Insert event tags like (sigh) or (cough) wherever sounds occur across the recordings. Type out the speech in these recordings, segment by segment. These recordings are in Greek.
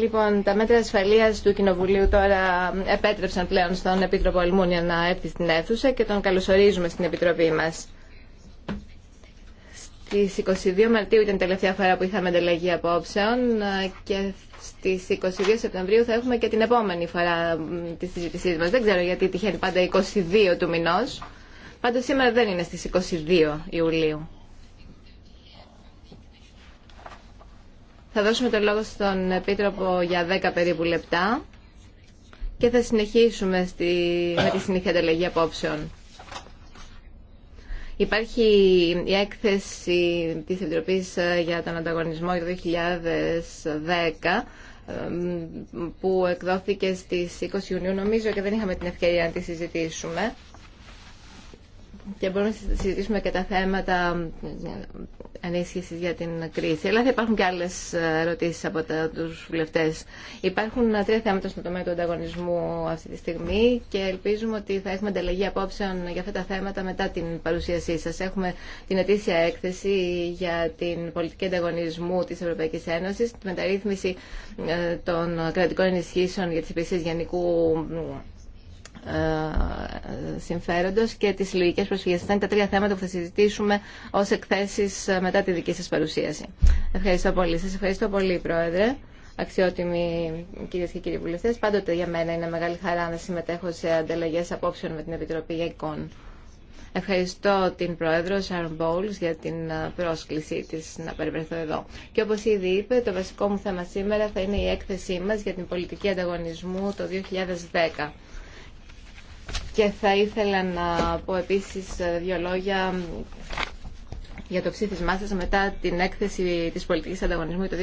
Λοιπόν, τα μέτρα ασφαλεία του Κοινοβουλίου τώρα επέτρεψαν πλέον στον Επίτροπο Αλμούνια να έρθει στην αίθουσα και τον καλωσορίζουμε στην Επιτροπή μα. Στι 22 Μαρτίου ήταν η τελευταία φορά που είχαμε ανταλλαγή απόψεων ε, και στι 22 Σεπτεμβρίου θα έχουμε και την επόμενη φορά τη συζήτησή μα. Δεν ξέρω γιατί τυχαίνει πάντα 22 του μηνό. Πάντως σήμερα δεν είναι στις 22 Ιουλίου. Θα δώσουμε το λόγο στον Επίτροπο για 10 περίπου λεπτά και θα συνεχίσουμε στη, με τη συνήθεια ανταλλαγή απόψεων. Υπάρχει η έκθεση της Επιτροπής ε, για τον Ανταγωνισμό το 2010 ε, που εκδόθηκε στις 20 Ιουνίου νομίζω και δεν είχαμε την ευκαιρία να τη συζητήσουμε και μπορούμε να συζητήσουμε και τα θέματα ε, ενίσχυση για την κρίση. Αλλά θα υπάρχουν και άλλε ερωτήσει από του βουλευτέ. Υπάρχουν ε, τρία θέματα στον τομέα του ανταγωνισμού αυτή τη στιγμή και ελπίζουμε ότι θα έχουμε ανταλλαγή απόψεων για αυτά τα θέματα μετά την παρουσίασή σα. Έχουμε την ετήσια έκθεση για την πολιτική ανταγωνισμού τη Ευρωπαϊκή Ένωση, τη μεταρρύθμιση ε, των κρατικών ενισχύσεων για τι υπηρεσίε γενικού ε, συμφέροντος και τις συλλογικές προσφυγές. Αυτά είναι τα τρία θέματα που θα συζητήσουμε ως εκθέσεις ε, μετά τη δική σας παρουσίαση. Ευχαριστώ πολύ. σα ευχαριστώ πολύ, Πρόεδρε αξιότιμοι κυρίε και κύριοι βουλευτέ. Πάντοτε για μένα είναι μεγάλη χαρά να συμμετέχω σε ανταλλαγέ απόψεων με την Επιτροπή για Εικόν. Ευχαριστώ την Πρόεδρο Σάρων Μπόουλ για την ε, πρόσκλησή τη να περιβρεθώ εδώ. Και όπω ήδη είπε, το βασικό μου θέμα σήμερα θα είναι η έκθεσή μα για την πολιτική ανταγωνισμού το 2010. Και θα ήθελα να πω επίσης ε, δύο λόγια για το ψήφισμά σας μετά την έκθεση της πολιτικής ανταγωνισμού το 2009.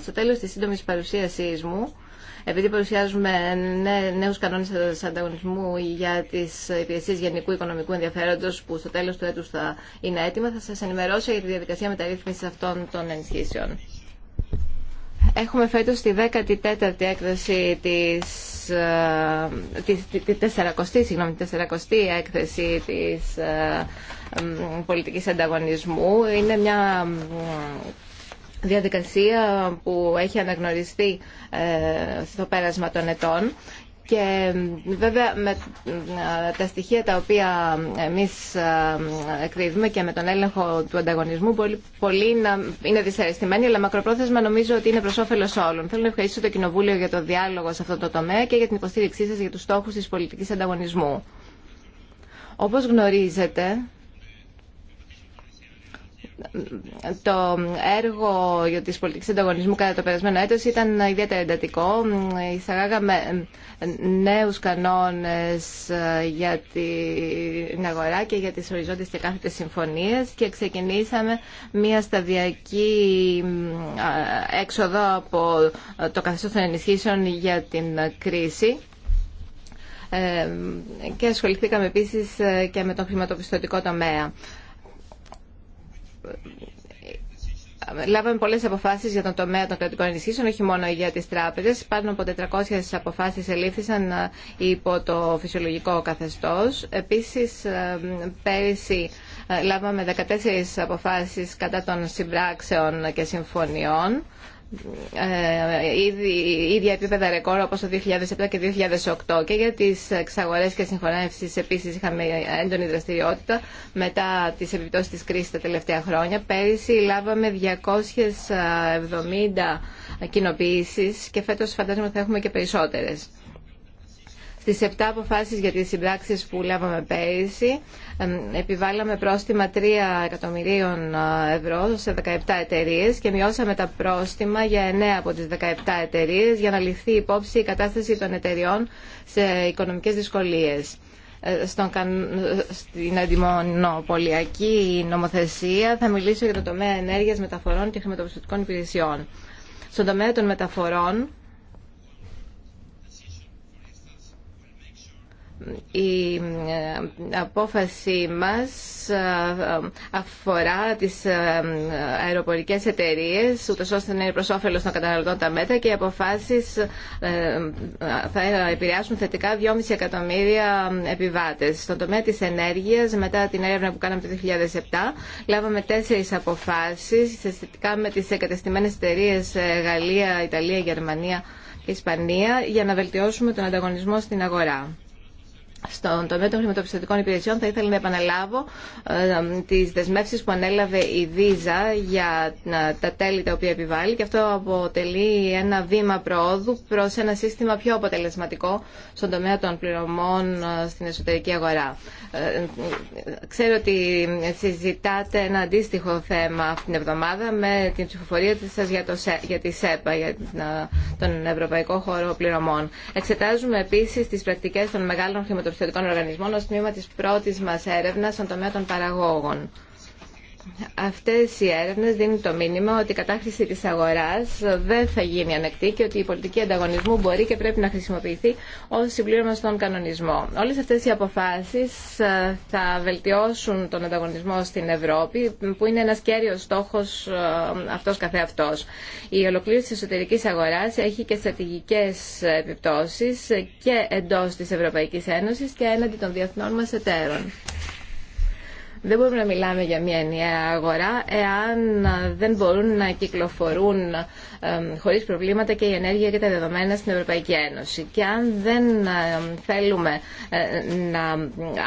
Στο τέλος της σύντομης παρουσίασής μου, επειδή παρουσιάζουμε νέους κανόνες ανταγωνισμού για τις υπηρεσίες γενικού οικονομικού ενδιαφέροντος που στο τέλος του έτους θα είναι έτοιμα, θα σας ενημερώσω για τη διαδικασία μεταρρύθμισης αυτών των ενισχύσεων. Έχουμε φέτος τη 14η έκδοση της Τη συγγνώμη, 400η έκθεση της ε, πολιτικής ανταγωνισμού. Είναι μια διαδικασία που έχει αναγνωριστεί ε, στο πέρασμα των ετών και βέβαια με ε, τα στοιχεία τα οποία εμείς ε, εκδίδουμε και με τον έλεγχο του ανταγωνισμού πολλοί είναι δυσαρεστημένοι αλλά μακροπρόθεσμα νομίζω ότι είναι προς όφελος όλων. Θέλω να ευχαριστήσω το Κοινοβούλιο για το διάλογο σε αυτό το τομέα και για την υποστήριξή σας για τους στόχους της πολιτικής ανταγωνισμού. Όπως γνωρίζετε, το έργο για τις πολιτικές ανταγωνισμού κατά το περασμένο έτος ήταν ιδιαίτερα εντατικό. Εισαγάγαμε νέους κανόνες για την αγορά και για τις οριζόντιες και κάθετες συμφωνίες και ξεκινήσαμε μια σταδιακή έξοδο από το καθεστώς των ενισχύσεων για την κρίση ε, και ασχοληθήκαμε επίσης ε, και με τον χρηματοπιστωτικό τομέα λάβαμε πολλές αποφάσεις για τον τομέα των κρατικών ενισχύσεων, όχι μόνο για τι τράπεζε, Πάνω από 400 αποφάσεις ελήφθησαν ε, υπό το φυσιολογικό καθεστώς. Επίσης, ε, πέρυσι ε, λάβαμε 14 αποφάσεις κατά των συμπράξεων και συμφωνιών ε, ήδη, ίδια επίπεδα ρεκόρ όπως το 2007 και 2008 και για τις εξαγορές και συγχωνεύσεις επίσης είχαμε έντονη δραστηριότητα μετά τις επιπτώσεις της κρίσης τα τελευταία χρόνια. Πέρυσι λάβαμε 270 κοινοποιήσεις και φέτος φαντάζομαι θα έχουμε και περισσότερες. Στι 7 αποφάσει για τις συμπράξει που λάβαμε πέρυσι επιβάλαμε πρόστιμα 3 εκατομμυρίων ε, ευρώ σε 17 εταιρείε και μειώσαμε τα πρόστιμα για 9 από τις 17 εταιρείε για να ληφθεί υπόψη η κατάσταση των εταιριών σε οικονομικές δυσκολίες ε, στον, στην αντιμονοπολιακή νομοθεσία θα μιλήσω για το τομέα ενέργειας, μεταφορών και χρηματοπιστωτικών υπηρεσιών. Στον τομέα των μεταφορών η ε, απόφαση μας ε, αφορά τις ε, αεροπορικές εταιρείες ούτως ώστε να είναι προς όφελος των καταναλωτών τα μέτρα και οι αποφάσεις θα επηρεάσουν θετικά 2,5 εκατομμύρια επιβάτες. Στον τομέα της ενέργειας μετά την έρευνα που κάναμε το 2007 λάβαμε τέσσερις αποφάσεις σχετικά με τις εγκατεστημένες εταιρείε Γαλλία, Ιταλία, Γερμανία και Ισπανία για να βελτιώσουμε τον ανταγωνισμό στην αγορά. Στον τομέα των χρηματοπιστωτικών υπηρεσιών θα ήθελα να επαναλάβω ε, τις δεσμεύσεις που ανέλαβε η Visa για ε, τα τέλη τα οποία επιβάλλει και αυτό αποτελεί ένα βήμα προόδου προς ένα σύστημα πιο αποτελεσματικό στον τομέα των πληρωμών ε, στην εσωτερική αγορά. Ξέρω ότι συζητάτε ένα αντίστοιχο θέμα αυτήν την εβδομάδα με την ψηφοφορία σας για, για τη ΣΕΠΑ, για τον Ευρωπαϊκό Χώρο Πληρωμών. Εξετάζουμε επίσης τις πρακτικές των μεγάλων χρηματοπιστωτικών Χρηματοπιστωτικών Οργανισμών ω τμήμα τη πρώτη μα έρευνα στον τομέα των παραγόγων αυτές οι έρευνες δίνουν το μήνυμα ότι η κατάχρηση της αγοράς δεν θα γίνει ανεκτή και ότι η πολιτική ανταγωνισμού μπορεί και πρέπει να χρησιμοποιηθεί ως συμπλήρωμα στον κανονισμό. Όλες αυτές οι αποφάσεις ε, θα βελτιώσουν τον ανταγωνισμό στην Ευρώπη που είναι ένας κέριος στόχος ε, αυτός καθεαυτός. Η ολοκλήρωση της εσωτερικής αγοράς έχει και στρατηγικές επιπτώσεις και εντός της Ευρωπαϊκής Ένωσης και έναντι των διεθνών μας εταίρων. Δεν μπορούμε να μιλάμε για μια ενιαία αγορά εάν δεν μπορούν να κυκλοφορούν χωρίς προβλήματα και η ενέργεια και τα δεδομένα στην Ευρωπαϊκή Ένωση. Και αν δεν θέλουμε ε, να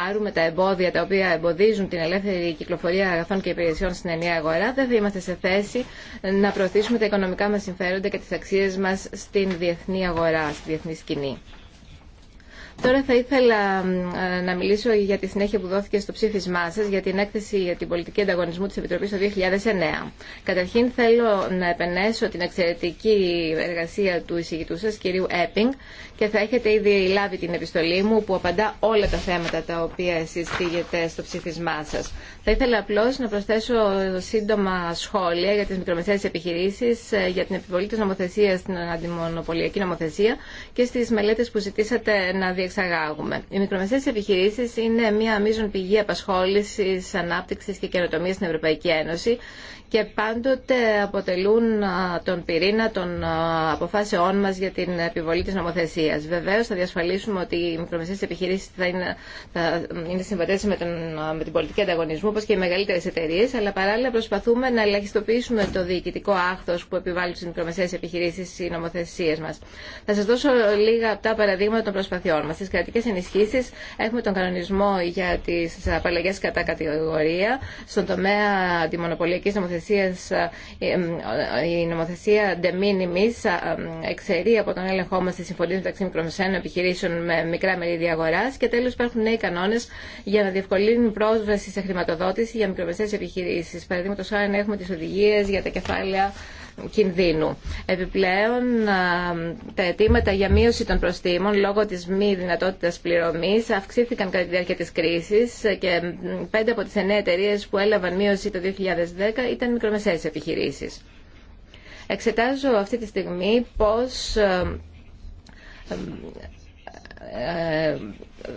άρουμε τα εμπόδια τα οποία εμποδίζουν την ελεύθερη κυκλοφορία αγαθών και υπηρεσιών στην ενιαία αγορά, δεν θα είμαστε σε θέση να προωθήσουμε τα οικονομικά μας συμφέροντα και τις αξίες μας στην διεθνή αγορά, στη διεθνή σκηνή. Τώρα θα ήθελα ε, να μιλήσω για τη συνέχεια που δόθηκε στο ψήφισμά σα για την έκθεση για την πολιτική ανταγωνισμού τη Επιτροπή το 2009. Καταρχήν θέλω να επενέσω την εξαιρετική εργασία του εισηγητού σα, κυρίου Έπινγκ, και θα έχετε ήδη λάβει την επιστολή μου που απαντά όλα τα θέματα τα οποία συστήγεται στο ψήφισμά σα. Θα ήθελα απλώ να προσθέσω σύντομα σχόλια για τι μικρομεσαίε επιχειρήσει, ε, για την επιβολή τη νομοθεσία στην αντιμονοπολιακή νομοθεσία και στι μελέτε που ζητήσατε να διεξαγάγουμε. Οι μικρομεσαίε επιχειρήσει είναι μια μείζον πηγή απασχόληση, ανάπτυξη και καινοτομία στην Ευρωπαϊκή Ένωση και πάντοτε αποτελούν τον πυρήνα των αποφάσεών μας για την επιβολή της νομοθεσίας. Βεβαίως θα διασφαλίσουμε ότι οι μικρομεσαίες επιχειρήσεις θα είναι, θα είναι συμβατές με, με την πολιτική ανταγωνισμού όπως και οι μεγαλύτερες εταιρείε, αλλά παράλληλα προσπαθούμε να ελαχιστοποιήσουμε το διοικητικό άχθος που επιβάλλουν στις μικρομεσαίες επιχειρήσεις οι νομοθεσίες μας. Θα σας δώσω λίγα από τα παραδείγματα των προσπαθειών μας. Στις κρατικές ενισχύσεις έχουμε τον κανονισμό για τις απαλλαγές κατά κατηγορία στον τομέα αντιμονοπολιακής νομοθεσίας νομοθεσίας, ε, ε, ε, η νομοθεσία de minimis εξαιρεί από τον έλεγχό μας τη συμφωνία μεταξύ μικρομεσαίων επιχειρήσεων με μικρά μερίδια αγορά. και τέλο υπάρχουν νέοι κανόνε για να διευκολύνουν πρόσβαση σε χρηματοδότηση για μικρομεσαίε επιχειρήσει. Παραδείγματο χάρη έχουμε τι οδηγίε για τα κεφάλαια κινδύνου. Επιπλέον, τα αιτήματα για μείωση των προστήμων λόγω τη μη δυνατότητα πληρωμής αυξήθηκαν κατά τη διάρκεια τη κρίση και πέντε από τι εννέα εταιρείε που έλαβαν μείωση το 2010 ήταν μικρομεσαίε επιχειρήσει. Εξετάζω αυτή τη στιγμή πώς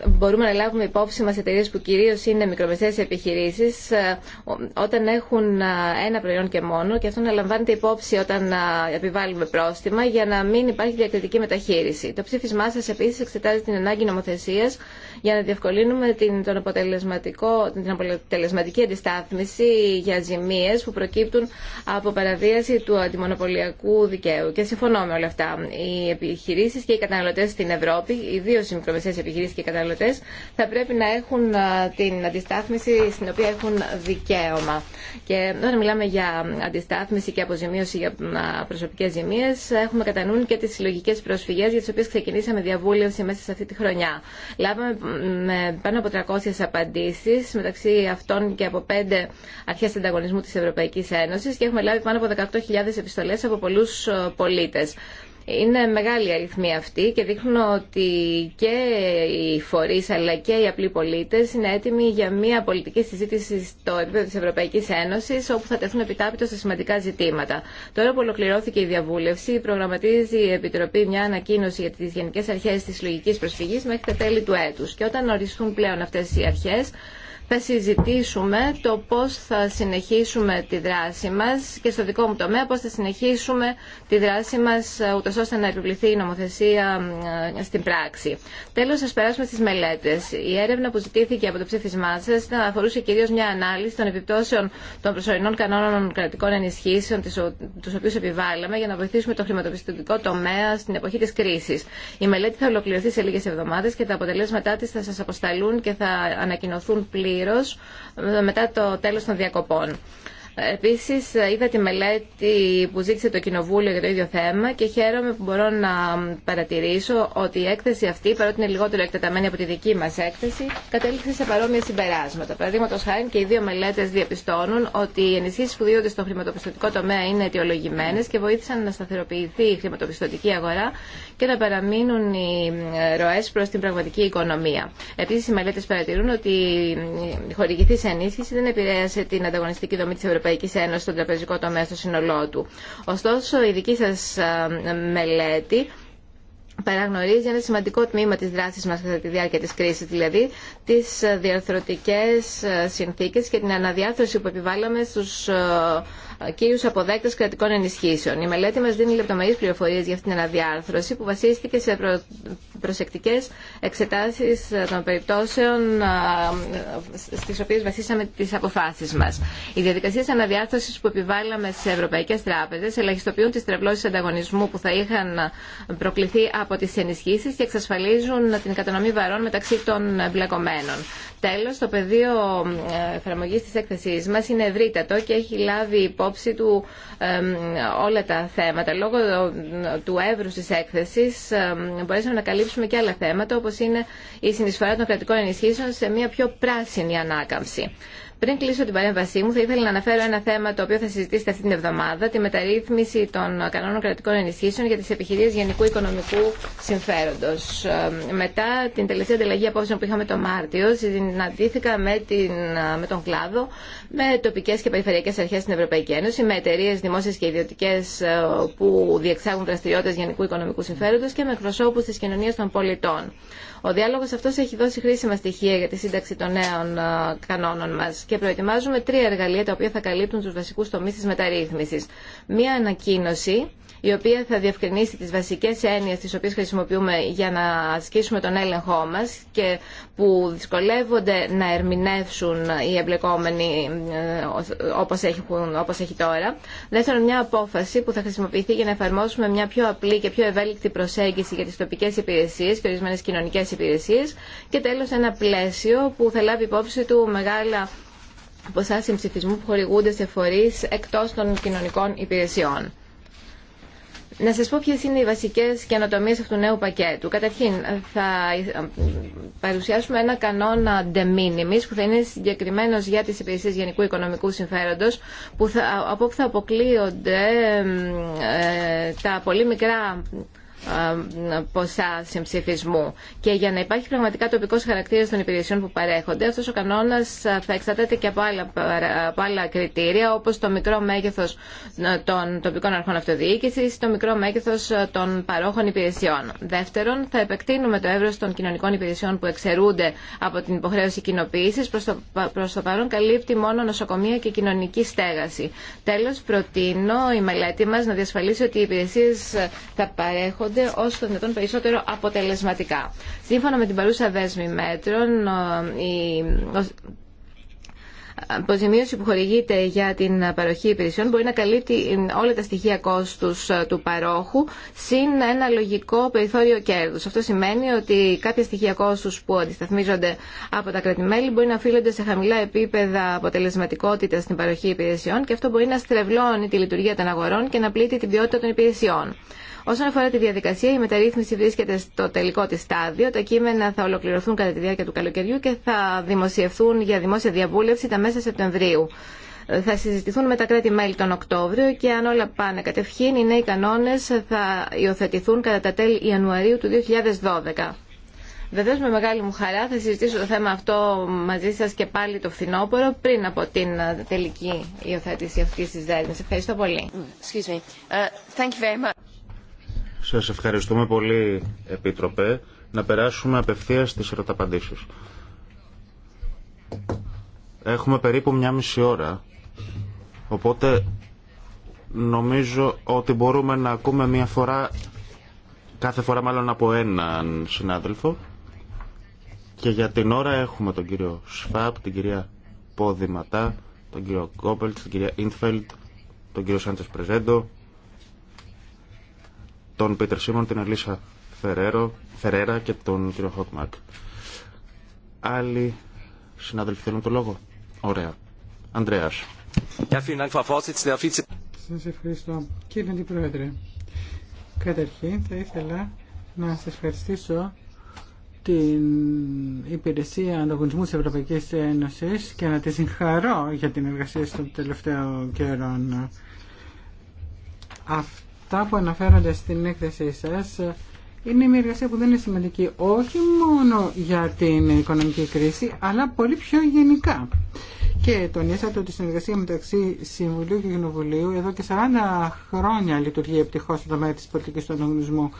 μπορούμε να λάβουμε υπόψη μας εταιρείε που κυρίως είναι μικρομεσαίες επιχειρήσεις ε, όταν έχουν ε, ένα προϊόν και μόνο και αυτό να λαμβάνεται υπόψη όταν ε, επιβάλλουμε πρόστιμα για να μην υπάρχει διακριτική μεταχείριση. Το ψήφισμά σας επίσης εξετάζει την ανάγκη νομοθεσίας για να διευκολύνουμε την, τον αποτελεσματικό, την αποτελεσματική αντιστάθμιση για ζημίε που προκύπτουν από παραβίαση του αντιμονοπωλιακού δικαίου. Και συμφωνώ με όλα αυτά. Οι επιχειρήσει και οι καταναλωτέ στην Ευρώπη, ιδίω οι μικρομεσαίε επιχειρήσει και οι καταναλωτέ, θα πρέπει να έχουν την αντιστάθμιση στην οποία έχουν δικαίωμα. Και όταν μιλάμε για αντιστάθμιση και αποζημίωση για προσωπικέ ζημίες, έχουμε κατά νου και τι συλλογικέ προσφυγέ για τι οποίε ξεκινήσαμε διαβούλευση μέσα σε αυτή τη χρονιά. Λάβαμε με πάνω από 300 απαντήσεις μεταξύ αυτών και από πέντε αρχές ανταγωνισμού της Ευρωπαϊκής Ένωσης και έχουμε λάβει πάνω από 18.000 επιστολές από πολλούς ε, πολίτες. Είναι μεγάλη αριθμή αυτή και δείχνουν ότι και οι φορείς αλλά και οι απλοί πολίτε είναι έτοιμοι για μια πολιτική συζήτηση στο επίπεδο της Ευρωπαϊκής Ένωσης όπου θα τεθούν επιτάπητο σε σημαντικά ζητήματα. Τώρα που ολοκληρώθηκε η διαβούλευση, προγραμματίζει η Επιτροπή μια ανακοίνωση για τις γενικέ αρχέ τη λογικής προσφυγή μέχρι τα τέλη του έτου. Και όταν οριστούν πλέον αυτέ οι αρχέ θα συζητήσουμε το πώς θα συνεχίσουμε τη δράση μας και στο δικό μου τομέα πώς θα συνεχίσουμε τη δράση μας ε, ούτως ώστε να επιβληθεί η νομοθεσία ε, στην πράξη. Τέλος, σας περάσουμε στις μελέτες. Η έρευνα που ζητήθηκε από το ψήφισμά σας αφορούσε κυρίως μια ανάλυση των επιπτώσεων των προσωρινών κανόνων κρατικών ενισχύσεων τους οποίους επιβάλαμε για να βοηθήσουμε το χρηματοπιστωτικό τομέα στην εποχή της κρίσης. Η μελέτη θα ολοκληρωθεί σε λίγες εβδομάδες και τα αποτελέσματά της θα σας αποσταλούν και θα ανακοινωθούν πλήρως πλήρως ε, μετά το τέλος των διακοπών. Επίσης ε, είδα τη μελέτη που ζήτησε το Κοινοβούλιο για το ίδιο θέμα και χαίρομαι που μπορώ να παρατηρήσω ότι η έκθεση αυτή, παρότι είναι λιγότερο εκτεταμένη από τη δική μας έκθεση, κατέληξε σε παρόμοια συμπεράσματα. Παραδείγματο χάρη και οι δύο μελέτες διαπιστώνουν ότι οι ενισχύσει που δίδονται στο χρηματοπιστωτικό τομέα είναι αιτιολογημένες και βοήθησαν να σταθεροποιηθεί η χρηματοπιστωτική αγορά και να παραμείνουν οι ε, ροέ προ την πραγματική οικονομία. Επίση, οι μελέτε παρατηρούν ότι η ε, χορηγηθή ενίσχυση δεν επηρέασε την ανταγωνιστική δομή τη Ευρωπαϊκή Ένωση στον τραπεζικό τομέα στο σύνολό του. Ωστόσο, η δική σα ε, μελέτη παραγνωρίζει ένα σημαντικό τμήμα της δράσης μας κατά τη διάρκεια της κρίσης, δηλαδή τις διαρθρωτικές συνθήκες και την αναδιάρθρωση που επιβάλαμε στους κύριου αποδέκτε κρατικών ενισχύσεων. Η μελέτη μα δίνει λεπτομερεί πληροφορίε για αυτήν την αναδιάρθρωση που βασίστηκε σε προ... προσεκτικέ εξετάσει των περιπτώσεων στι οποίε βασίσαμε τι αποφάσει μα. Οι διαδικασίε αναδιάρθρωση που επιβάλλαμε σε ευρωπαϊκέ τράπεζε ελαχιστοποιούν τι τρευλώσει ανταγωνισμού που θα είχαν προκληθεί από τι ενισχύσει και εξασφαλίζουν την κατανομή βαρών μεταξύ των εμπλεκομένων. Τέλος, το πεδίο ε, εφαρμογή τη έκθεσής μας είναι ευρύτατο και έχει λάβει υπόψη του όλα τα θέματα. Λόγω ε, του εύρου της έκθεσης μπορέσαμε να καλύψουμε και άλλα θέματα όπως είναι η συνεισφορά των κρατικών ενισχύσεων σε μια πιο πράσινη ανάκαμψη. Πριν κλείσω την παρέμβασή μου, θα ήθελα να αναφέρω ένα θέμα το οποίο θα συζητήσετε αυτή την εβδομάδα, τη μεταρρύθμιση των κανόνων κρατικών ενισχύσεων για τι επιχειρήσει γενικού οικονομικού συμφέροντο. Ε, μετά την τελευταία ανταλλαγή απόψεων που είχαμε το Μάρτιο, συναντήθηκα με, την, ε, με τον κλάδο, με τοπικέ και περιφερειακέ αρχέ στην Ευρωπαϊκή Ένωση, με εταιρείε δημόσιε και ιδιωτικέ ε, που διεξάγουν δραστηριότητε γενικού οικονομικού συμφέροντο και με εκπροσώπου τη κοινωνία των πολιτών. Ο διάλογος αυτός έχει δώσει χρήσιμα στοιχεία για τη σύνταξη των νέων ε, κανόνων μας και προετοιμάζουμε τρία εργαλεία τα οποία θα καλύπτουν τους βασικούς τομείς της μεταρρύθμισης. Μία ανακοίνωση η οποία θα διευκρινίσει τις βασικές έννοιες τις οποίες χρησιμοποιούμε για να ασκήσουμε τον έλεγχό μας και που δυσκολεύονται να ερμηνεύσουν οι εμπλεκόμενοι ε, όπως, όπως έχει τώρα. Δεύτερον, μια απόφαση που θα χρησιμοποιηθεί για να εφαρμόσουμε μια πιο απλή και πιο ευέλικτη προσέγγιση για τις τοπικές υπηρεσίες και ορισμένες κοινωνικές υπηρεσίες. Και τέλος, ένα πλαίσιο που θα λάβει υπόψη του μεγάλα ποσά συμψηφισμού που χορηγούνται σε φορείς εκτός των κοινωνικών υπηρεσιών. Να σας πω ποιες είναι οι βασικές καινοτομίες αυτού του νέου πακέτου. Καταρχήν, θα ε, παρουσιάσουμε ένα κανόνα de minimis που θα είναι συγκεκριμένο για τις υπηρεσίες γενικού οικονομικού συμφέροντος που θα, από όπου θα αποκλείονται ε, τα πολύ μικρά ποσά συμψηφισμού. Και για να υπάρχει πραγματικά τοπικό χαρακτήρα των υπηρεσιών που παρέχονται, αυτό ο κανόνα ε, θα εξαρτάται και από άλλα, κριτήρια, όπω το μικρό μέγεθο ε, των τοπικών αρχών αυτοδιοίκησης, το μικρό μέγεθο ε, των παρόχων υπηρεσιών. Δεύτερον, θα επεκτείνουμε το εύρο των κοινωνικών υπηρεσιών που εξαιρούνται από την υποχρέωση κοινοποίηση προ το, το παρόν καλύπτει μόνο νοσοκομεία και κοινωνική στέγαση. Τέλο, προτείνω η μελέτη μα να διασφαλίσει ότι οι υπηρεσίε θα παρέχονται γίνονται όσο το δυνατόν περισσότερο αποτελεσματικά. Σύμφωνα με την παρούσα δέσμη μέτρων, η αποζημίωση που χορηγείται για την παροχή υπηρεσιών μπορεί να καλύπτει όλα τα στοιχεία κόστου ε, του παρόχου συν ένα λογικό περιθώριο κέρδου. Αυτό σημαίνει ότι κάποια στοιχεία κόστου που αντισταθμίζονται από τα κρατημέλη μπορεί να οφείλονται σε χαμηλά επίπεδα αποτελεσματικότητα στην παροχή υπηρεσιών και αυτό μπορεί να στρεβλώνει τη λειτουργία των αγορών και να πλήττει την ποιότητα των υπηρεσιών. Όσον αφορά τη διαδικασία, η μεταρρύθμιση βρίσκεται στο τελικό τη στάδιο. Τα κείμενα θα ολοκληρωθούν κατά τη διάρκεια του καλοκαιριού και θα δημοσιευθούν για δημόσια διαβούλευση τα μέσα Σεπτεμβρίου. Θα συζητηθούν με τα κράτη-μέλη τον Οκτώβριο και αν όλα πάνε κατευχήν, οι νέοι κανόνε θα υιοθετηθούν κατά τα τέλη Ιανουαρίου του 2012. Βεβαίω με μεγάλη μου χαρά θα συζητήσω το θέμα αυτό μαζί σα και πάλι το φθινόπωρο πριν από την ε, τελική υιοθέτηση αυτή τη δέσμη. Ευχαριστώ πολύ. Σας ευχαριστούμε πολύ, Επίτροπε. Να περάσουμε απευθείας στις ερωταπαντήσεις. Έχουμε περίπου μια μισή ώρα, οπότε νομίζω ότι μπορούμε να ακούμε μια φορά, κάθε φορά μάλλον από έναν συνάδελφο. Και για την ώρα έχουμε τον κύριο Σφάπ, την κυρία Πόδηματά, τον κύριο Κόπελτ, την κυρία Ίντφελτ, τον κύριο Σάντσες Πρεζέντο, τον Πίτερ Σίμον, την Αλίσσα Φερέρο, Φερέρα και τον κύριο Χοκμάκ. Άλλοι συνάδελφοι θέλουν το λόγο. Ωραία. Ανδρέας. Σας ευχαριστώ. Κύριε Αντιπρόεδρε, καταρχήν θα ήθελα να σας ευχαριστήσω την υπηρεσία ανταγωνισμού της Ευρωπαϊκής Ένωσης και να τη συγχαρώ για την εργασία στον τελευταίο καιρό Αυτό αυτά που αναφέρονται στην έκθεσή σας είναι μια εργασία που δεν είναι σημαντική όχι μόνο για την οικονομική κρίση, αλλά πολύ πιο γενικά. Και τονίσατε ότι η συνεργασία μεταξύ Συμβουλίου και Γενοβουλίου εδώ και 40 χρόνια λειτουργεί ευτυχώ στον τομέα τη πολιτική του ανταγωνισμού.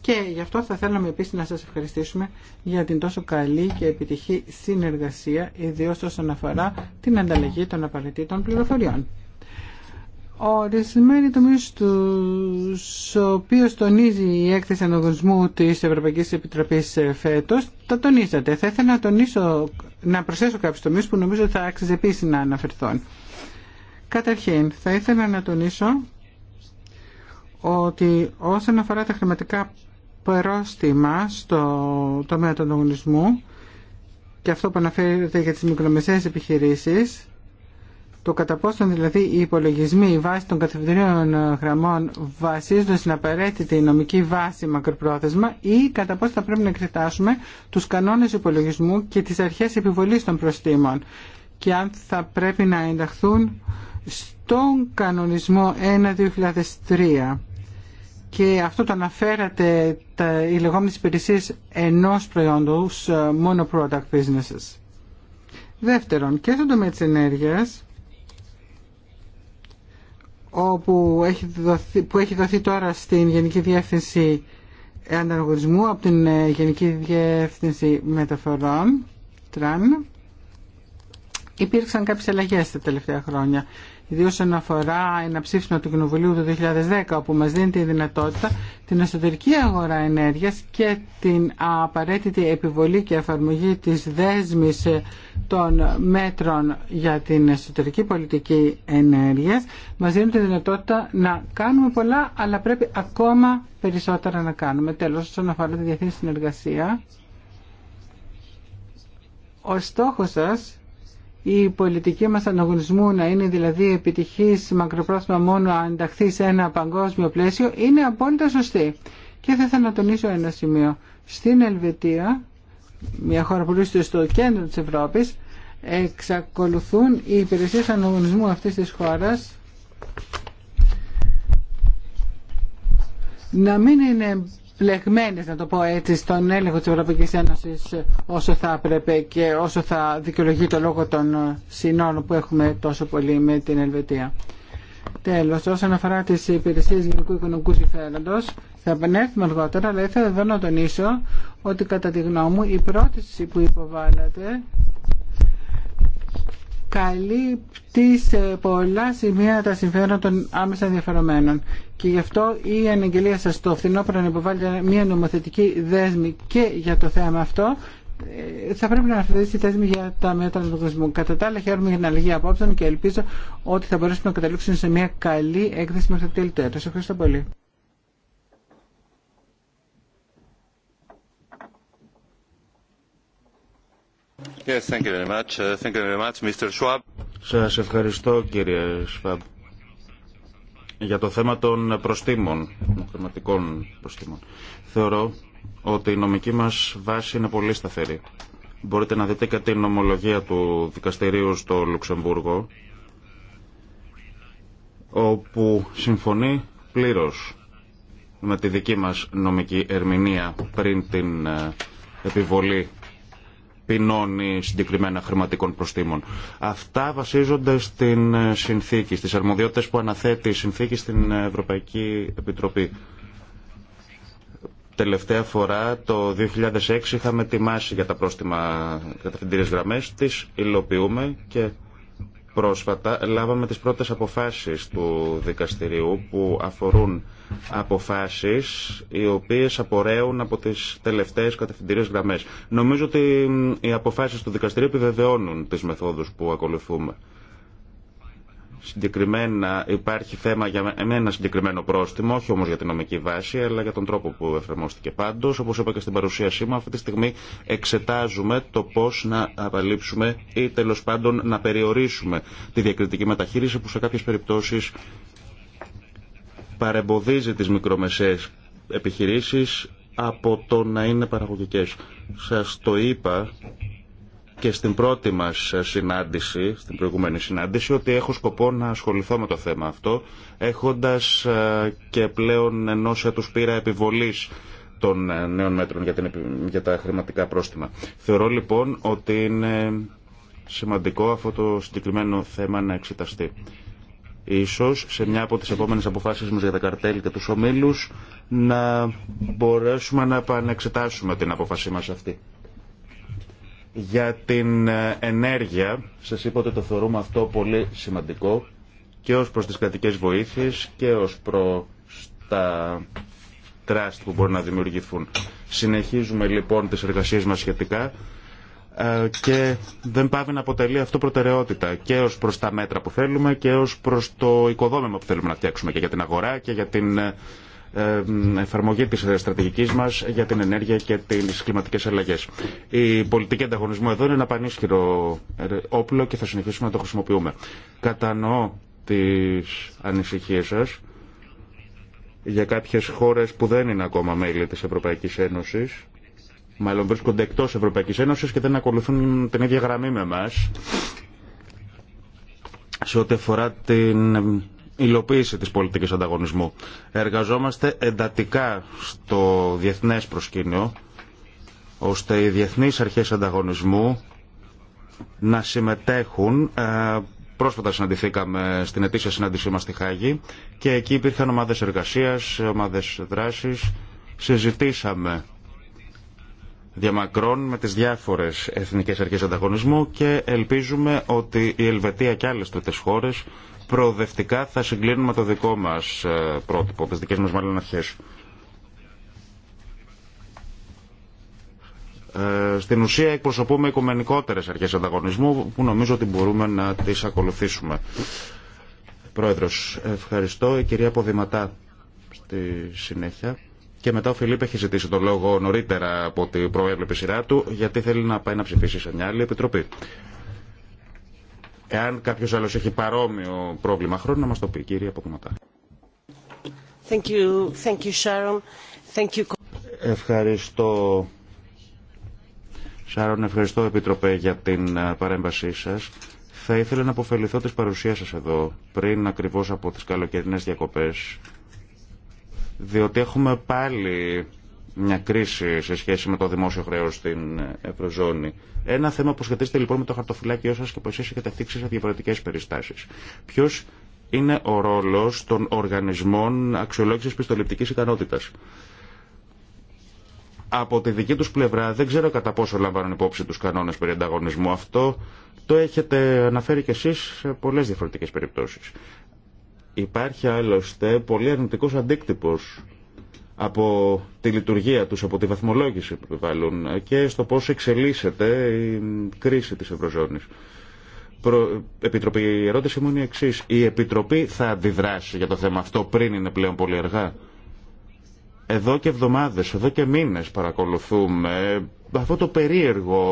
Και γι' αυτό θα θέλαμε επίση να σα ευχαριστήσουμε για την τόσο καλή και επιτυχή συνεργασία, ιδίω όσον αφορά την ανταλλαγή των απαραίτητων πληροφοριών. Ορισμένοι τομεί του οποίου τονίζει η έκθεση αναγνωρισμού τη Ευρωπαϊκή Επιτροπή φέτο, τα τονίζατε. Θα ήθελα να, τονίσω, να προσθέσω κάποιου τομεί που νομίζω θα άξιζε επίση να αναφερθούν. Καταρχήν, θα ήθελα να τονίσω ότι όσον αφορά τα χρηματικά πρόστιμα στο τομέα του ανταγωνισμού και αυτό που αναφέρεται για τις μικρομεσαίες επιχειρήσεις, το κατά πόσο δηλαδή οι υπολογισμοί βάσει των κατευθυντήριων ε, γραμμών βασίζονται στην απαραίτητη νομική βάση μακροπρόθεσμα ή κατά πόσο θα πρέπει να εξετάσουμε του κανόνε υπολογισμού και τι αρχέ επιβολή των προστήμων και αν θα πρέπει να ενταχθούν στον κανονισμό 1-2003 και αυτό το αναφέρατε τα, οι λεγόμενες υπηρεσίε ενός προϊόντος, ε, μόνο product businesses. Δεύτερον, και στον τομέα της ενέργειας όπου έχει δοθεί, που έχει δοθεί τώρα στην Γενική Διεύθυνση Ανταγωνισμού από την ε, Γενική Διεύθυνση Μεταφορών, ΤΡΑΝ, υπήρξαν κάποιες αλλαγές τα τελευταία χρόνια ιδίω όσον αφορά ένα ψήφισμα του Κοινοβουλίου του 2010, όπου μας δίνει τη δυνατότητα την εσωτερική αγορά ενέργειας και την απαραίτητη επιβολή και εφαρμογή της δέσμης των μέτρων για την εσωτερική πολιτική ενέργειας, μας δίνει τη δυνατότητα να κάνουμε πολλά, αλλά πρέπει ακόμα περισσότερα να κάνουμε. Τέλος, όσον αφορά τη διεθνή συνεργασία, ο στόχος σας η πολιτική μας αναγωνισμού να είναι δηλαδή επιτυχής μακροπρόθεσμα μόνο αν ενταχθεί σε ένα παγκόσμιο πλαίσιο είναι απόλυτα σωστή. Και θα ήθελα να τονίσω ένα σημείο. Στην Ελβετία, μια χώρα που βρίσκεται στο κέντρο της Ευρώπης, εξακολουθούν οι υπηρεσίες αναγωνισμού αυτής της χώρας να μην είναι πλεγμένες να το πω έτσι στον έλεγχο της Ευρωπαϊκής Ένωσης όσο θα έπρεπε και όσο θα δικαιολογεί το λόγο των συνόρων που έχουμε τόσο πολύ με την Ελβετία. Τέλος, όσον αφορά τις υπηρεσίες γενικού οικονομικού συμφέροντος, θα επανέλθουμε αργότερα, αλλά ήθελα εδώ να τονίσω ότι κατά τη γνώμη μου η πρόταση που υποβάλλατε καλύπτει σε πολλά σημεία τα συμφέροντα των άμεσα ενδιαφερομένων. Και γι' αυτό η αναγγελία σας το φθινόπωρο να υποβάλλει μια νομοθετική δέσμη και για το θέμα αυτό ε, θα πρέπει να αναφερθεί η δέσμη για τα μέτρα του κοσμού. Κατά τα άλλα, χαίρομαι για την αλλαγή απόψεων και ελπίζω ότι θα μπορέσουμε να καταλήξουμε σε μια καλή έκθεση μέχρι το τέλειο. Σα ευχαριστώ πολύ. Σας ευχαριστώ κύριε Σφαμπ για το θέμα των προστήμων, χρηματικών προστήμων. Θεωρώ ότι η νομική μας βάση είναι πολύ σταθερή. Μπορείτε να δείτε και την νομολογία του δικαστηρίου στο Λουξεμβούργο, όπου συμφωνεί πλήρως με τη δική μας νομική ερμηνεία πριν την ε, επιβολή ποινών ή συγκεκριμένα χρηματικών προστήμων. Αυτά βασίζονται στην ε, συνθήκη, στις αρμοδιότητες που αναθέτει η συνθήκη στην Ευρωπαϊκή Επιτροπή. Τελευταία φορά το 2006 είχαμε ετοιμάσει για τα πρόστιμα κατευθυντήριες γραμμές, τις υλοποιούμε και Πρόσφατα λάβαμε τις πρώτες αποφάσεις του δικαστηρίου που αφορούν αποφάσεις οι οποίες απορρέουν από τις τελευταίες κατευθυντήριες γραμμές. Νομίζω ότι οι αποφάσεις του δικαστηρίου επιβεβαιώνουν τις μεθόδους που ακολουθούμε. Συγκεκριμένα υπάρχει θέμα για ένα συγκεκριμένο πρόστιμο, όχι όμω για την νομική βάση, αλλά για τον τρόπο που εφαρμόστηκε. Πάντω, όπω είπα και στην παρουσίασή μου, αυτή τη στιγμή εξετάζουμε το πώ να απαλείψουμε ή τέλο πάντων να περιορίσουμε τη διακριτική μεταχείριση που σε κάποιε περιπτώσει παρεμποδίζει τι μικρομεσαίε επιχειρήσει από το να είναι παραγωγικές. Σας το είπα και στην πρώτη μας συνάντηση, στην προηγούμενη συνάντηση, ότι έχω σκοπό να ασχοληθώ με το θέμα αυτό, έχοντας ε, και πλέον ενό έτους πείρα επιβολής των ε, νέων μέτρων για, την, για τα χρηματικά πρόστιμα. Θεωρώ λοιπόν ότι είναι σημαντικό αυτό το συγκεκριμένο θέμα να εξεταστεί. Ίσως σε μια από τις επόμενες αποφάσεις μας για τα καρτέλ και τους ομίλους να μπορέσουμε να επανεξετάσουμε την αποφασή μας αυτή. Για την ε, ενέργεια, σας είπα ότι το θεωρούμε αυτό πολύ σημαντικό και ως προς τις κρατικές βοήθειες και ως προς τα τράστ που μπορεί να δημιουργηθούν. Συνεχίζουμε λοιπόν τις εργασίες μας σχετικά ε, και δεν πάβει να αποτελεί αυτό προτεραιότητα και ως προς τα μέτρα που θέλουμε και ως προς το οικοδόμημα που θέλουμε να φτιάξουμε και για την αγορά και για την ε, ε, εφαρμογή τη στρατηγική μα για την ενέργεια και τις κλιματικές αλλαγές. Η πολιτική ανταγωνισμού εδώ είναι ένα πανίσχυρο ε, όπλο και θα συνεχίσουμε να το χρησιμοποιούμε. Κατανοώ τι ανησυχίε σα για κάποιες χώρες που δεν είναι ακόμα μέλη της Ευρωπαϊκής Ένωσης μάλλον βρίσκονται εκτό Ευρωπαϊκή Ένωση και δεν ακολουθούν την ίδια γραμμή με εμά σε ό,τι αφορά την υλοποίηση της πολιτικής ανταγωνισμού. Εργαζόμαστε εντατικά στο διεθνές προσκήνιο, ώστε οι διεθνείς αρχές ανταγωνισμού να συμμετέχουν. Ε, πρόσφατα συναντηθήκαμε στην ετήσια συνάντησή μας στη Χάγη και εκεί υπήρχαν ομάδες εργασίας, ομάδες δράσης. Συζητήσαμε διαμακρών με τις διάφορες εθνικές αρχές ανταγωνισμού και ελπίζουμε ότι η Ελβετία και άλλες τρίτες χώρες προοδευτικά θα συγκλίνουμε το δικό μας ε, πρότυπο, τις δικές μας μάλλον αρχές. Ε, στην ουσία εκπροσωπούμε οικουμενικότερες αρχές ανταγωνισμού που νομίζω ότι μπορούμε να τις ακολουθήσουμε. Πρόεδρος, ευχαριστώ. Η κυρία Ποδηματά στη συνέχεια. Και μετά ο Φιλίπ έχει ζητήσει το λόγο νωρίτερα από την προέβλεπη σειρά του, γιατί θέλει να πάει να ψηφίσει σε μια άλλη επιτροπή. Εάν κάποιος άλλος έχει παρόμοιο πρόβλημα χρόνου να μας το πει. Κύριε Αποκνοτά. Thank Ευχαριστώ. Σάρων, ευχαριστώ Επίτροπε για την παρέμβασή σας. Θα ήθελα να αποφεληθώ της παρουσίας σας εδώ, πριν ακριβώς από τις καλοκαιρινές διακοπές, διότι έχουμε πάλι μια κρίση σε σχέση με το δημόσιο χρέο στην Ευρωζώνη. Ένα θέμα που σχετίζεται λοιπόν με το χαρτοφυλάκιό σα και που εσεί έχετε θίξει σε διαφορετικέ περιστάσει. Ποιο είναι ο ρόλο των οργανισμών αξιολόγηση πιστοληπτική ικανότητα. Από τη δική του πλευρά δεν ξέρω κατά πόσο λαμβάνουν υπόψη του κανόνε περί ανταγωνισμού. Αυτό το έχετε αναφέρει κι εσεί σε πολλέ διαφορετικέ περιπτώσει. Υπάρχει άλλωστε πολύ αρνητικό αντίκτυπο από τη λειτουργία τους, από τη βαθμολόγηση που επιβάλλουν και στο πώς εξελίσσεται η κρίση της Ευρωζώνης. Επιτροπή, η ερώτηση μου είναι η εξή. Η Επιτροπή θα αντιδράσει για το θέμα αυτό πριν είναι πλέον πολύ αργά. Εδώ και εβδομάδες, εδώ και μήνες παρακολουθούμε αυτό το περίεργο,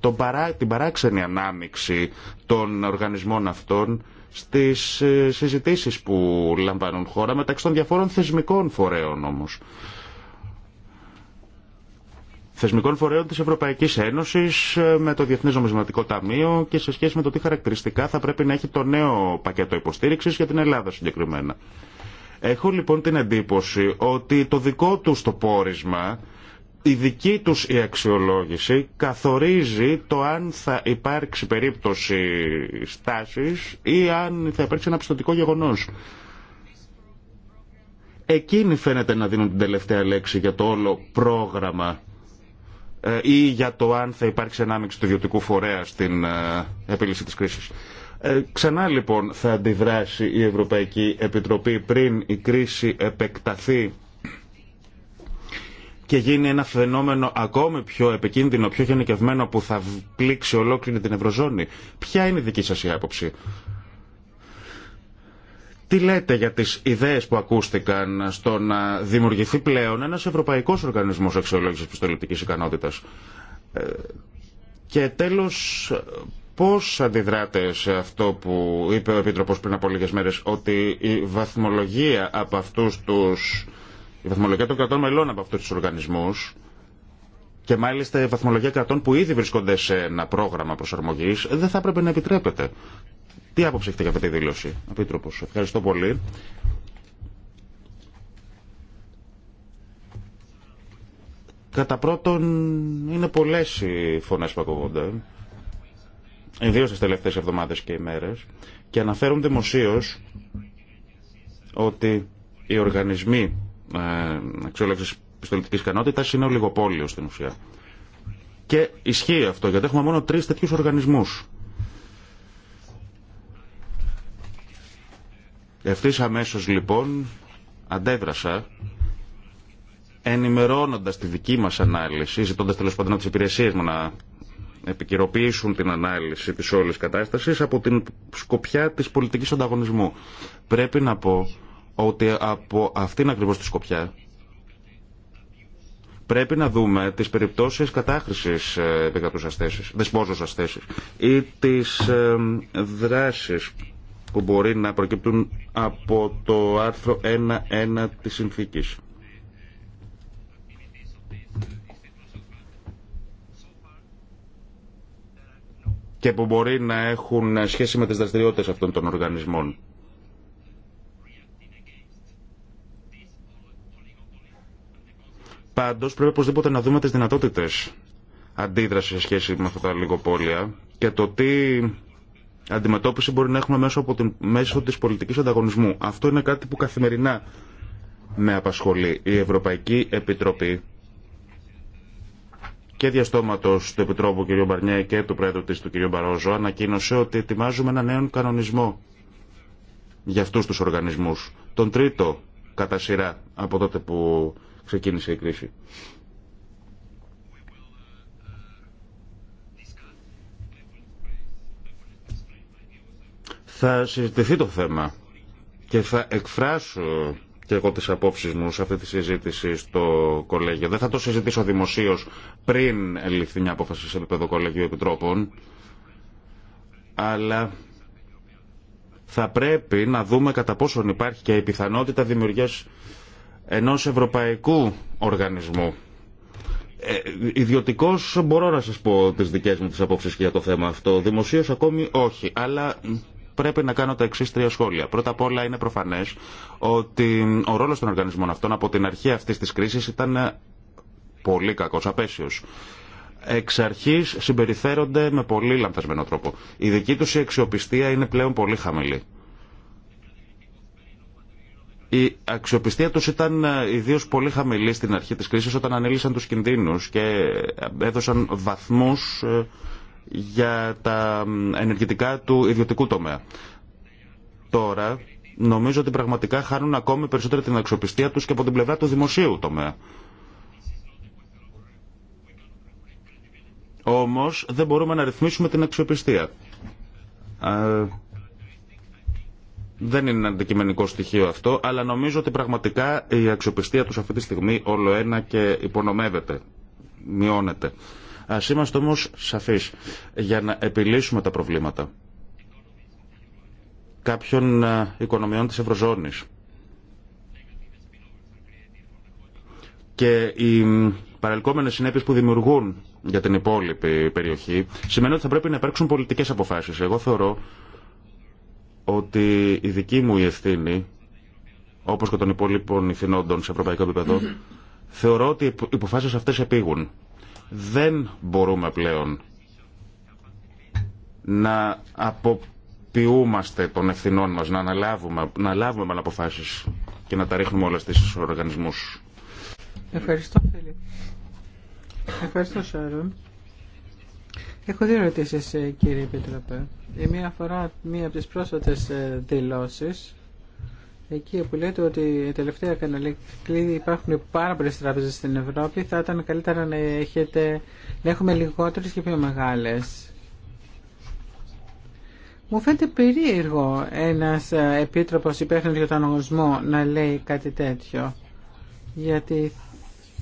το παρά, την παράξενη ανάμιξη των οργανισμών αυτών στις ε, συζητήσεις που λαμβάνουν χώρα μεταξύ των διαφόρων θεσμικών φορέων όμως. Θεσμικών φορέων της Ευρωπαϊκής Ένωσης ε, με το Διεθνές Νομισματικό Ταμείο και σε σχέση με το τι χαρακτηριστικά θα πρέπει να έχει το νέο πακέτο υποστήριξης για την Ελλάδα συγκεκριμένα. Έχω λοιπόν την εντύπωση ότι το δικό του το πόρισμα η δική τους η αξιολόγηση καθορίζει το αν θα υπάρξει περίπτωση στάσης ή αν θα υπάρξει ένα πιστοτικό γεγονός. Εκείνοι φαίνεται να δίνουν την τελευταία λέξη για το όλο πρόγραμμα ε, ή για το αν θα υπάρξει ανάμειξη του ιδιωτικού φορέα στην ε, επίλυση της κρίσης. Ε, ξανά λοιπόν θα αντιδράσει η Ευρωπαϊκή Επιτροπή πριν η κρίση επεκταθεί και γίνει ένα φαινόμενο ακόμη πιο επικίνδυνο, πιο γενικευμένο που θα πλήξει ολόκληρη την Ευρωζώνη. Ποια είναι η δική σας η άποψη. Τι λέτε για τις ιδέες που ακούστηκαν στο να δημιουργηθεί πλέον ένας ευρωπαϊκός οργανισμός αξιολόγησης πιστοληπτικής ικανότητας. Ε, και τέλος, πώς αντιδράτε σε αυτό που είπε ο Επίτροπος πριν από λίγες μέρες, ότι η βαθμολογία από αυτούς τους η βαθμολογία των κρατών μελών από αυτού του οργανισμού και μάλιστα η βαθμολογία κρατών που ήδη βρίσκονται σε ένα πρόγραμμα προσαρμογή δεν θα έπρεπε να επιτρέπεται. Τι άποψη έχετε για αυτή τη δήλωση, Επίτροπο. Ευχαριστώ πολύ. Κατά πρώτον, είναι πολλέ οι φωνέ που ακούγονται, ιδίω τι τελευταίε εβδομάδε και ημέρε, και αναφέρουν δημοσίω ότι οι οργανισμοί εξόλευση πιστολιτικής ικανότητας είναι ο λιγοπόλιος στην ουσία. Και ισχύει αυτό γιατί έχουμε μόνο τρεις τέτοιους οργανισμούς. Ευθύ αμέσω λοιπόν αντέδρασα ενημερώνοντα τη δική μα ανάλυση, ζητώντα τέλο πάντων από τι υπηρεσίε μου να επικυροποιήσουν την ανάλυση τη όλη κατάσταση από την σκοπιά τη πολιτική ανταγωνισμού. Πρέπει να πω ότι από αυτήν ακριβώς τη σκοπιά πρέπει να δούμε τις περιπτώσεις κατάχρησης ε, επικρατούσας θέσης, ή τις ε, δράσεις που μπορεί να προκύπτουν από το άρθρο 1.1 της συνθήκης. και που μπορεί να έχουν σχέση με τις δραστηριότητες αυτών των οργανισμών. Πάντως πρέπει οπωσδήποτε να δούμε τις δυνατότητες αντίδραση σε σχέση με αυτά τα λιγοπόλια και το τι αντιμετώπιση μπορεί να έχουμε μέσω, από την, μέσω της πολιτικής ανταγωνισμού. Αυτό είναι κάτι που καθημερινά με απασχολεί. Η Ευρωπαϊκή Επιτροπή και διαστόματος του Επιτρόπου κ. Μπαρνιέ και του Πρόεδρου τη του κ. Μπαρόζο ανακοίνωσε ότι ετοιμάζουμε ένα νέο κανονισμό για αυτού του οργανισμού. Τον τρίτο κατά σειρά από τότε που ξεκίνησε η κρίση. Θα συζητηθεί το θέμα και θα εκφράσω και εγώ τις απόψεις μου σε αυτή τη συζήτηση στο κολέγιο. Δεν θα το συζητήσω δημοσίως πριν ληφθεί μια απόφαση σε επίπεδο κολεγίου επιτρόπων, αλλά θα πρέπει να δούμε κατά πόσον υπάρχει και η πιθανότητα δημιουργίας ενός ευρωπαϊκού οργανισμού. Ε, μπορώ να σας πω τις δικές μου τις απόψεις για το θέμα αυτό. Δημοσίως ακόμη όχι, αλλά πρέπει να κάνω τα εξή τρία σχόλια. Πρώτα απ' όλα είναι προφανές ότι ο ρόλος των οργανισμών αυτών από την αρχή αυτής της κρίσης ήταν πολύ κακός, απέσιος εξ αρχή συμπεριφέρονται με πολύ λανθασμένο τρόπο. Η δική του αξιοπιστία είναι πλέον πολύ χαμηλή. Η αξιοπιστία τους ήταν ε, ιδίω πολύ χαμηλή στην αρχή τη κρίση, όταν ανέλησαν τους κινδύνου και έδωσαν βαθμούς ε, για τα ενεργητικά του ιδιωτικού τομέα. Τώρα νομίζω ότι πραγματικά χάνουν ακόμη περισσότερο την αξιοπιστία τους και από την πλευρά του δημοσίου τομέα. Όμως δεν μπορούμε να ρυθμίσουμε την αξιοπιστία. Δεν είναι αντικειμενικό στοιχείο αυτό, αλλά νομίζω ότι πραγματικά η αξιοπιστία του αυτή τη στιγμή όλο ένα και υπονομεύεται, μειώνεται. Ας είμαστε όμω σαφείς για να επιλύσουμε τα προβλήματα κάποιων ε, οικονομιών της Ευρωζώνης. Και οι παρελκόμενε συνέπειε που δημιουργούν για την υπόλοιπη περιοχή σημαίνει ότι θα πρέπει να υπάρξουν πολιτικέ αποφάσει. Εγώ θεωρώ ότι η δική μου η ευθύνη, όπως και των υπόλοιπων ηθινόντων σε ευρωπαϊκό επίπεδο, θεωρώ ότι οι υποφάσεις αυτές επήγουν. Δεν μπορούμε πλέον να αποποιούμαστε των ευθυνών μας, να αναλάβουμε, να λάβουμε αποφάσεις και να τα ρίχνουμε όλα στις οργανισμούς. Ευχαριστώ, Φίλιπ. Ευχαριστώ, Σάρων. Έχω δύο ερωτήσει, ε, κύριε Επιτροπέ. Η μία αφορά μία από τι πρόσφατε ε, δηλώσει. Εκεί που λέτε ότι τελευταία καναλή κλείδι υπάρχουν πάρα πολλέ τράπεζε στην Ευρώπη, θα ήταν καλύτερα να, έχετε, να έχουμε λιγότερε και πιο μεγάλε. Μου φαίνεται περίεργο ένας ε, επίτροπος υπεύθυνο για τον αγωνισμό να λέει κάτι τέτοιο. Γιατί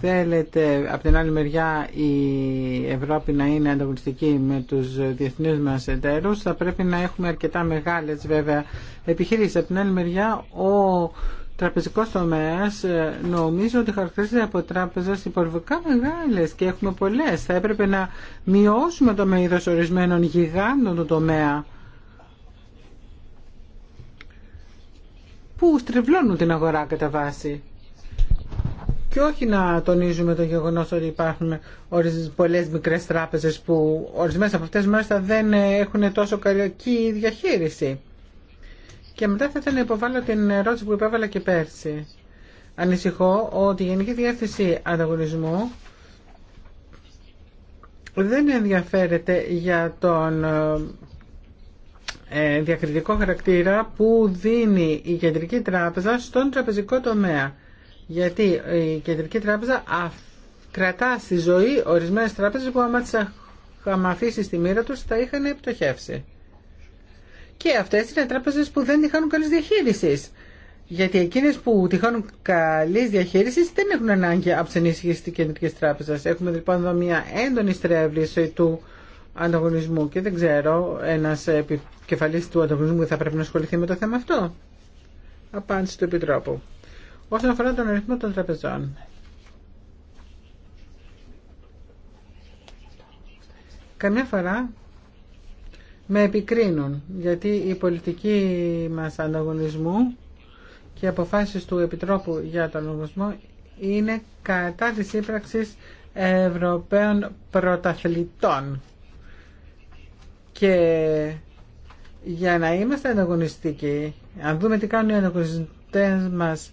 θέλετε από την άλλη μεριά η Ευρώπη να είναι ανταγωνιστική με τους διεθνείς μας εταίρους θα πρέπει να έχουμε αρκετά μεγάλες βέβαια επιχειρήσεις. Από την άλλη μεριά ο τραπεζικός τομέας ε, νομίζω ότι χαρακτηρίζεται από τράπεζες υπορβικά μεγάλες και έχουμε πολλές. Θα έπρεπε να μειώσουμε το μείδος ορισμένων γιγάντων του τομέα. που στρεβλώνουν την αγορά κατά βάση και όχι να τονίζουμε το γεγονό ότι υπάρχουν πολλέ μικρέ τράπεζε που ορισμένες από αυτέ μάλιστα δεν έχουν τόσο καλή διαχείριση. Και μετά θα ήθελα να υποβάλω την ερώτηση που υπέβαλα και πέρσι. Ανησυχώ ότι η Γενική Διεύθυνση Ανταγωνισμού δεν ενδιαφέρεται για τον ε, διακριτικό χαρακτήρα που δίνει η Κεντρική Τράπεζα στον τραπεζικό τομέα. Γιατί η Κεντρική Τράπεζα κρατά στη ζωή ορισμένε τράπεζες που άμα τι είχαμε αφήσει στη μοίρα τους θα είχαν πτωχεύσει. Και αυτέ είναι τράπεζε που δεν τυχάνουν καλή διαχείριση. Γιατί εκείνε που τυχάνουν καλή διαχείριση δεν έχουν ανάγκη από τι ενίσχυσει τη κεντρική τράπεζα. Έχουμε λοιπόν εδώ μια έντονη στρέβληση του ανταγωνισμού και δεν ξέρω ένα επικεφαλή του ανταγωνισμού θα πρέπει να ασχοληθεί με το θέμα αυτό. Απάντηση του Επιτρόπου. Όσον αφορά τον αριθμό των τραπεζών, καμιά φορά με επικρίνουν γιατί η πολιτική μας ανταγωνισμού και οι αποφάσεις του Επιτρόπου για τον ανταγωνισμό είναι κατά της ύπραξης Ευρωπαίων πρωταθλητών και για να είμαστε ανταγωνιστικοί αν δούμε τι κάνουν οι ανταγωνιστές μας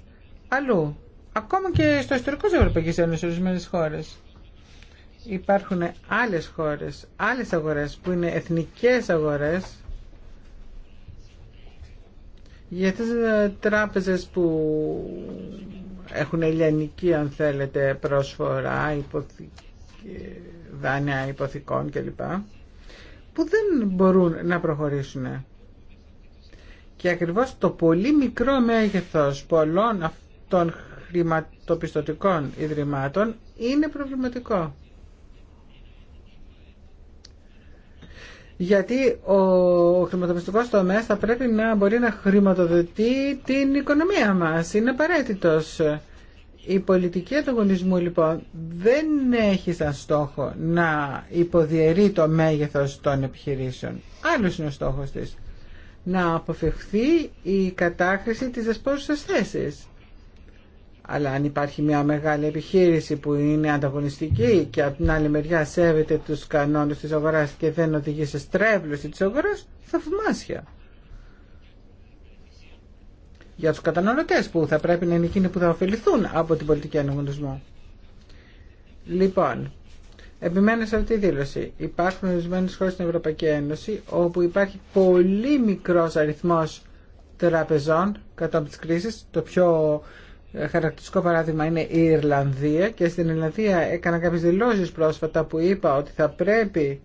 αλλού. Ακόμα και στο ιστορικό της Ευρωπαϊκής Ένωσης, ορισμένες χώρες. Υπάρχουν άλλες χώρες, άλλες αγορές που είναι εθνικές αγορές για τις τράπεζες που έχουν ελληνική αν θέλετε προσφορά, υποθήκη, δάνεια υποθηκών κλπ που δεν μπορούν να προχωρήσουν. Και ακριβώς το πολύ μικρό μέγεθος πολλών των χρηματοπιστωτικών ιδρυμάτων είναι προβληματικό. Γιατί ο χρηματοπιστωτικός τομέας θα πρέπει να μπορεί να χρηματοδοτεί την οικονομία μας. Είναι απαραίτητο. Η πολιτική ανταγωνισμού λοιπόν δεν έχει σαν στόχο να υποδιαιρεί το μέγεθος των επιχειρήσεων. Άλλος είναι ο στόχος της. Να αποφευχθεί η κατάχρηση της δεσπόζουσας θέσης. Αλλά αν υπάρχει μια μεγάλη επιχείρηση που είναι ανταγωνιστική και από την άλλη μεριά σέβεται τους κανόνες της αγοράς και δεν οδηγεί σε στρέβλωση της αγοράς, θαυμάσια. Για τους καταναλωτές που θα πρέπει να είναι εκείνοι που θα ωφεληθούν από την πολιτική ανταγωνισμού. Λοιπόν, Επιμένω σε αυτή τη δήλωση. Υπάρχουν ορισμένε χώρε στην Ευρωπαϊκή Ένωση όπου υπάρχει πολύ μικρό αριθμό τραπεζών κατά τι κρίση. Το πιο ε, χαρακτηριστικό παράδειγμα είναι η Ιρλανδία και στην Ιρλανδία έκανα κάποιες δηλώσεις πρόσφατα που είπα ότι θα πρέπει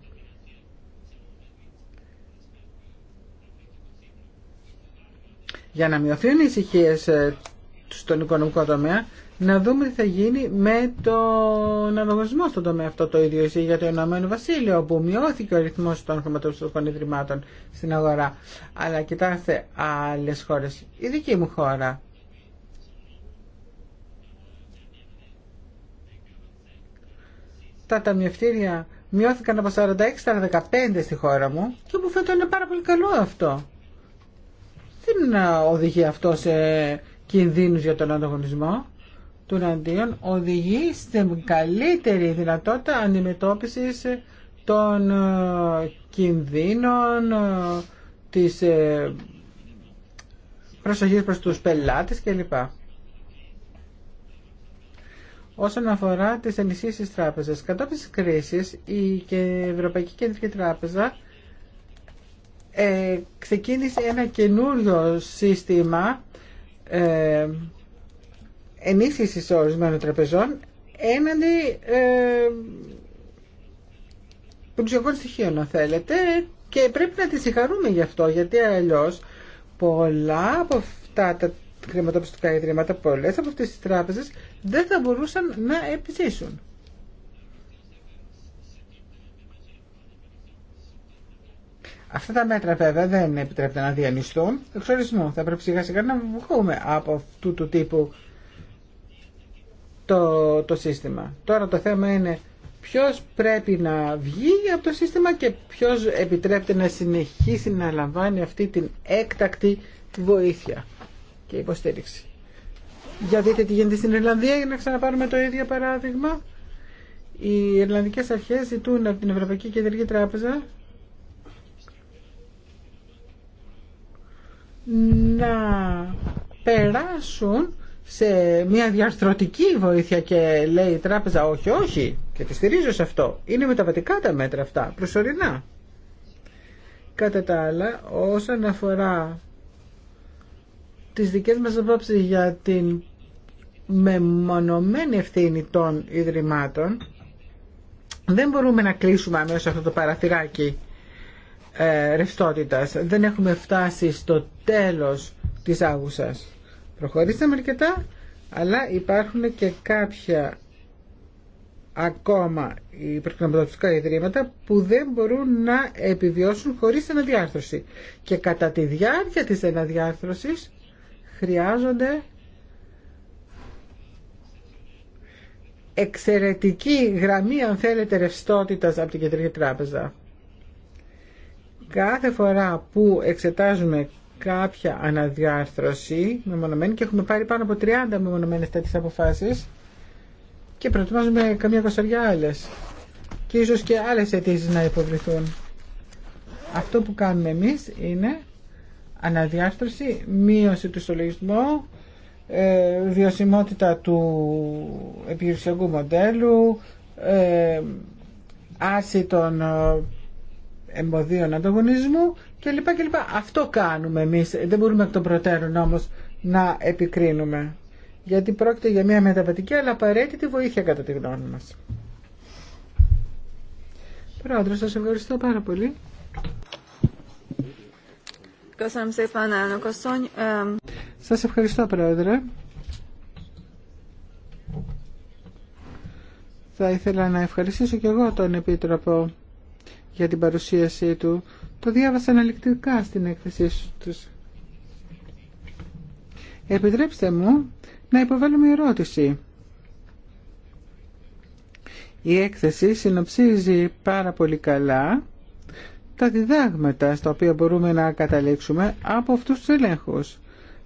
για να μειωθούν οι ησυχίε ε, στον οικονομικό τομέα, να δούμε τι θα γίνει με τον αναγνωρισμό στον τομέα αυτό το ίδιο ισχύει για το Ηνωμένο Βασίλειο, που μειώθηκε ο αριθμό των χρηματοπιστωτικών ιδρυμάτων στην αγορά. Αλλά κοιτάξτε άλλε χώρε. Η δική μου χώρα τα ταμιευτήρια μειώθηκαν από 46 στα 15 στη χώρα μου και μου φαίνεται είναι πάρα πολύ καλό αυτό. Δεν οδηγεί αυτό σε κινδύνους για τον ανταγωνισμό του αντίον, οδηγεί στην καλύτερη δυνατότητα αντιμετώπισης των ε, κινδύνων ε, της ε, προσοχής προς τους πελάτες κλπ όσον αφορά τις ενισχύσει της τράπεζας. Κατόπιν τη κρίση η Ευρωπαϊκή Κεντρική Τράπεζα ε, ξεκίνησε ένα καινούριο σύστημα ε, ενίσχυσης ορισμένων τραπεζών έναντι ε, στοιχείων, αν θέλετε, και πρέπει να τη συγχαρούμε γι' αυτό, γιατί αλλιώς πολλά από αυτά τα χρηματοπιστικά ιδρύματα, πολλές από αυτές τις τράπεζες δεν θα μπορούσαν να επιζήσουν. Αυτά τα μέτρα βέβαια δεν επιτρέπεται να διανυστούν. Εξορισμό. θα πρέπει σιγά σιγά να βγούμε από αυτού του τύπου το, το σύστημα. Τώρα το θέμα είναι ποιος πρέπει να βγει από το σύστημα και ποιος επιτρέπεται να συνεχίσει να λαμβάνει αυτή την έκτακτη βοήθεια και υποστήριξη. Για δείτε τι γίνεται στην Ιρλανδία για να ξαναπάρουμε το ίδιο παράδειγμα. Οι Ιρλανδικέ αρχές ζητούν από την Ευρωπαϊκή Κεντρική Τράπεζα να περάσουν σε μια διαρθρωτική βοήθεια και λέει η τράπεζα όχι, όχι και τη στηρίζω σε αυτό. Είναι μεταβατικά τα μέτρα αυτά, προσωρινά. Κατά τα άλλα, όσον αφορά τις δικές μας απόψεις για την μεμονωμένη ευθύνη των Ιδρυμάτων δεν μπορούμε να κλείσουμε αμέσως αυτό το παραθυράκι ε, ρευστότητας. Δεν έχουμε φτάσει στο τέλος της άγουσας. Προχωρήσαμε αρκετά, αλλά υπάρχουν και κάποια ακόμα οι ιδρύματα που δεν μπορούν να επιβιώσουν χωρίς αναδιάρθρωση. Και κατά τη διάρκεια της αναδιάρθρωσης χρειάζονται εξαιρετική γραμμή αν θέλετε ρευστότητα από την Κεντρική Τράπεζα. Κάθε φορά που εξετάζουμε κάποια αναδιάρθρωση μεμονωμένη και έχουμε πάρει πάνω από 30 μεμονωμένες τέτοιες αποφάσεις και προετοιμάζουμε καμία κοσαριά άλλες και ίσως και άλλες αιτήσει να υποβληθούν. Αυτό που κάνουμε εμείς είναι αναδιάστρωση, μείωση του συλλογισμού, ε, βιωσιμότητα του επιχειρησιακού μοντέλου, ε, των ε, εμποδίων ανταγωνισμού κλπ. κλπ. Αυτό κάνουμε εμείς. Δεν μπορούμε εκ των προτέρων όμως να επικρίνουμε. Γιατί πρόκειται για μια μεταβατική αλλά απαραίτητη βοήθεια κατά τη γνώμη μας. Πρόεδρε, σας ευχαριστώ πάρα πολύ. Σας ευχαριστώ, Πρόεδρε. Θα ήθελα να ευχαριστήσω και εγώ τον Επίτροπο για την παρουσίασή του. Το διάβασα αναλυτικά στην έκθεσή του. Επιτρέψτε μου να υποβάλω μια ερώτηση. Η έκθεση συνοψίζει πάρα πολύ καλά τα διδάγματα στα οποία μπορούμε να καταλήξουμε από αυτούς τους ελέγχους.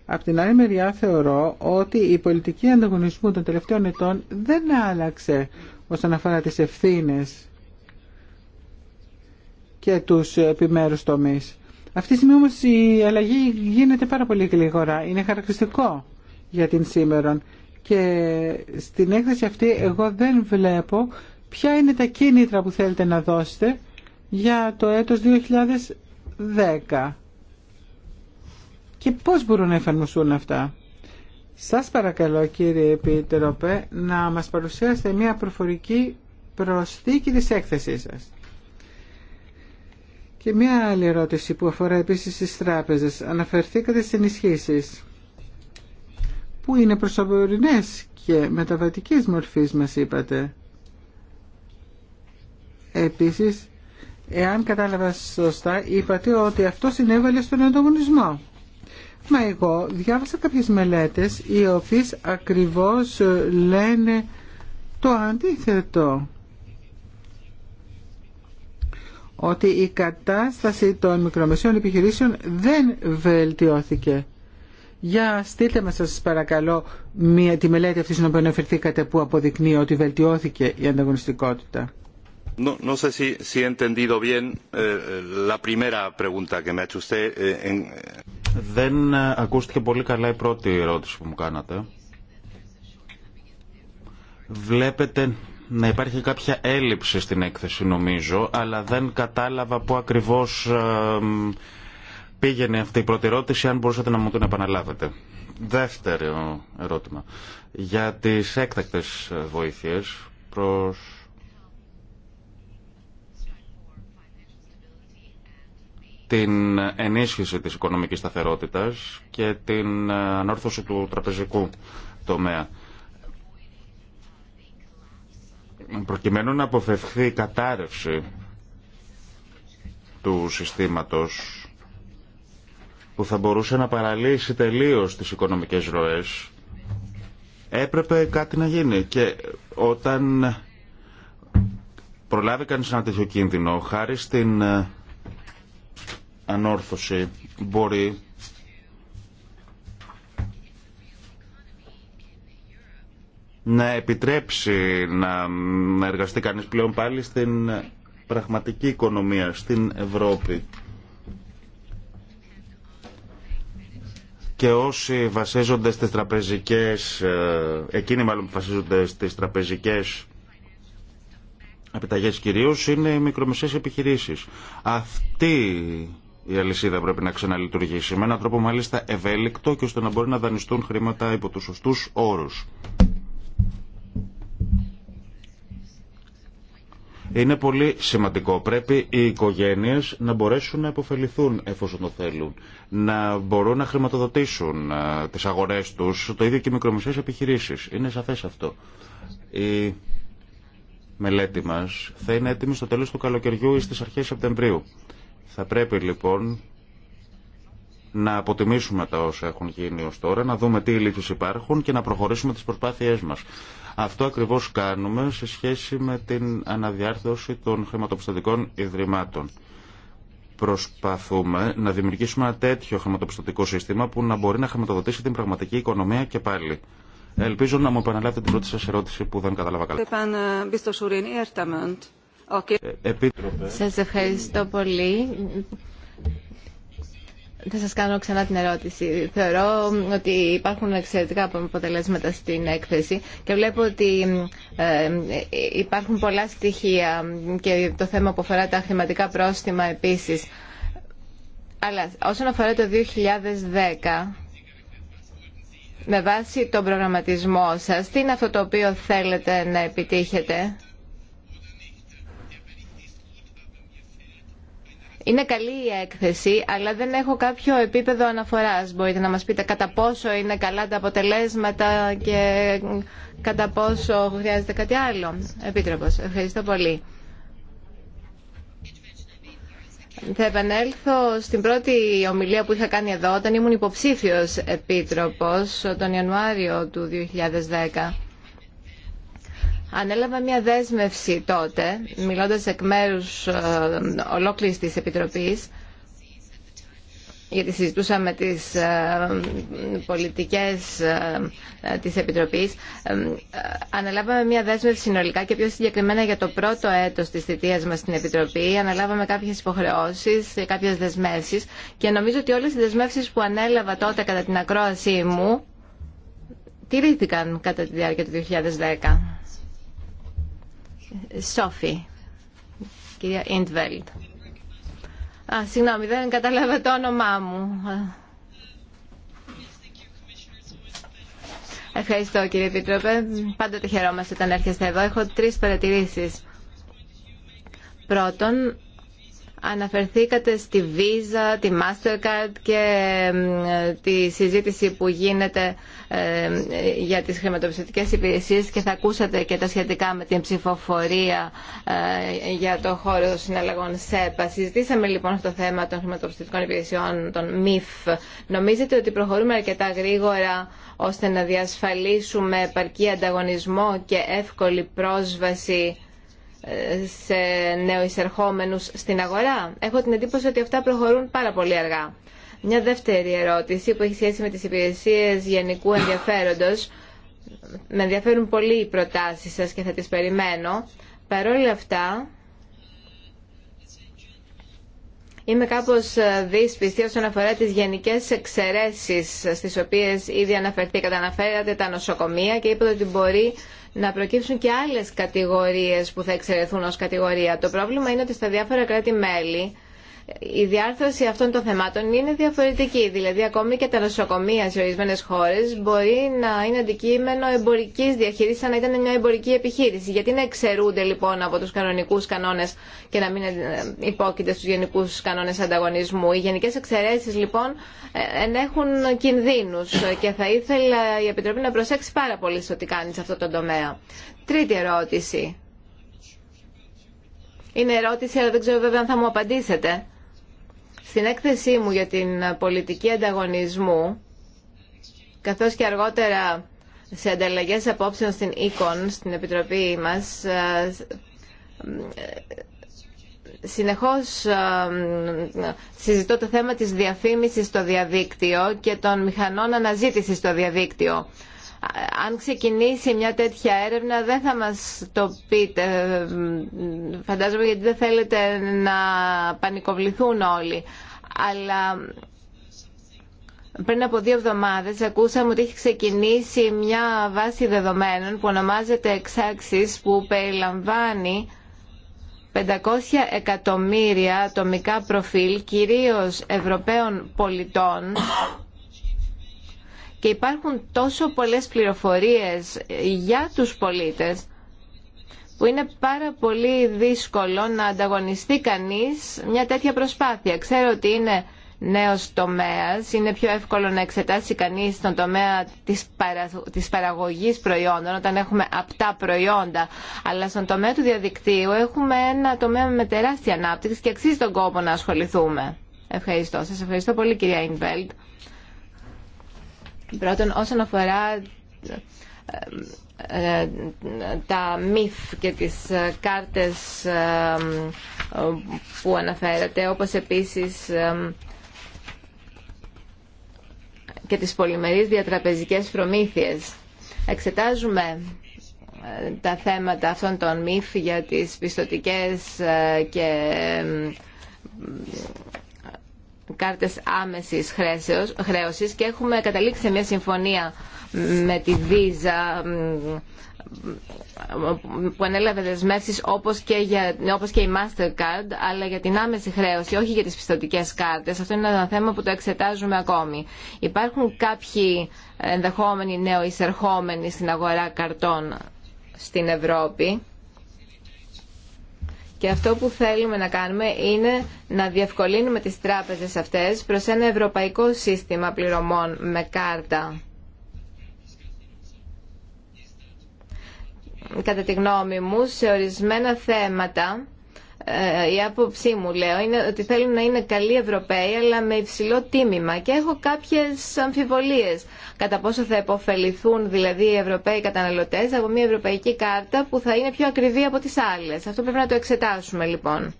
Απ' την άλλη μεριά θεωρώ ότι η πολιτική ανταγωνισμού των τελευταίων ετών δεν άλλαξε όσον αφορά τις ευθύνες και τους επιμέρους τομείς. Αυτή τη στιγμή όμως η αλλαγή γίνεται πάρα πολύ γρήγορα. Είναι χαρακτηριστικό για την σήμερα. Και στην έκθεση αυτή εγώ δεν βλέπω ποια είναι τα κίνητρα που θέλετε να δώσετε για το έτος 2010. Και πώς μπορούν να εφαρμοστούν αυτά. Σας παρακαλώ κύριε Επιτροπέ να μας παρουσιάσετε μια προφορική προσθήκη της έκθεσής σας. Και μια άλλη ερώτηση που αφορά επίσης τις τράπεζες. Αναφερθήκατε στις ενισχύσεις που είναι προσωπορινές και μεταβατικής μορφής μας είπατε. Επίσης Εάν κατάλαβα σωστά, είπατε ότι αυτό συνέβαλε στον ανταγωνισμό. Μα εγώ διάβασα κάποιες μελέτες οι οποίες ακριβώς ε, λένε το αντίθετο. Ότι η κατάσταση των μικρομεσαίων επιχειρήσεων δεν βελτιώθηκε. Για στείλτε μας σας παρακαλώ μια, τη μελέτη αυτή στην οποία αναφερθήκατε που αποδεικνύει ότι βελτιώθηκε η ανταγωνιστικότητα. Δεν ακούστηκε πολύ καλά η πρώτη ερώτηση που μου κάνατε. Βλέπετε να υπάρχει κάποια έλλειψη στην έκθεση νομίζω, αλλά δεν κατάλαβα πού ακριβώς ε, πήγαινε αυτή η πρώτη ερώτηση, αν μπορούσατε να μου την επαναλάβετε. Δεύτερο ερώτημα. Για τις έκτακτες ε, βοήθειες προς την ενίσχυση της οικονομικής σταθερότητας και την ε, ανόρθωση του τραπεζικού τομέα. Προκειμένου να αποφευχθεί η κατάρρευση του συστήματος που θα μπορούσε να παραλύσει τελείως τις οικονομικές ροές έπρεπε κάτι να γίνει και όταν προλάβει κανείς ένα τέτοιο κίνδυνο χάρη στην ε, ανόρθωση μπορεί να επιτρέψει να εργαστεί κανείς πλέον πάλι στην πραγματική οικονομία, στην Ευρώπη. και όσοι βασίζονται στις τραπεζικές, ε, εκείνοι μάλλον που βασίζονται στις τραπεζικές επιταγές κυρίως, είναι οι μικρομεσαίες επιχειρήσεις. Αυτοί η αλυσίδα πρέπει να ξαναλειτουργήσει με έναν τρόπο μάλιστα ευέλικτο και ώστε να μπορεί να δανειστούν χρήματα υπό τους σωστού όρου. Είναι πολύ σημαντικό. Πρέπει οι οικογένειε να μπορέσουν να υποφεληθούν εφόσον το θέλουν. Να μπορούν να χρηματοδοτήσουν ε, τις αγορές τους, το ίδιο και οι μικρομεσαίες επιχειρήσεις. Είναι σαφές αυτό. Η μελέτη μα θα είναι έτοιμη στο τέλο του καλοκαιριού ή στις αρχές Σεπτεμβρίου. Θα πρέπει λοιπόν να αποτιμήσουμε τα όσα έχουν γίνει ως τώρα, να δούμε τι λύσεις υπάρχουν και να προχωρήσουμε τις προσπάθειές μας. Αυτό ακριβώς κάνουμε σε σχέση με την αναδιάρθρωση των χρηματοπιστωτικών ιδρυμάτων. Προσπαθούμε να δημιουργήσουμε ένα τέτοιο χρηματοπιστωτικό σύστημα που να μπορεί να χρηματοδοτήσει την πραγματική οικονομία και πάλι. Ελπίζω να μου επαναλάβετε την πρώτη σας ερώτηση που δεν κατάλαβα καλά. Επίτροπε. Σας ευχαριστώ πολύ. Θα σας κάνω ξανά την ερώτηση. Θεωρώ ότι υπάρχουν εξαιρετικά αποτελέσματα στην έκθεση και βλέπω ότι ε, υπάρχουν πολλά στοιχεία και το θέμα που αφορά τα χρηματικά πρόστιμα επίσης. Αλλά όσον αφορά το 2010, με βάση τον προγραμματισμό σας, τι είναι αυτό το οποίο θέλετε να επιτύχετε. Είναι καλή η έκθεση, αλλά δεν έχω κάποιο επίπεδο αναφοράς. Μπορείτε να μας πείτε κατά πόσο είναι καλά τα αποτελέσματα και κατά πόσο χρειάζεται κάτι άλλο. Επίτροπος, ευχαριστώ πολύ. Θα επανέλθω στην πρώτη ομιλία που είχα κάνει εδώ όταν ήμουν υποψήφιος επίτροπος τον Ιανουάριο του 2010. Ανέλαβα μια δέσμευση τότε, μιλώντας εκ μέρους ε, ολόκληρης της Επιτροπής, γιατί συζητούσαμε τις ε, πολιτικές ε, της Επιτροπής, αναλάβαμε μια δέσμευση συνολικά και πιο συγκεκριμένα για το πρώτο έτος της θητείας μας στην Επιτροπή. Αναλάβαμε κάποιες υποχρεώσεις, κάποιες δεσμεύσεις και νομίζω ότι όλες οι δεσμεύσεις που ανέλαβα τότε κατά την ακρόασή μου τηρήθηκαν κατά τη διάρκεια του 2010. Σόφη. Κυρία Ιντβέλτ. Α, συγγνώμη, δεν καταλάβα το όνομά μου. Ευχαριστώ κύριε Επίτροπε. Πάντοτε χαιρόμαστε όταν έρχεστε εδώ. Έχω τρεις παρατηρήσεις. Πρώτον, αναφερθήκατε στη Visa, τη Mastercard και τη συζήτηση που γίνεται ε, για τις χρηματοπιστωτικές υπηρεσίες και θα ακούσατε και τα σχετικά με την ψηφοφορία ε, για το χώρο συναλλαγών ΣΕΠΑ. Συζητήσαμε λοιπόν αυτό το θέμα των χρηματοπιστωτικών υπηρεσιών, των ΜΙΦ. Νομίζετε ότι προχωρούμε αρκετά γρήγορα ώστε να διασφαλίσουμε επαρκή ανταγωνισμό και εύκολη πρόσβαση ε, σε νεοεισερχόμενους στην αγορά. Έχω την εντύπωση ότι αυτά προχωρούν πάρα πολύ αργά. Μια δεύτερη ερώτηση που έχει σχέση με τις υπηρεσίες γενικού ενδιαφέροντος. Με ενδιαφέρουν πολύ οι προτάσεις σας και θα τις περιμένω. Παρ' όλα αυτά, είμαι κάπως δύσπιστη όσον αφορά τις γενικές εξαιρέσεις στις οποίες ήδη αναφερθήκατε. Αναφέρατε τα νοσοκομεία και είπατε ότι μπορεί να προκύψουν και άλλες κατηγορίες που θα εξαιρεθούν ως κατηγορία. Το πρόβλημα είναι ότι στα διάφορα κράτη-μέλη η διάρθρωση αυτών των θεμάτων είναι διαφορετική. Δηλαδή, ακόμη και τα νοσοκομεία σε ορισμένε χώρε μπορεί να είναι αντικείμενο εμπορική διαχείριση, σαν να ήταν μια εμπορική επιχείρηση. Γιατί να εξαιρούνται λοιπόν από του κανονικού κανόνε και να μην ε, υπόκειται στου γενικού κανόνε ανταγωνισμού. Οι γενικέ εξαιρέσει λοιπόν ε, ενέχουν κινδύνου και θα ήθελα η Επιτροπή να προσέξει πάρα πολύ στο τι κάνει σε αυτό το τομέα. Τρίτη ερώτηση. Είναι ερώτηση, αλλά δεν ξέρω βέβαια αν θα μου απαντήσετε. Στην έκθεσή μου για την πολιτική ανταγωνισμού, καθώς και αργότερα σε ανταλλαγές απόψεων στην ΕΚΟΝ, στην Επιτροπή μας, ε, ε, συνεχώς ε, συζητώ το θέμα της διαφήμισης στο διαδίκτυο και των μηχανών αναζήτησης στο διαδίκτυο αν ξεκινήσει μια τέτοια έρευνα δεν θα μας το πείτε φαντάζομαι γιατί δεν θέλετε να πανικοβληθούν όλοι αλλά πριν από δύο εβδομάδες ακούσαμε ότι έχει ξεκινήσει μια βάση δεδομένων που ονομάζεται εξάξεις που περιλαμβάνει 500 εκατομμύρια ατομικά προφίλ κυρίως Ευρωπαίων πολιτών και υπάρχουν τόσο πολλές πληροφορίες για τους πολίτες που είναι πάρα πολύ δύσκολο να ανταγωνιστεί κανείς μια τέτοια προσπάθεια. Ξέρω ότι είναι νέος τομέας, είναι πιο εύκολο να εξετάσει κανείς τον τομέα της, παρα... παραγωγής προϊόντων όταν έχουμε απτά προϊόντα, αλλά στον τομέα του διαδικτύου έχουμε ένα τομέα με τεράστια ανάπτυξη και αξίζει τον κόπο να ασχοληθούμε. Ευχαριστώ. Σας ευχαριστώ πολύ κυρία Ινβέλτ. Πρώτον, όσον αφορά ε, ε, τα μυθ και τις ε, κάρτες που αναφέρατε, όπως επίσης και τις πολυμερείς διατραπεζικές προμήθειες. Εξετάζουμε τα θέματα αυτών των μυθ για τις πιστοτικές και κάρτες άμεσης χρέωσης και έχουμε καταλήξει σε μια συμφωνία με τη Visa που ανέλαβε δεσμεύσεις όπως και, για, όπως και η Mastercard αλλά για την άμεση χρέωση, όχι για τις πιστοτικές κάρτες. Αυτό είναι ένα θέμα που το εξετάζουμε ακόμη. Υπάρχουν κάποιοι ενδεχόμενοι εισερχόμενοι στην αγορά καρτών στην Ευρώπη και αυτό που θέλουμε να κάνουμε είναι να διευκολύνουμε τις τράπεζες αυτές προς ένα ευρωπαϊκό σύστημα πληρωμών με κάρτα. Κατά τη γνώμη μου, σε ορισμένα θέματα, ε, η άποψή μου λέω, είναι ότι θέλουν να είναι καλοί Ευρωπαίοι αλλά με υψηλό τίμημα και έχω κάποιες αμφιβολίες κατά πόσο θα επωφεληθούν δηλαδή οι Ευρωπαίοι καταναλωτές από μια ευρωπαϊκή κάρτα που θα είναι πιο ακριβή από τις άλλες. Αυτό πρέπει να το εξετάσουμε λοιπόν.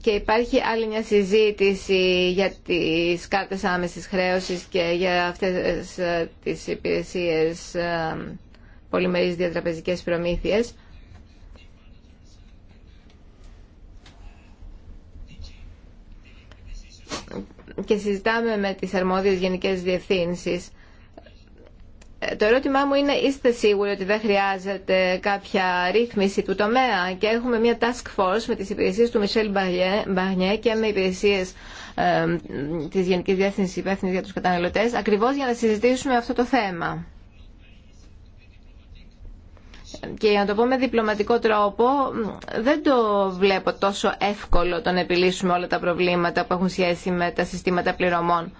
Και υπάρχει άλλη μια συζήτηση για τις κάρτες άμεσης χρέωσης και για αυτές ε, τις υπηρεσίες ε, πολυμερείς διατραπεζικές προμήθειες. και συζητάμε με τις αρμόδιες γενικές διευθύνσεις. Ε, το ερώτημά μου είναι, είστε σίγουροι ότι δεν χρειάζεται κάποια ρύθμιση του τομέα και έχουμε μια task force με τις υπηρεσίες του Μισελ Μπαγνιέ και με υπηρεσίες ε, της Γενικής Διεύθυνσης Υπεύθυνης για τους Καταναλωτές ακριβώς για να συζητήσουμε αυτό το θέμα. Και για να το πω με διπλωματικό τρόπο, δεν το βλέπω τόσο εύκολο το να επιλύσουμε όλα τα προβλήματα που έχουν σχέση με τα συστήματα πληρωμών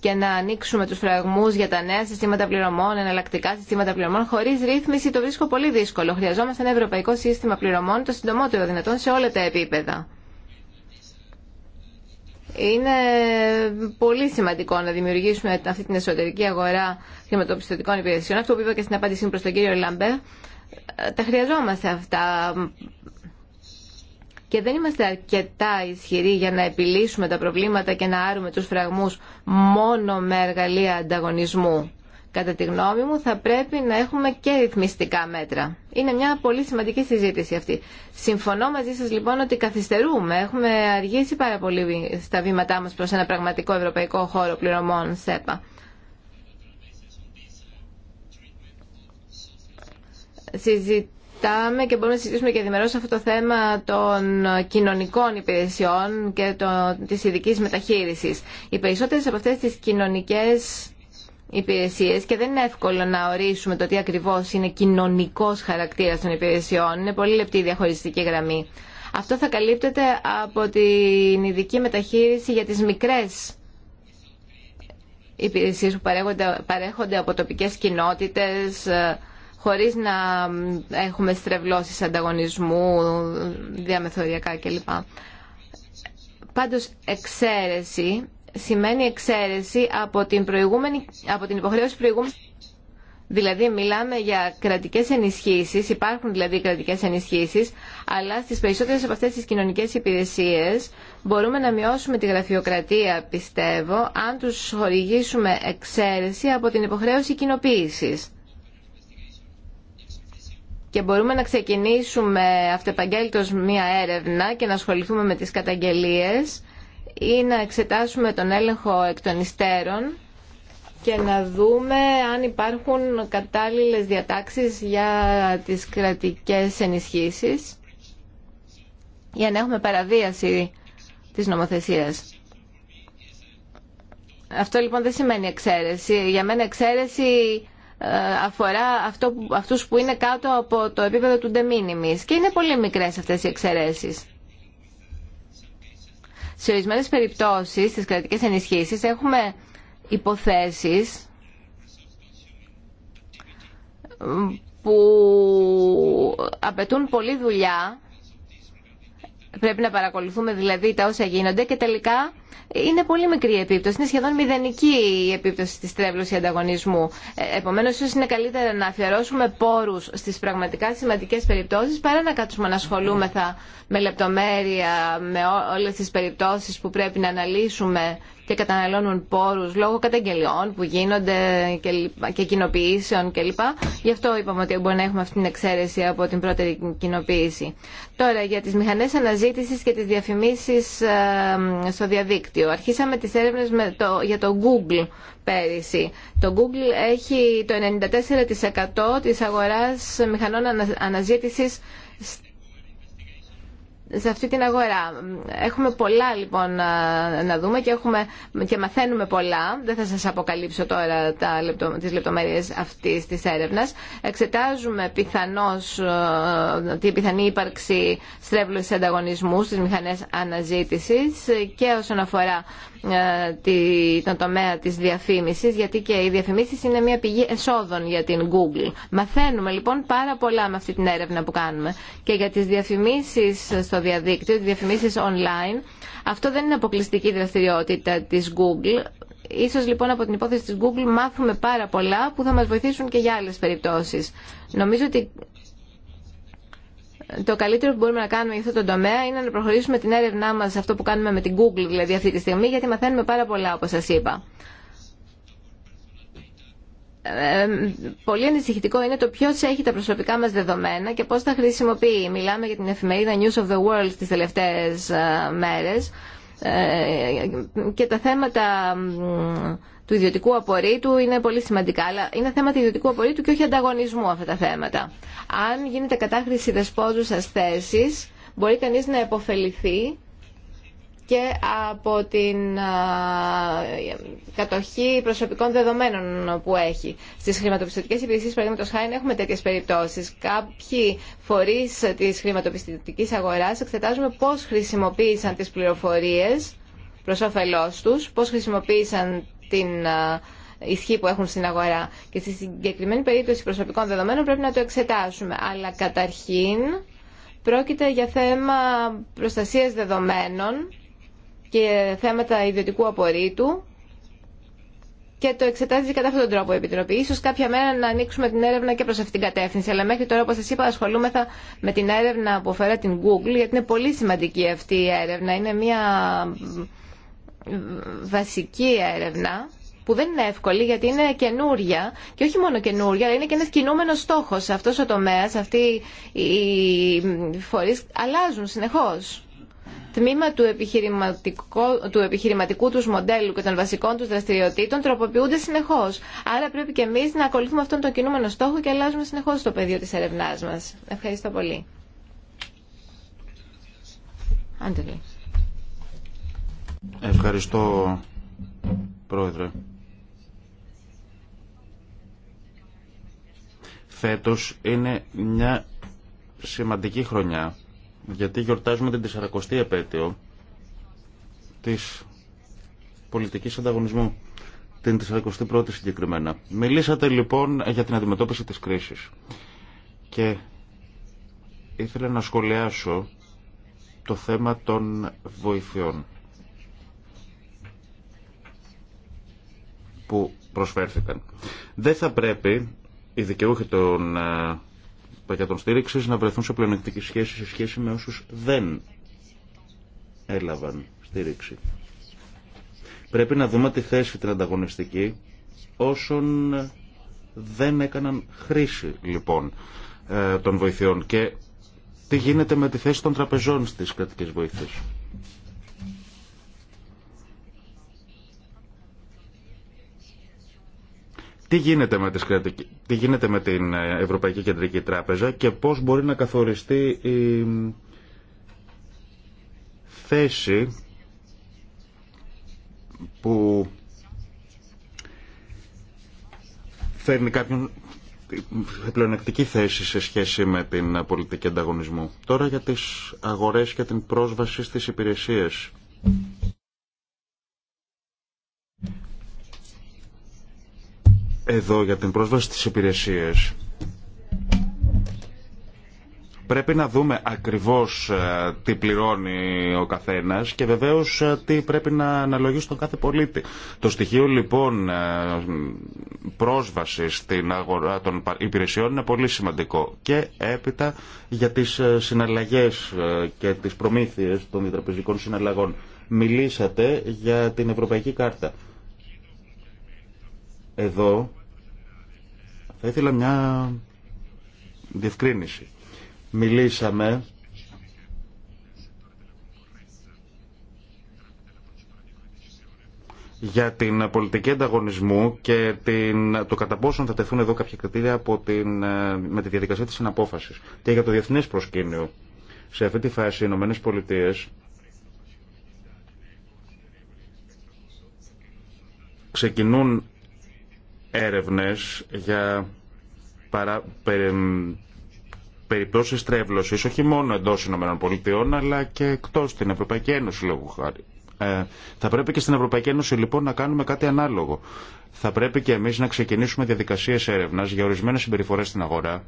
και να ανοίξουμε τους φραγμούς για τα νέα συστήματα πληρωμών, εναλλακτικά συστήματα πληρωμών, χωρίς ρύθμιση το βρίσκω πολύ δύσκολο. Χρειαζόμαστε ένα ευρωπαϊκό σύστημα πληρωμών το συντομότερο δυνατόν σε όλα τα επίπεδα. Είναι πολύ σημαντικό να δημιουργήσουμε αυτή την εσωτερική αγορά χρηματοπιστωτικών υπηρεσιών. Αυτό που είπα και στην απάντησή μου προ τον κύριο Λαμπέρ, τα χρειαζόμαστε αυτά και δεν είμαστε αρκετά ισχυροί για να επιλύσουμε τα προβλήματα και να άρουμε τους φραγμούς μόνο με εργαλεία ανταγωνισμού. Κατά τη γνώμη μου θα πρέπει να έχουμε και ρυθμιστικά μέτρα. Είναι μια πολύ σημαντική συζήτηση αυτή. Συμφωνώ μαζί σας λοιπόν ότι καθυστερούμε. Έχουμε αργήσει πάρα πολύ στα βήματά μας προς ένα πραγματικό ευρωπαϊκό χώρο πληρωμών ΣΕΠΑ. Συζητάμε και μπορούμε να συζητήσουμε και ενημερώσει αυτό το θέμα των κοινωνικών υπηρεσιών και το, της ειδική μεταχείρισης. Οι περισσότερες από αυτές τις κοινωνικές υπηρεσίες και δεν είναι εύκολο να ορίσουμε το τι ακριβώς είναι κοινωνικός χαρακτήρας των υπηρεσιών. Είναι πολύ λεπτή η διαχωριστική γραμμή. Αυτό θα καλύπτεται από την ειδική μεταχείριση για τις μικρές υπηρεσίες που παρέχονται, από τοπικές κοινότητες, ε, χωρίς να έχουμε στρεβλώσει ανταγωνισμού διαμεθοριακά κλπ. Πάντως εξαίρεση σημαίνει εξαίρεση από την, προηγούμενη, από την υποχρέωση προηγούμενη. Δηλαδή μιλάμε για κρατικές ενισχύσεις, υπάρχουν δηλαδή κρατικές ενισχύσεις, αλλά στις περισσότερες από αυτές τις κοινωνικές υπηρεσίες μπορούμε να μειώσουμε τη γραφειοκρατία, πιστεύω, αν τους χορηγήσουμε εξαίρεση από την υποχρέωση κοινοποίησης και μπορούμε να ξεκινήσουμε αυτεπαγγέλτος μία έρευνα και να ασχοληθούμε με τις καταγγελίες ή να εξετάσουμε τον έλεγχο εκ των υστέρων και να δούμε αν υπάρχουν κατάλληλες διατάξεις για τις κρατικές ενισχύσεις για να έχουμε παραβίαση της νομοθεσίας. Αυτό λοιπόν δεν σημαίνει εξαίρεση. Για μένα εξαίρεση αφορά αυτό, αυτούς που είναι κάτω από το επίπεδο του de minimis και είναι πολύ μικρές αυτές οι εξαιρέσεις. Σε ορισμένες περιπτώσεις στις κρατικές ενισχύσεις έχουμε υποθέσεις που απαιτούν πολλή δουλειά πρέπει να παρακολουθούμε δηλαδή τα όσα γίνονται και τελικά είναι πολύ μικρή η επίπτωση, είναι σχεδόν μηδενική η επίπτωση τη τρέβλωση ανταγωνισμού. Ε, Επομένω, ίσω είναι καλύτερα να αφιερώσουμε πόρου στι πραγματικά σημαντικέ περιπτώσει, παρά να κάτσουμε να ασχολούμεθα με λεπτομέρεια, με όλε τι περιπτώσει που πρέπει να αναλύσουμε και καταναλώνουν πόρου λόγω καταγγελιών που γίνονται και κοινοποιήσεων κλπ. Γι' αυτό είπαμε ότι μπορεί να έχουμε αυτή την εξαίρεση από την πρώτερη κοινοποίηση. Τώρα, για τι μηχανέ αναζήτηση και τι διαφημίσει ε, στο διαδίκτυο Αρχίσαμε τις έρευνες με το, για το Google πέρυσι. Το Google έχει το 94% της αγοράς μηχανών αναζήτησης σε αυτή την αγορά. Έχουμε πολλά λοιπόν να, δούμε και, έχουμε, και μαθαίνουμε πολλά. Δεν θα σας αποκαλύψω τώρα τα, τις λεπτομέρειες αυτής της έρευνας. Εξετάζουμε πιθανώς την πιθανή ύπαρξη στρέβλωσης ανταγωνισμού στις μηχανές αναζήτησης και όσον αφορά τον τομέα της διαφήμισης γιατί και οι διαφημίσεις είναι μια πηγή εσόδων για την Google. Μαθαίνουμε λοιπόν πάρα πολλά με αυτή την έρευνα που κάνουμε και για τις διαφημίσεις στο διαδίκτυο, διαφημίσεις online. Αυτό δεν είναι αποκλειστική δραστηριότητα της Google. Ίσως λοιπόν από την υπόθεση της Google μάθουμε πάρα πολλά που θα μας βοηθήσουν και για άλλες περιπτώσεις. Νομίζω ότι το καλύτερο που μπορούμε να κάνουμε για αυτό το τομέα είναι να προχωρήσουμε την έρευνά μας σε αυτό που κάνουμε με την Google δηλαδή αυτή τη στιγμή γιατί μαθαίνουμε πάρα πολλά όπως σας είπα πολύ ανησυχητικό είναι το ποιο έχει τα προσωπικά μα δεδομένα και πώ τα χρησιμοποιεί. Μιλάμε για την εφημερίδα News of the World τι τελευταίε ε, μέρε ε, και τα θέματα του ιδιωτικού απορρίτου είναι πολύ σημαντικά, αλλά είναι θέματα ιδιωτικού απορρίτου και όχι ανταγωνισμού αυτά τα θέματα. Αν γίνεται κατάχρηση δεσπόζουσας θέσης, μπορεί κανείς να επωφεληθεί και από την κατοχή προσωπικών δεδομένων που έχει. Στις χρηματοπιστωτικές υπηρεσίες, παραδείγματος χάρη, έχουμε τέτοιες περιπτώσεις. Κάποιοι φορείς της χρηματοπιστωτικής αγοράς εξετάζουμε πώς χρησιμοποίησαν τις πληροφορίες προς όφελός τους, πώς χρησιμοποίησαν την ισχύ που έχουν στην αγορά. Και στη συγκεκριμένη περίπτωση προσωπικών δεδομένων πρέπει να το εξετάσουμε. Αλλά καταρχήν πρόκειται για θέμα προστασίας δεδομένων και θέματα ιδιωτικού απορρίτου και το εξετάζει κατά αυτόν τον τρόπο η Επιτροπή. Ίσως κάποια μέρα να ανοίξουμε την έρευνα και προς αυτήν την κατεύθυνση. Αλλά μέχρι τώρα, όπως σας είπα, ασχολούμεθα με την έρευνα που αφορά την Google, γιατί είναι πολύ σημαντική αυτή η έρευνα. Είναι μια βασική έρευνα που δεν είναι εύκολη γιατί είναι καινούρια και όχι μόνο καινούρια, αλλά είναι και ένας κινούμενος στόχος. Αυτός ο τομέας, αυτοί οι φορείς αλλάζουν συνεχώς τμήμα του επιχειρηματικού, του επιχειρηματικού τους μοντέλου και των βασικών τους δραστηριοτήτων τροποποιούνται συνεχώς. Άρα πρέπει και εμείς να ακολουθούμε αυτόν τον κινούμενο στόχο και αλλάζουμε συνεχώς το πεδίο της ερευνάς μας. Ευχαριστώ πολύ. Άντελη. Ευχαριστώ, Πρόεδρε. Φέτος είναι μια σημαντική χρονιά γιατί γιορτάζουμε την 40η επέτειο της πολιτικής ανταγωνισμού, την 41η συγκεκριμένα. Μιλήσατε λοιπόν για την αντιμετώπιση της κρίσης και ήθελα να σχολιάσω το θέμα των βοηθειών που προσφέρθηκαν. Δεν θα πρέπει οι δικαιούχοι των ε, των στήριξη να βρεθούν σε πλεονεκτική σχέση σε σχέση με όσου δεν έλαβαν στήριξη. Πρέπει να δούμε τη θέση την ανταγωνιστική όσων δεν έκαναν χρήση λοιπόν ε, των βοηθειών και τι γίνεται με τη θέση των τραπεζών στις κρατικές βοήθειες. Τι γίνεται, με τις τι γίνεται με την ε, Ευρωπαϊκή Κεντρική Τράπεζα και πώς μπορεί να καθοριστεί η θέση που φέρνει κάποιον πλεονεκτική θέση σε σχέση με την πολιτική ανταγωνισμού. Τώρα για τις αγορές και την πρόσβαση στις υπηρεσίες. εδώ για την πρόσβαση στις υπηρεσίες πρέπει να δούμε ακριβώς ε, τι πληρώνει ο καθένας και βεβαίως ε, τι πρέπει να αναλογίσει τον κάθε πολίτη. Το στοιχείο λοιπόν ε, πρόσβαση στην αγορά των υπηρεσιών είναι πολύ σημαντικό και έπειτα για τις συναλλαγές και τις προμήθειες των διτραπεζικών συναλλαγών. Μιλήσατε για την Ευρωπαϊκή Κάρτα. Εδώ θα ήθελα μια διευκρίνηση. Μιλήσαμε για την πολιτική ανταγωνισμού και την, το κατά πόσον θα τεθούν εδώ κάποια κριτήρια την, με τη διαδικασία της συναπόφασης και για το διεθνές προσκήνιο. Σε αυτή τη φάση οι Ηνωμένες Πολιτείες ξεκινούν έρευνες για παρα... περι... περιπτώσεις όχι μόνο εντός ΗΠΑ, αλλά και εκτός την Ευρωπαϊκή Ένωση, λόγω Ε, θα πρέπει και στην Ευρωπαϊκή Ένωση λοιπόν να κάνουμε κάτι ανάλογο. Θα πρέπει και εμείς να ξεκινήσουμε διαδικασίες έρευνας για ορισμένες συμπεριφορές στην αγορά,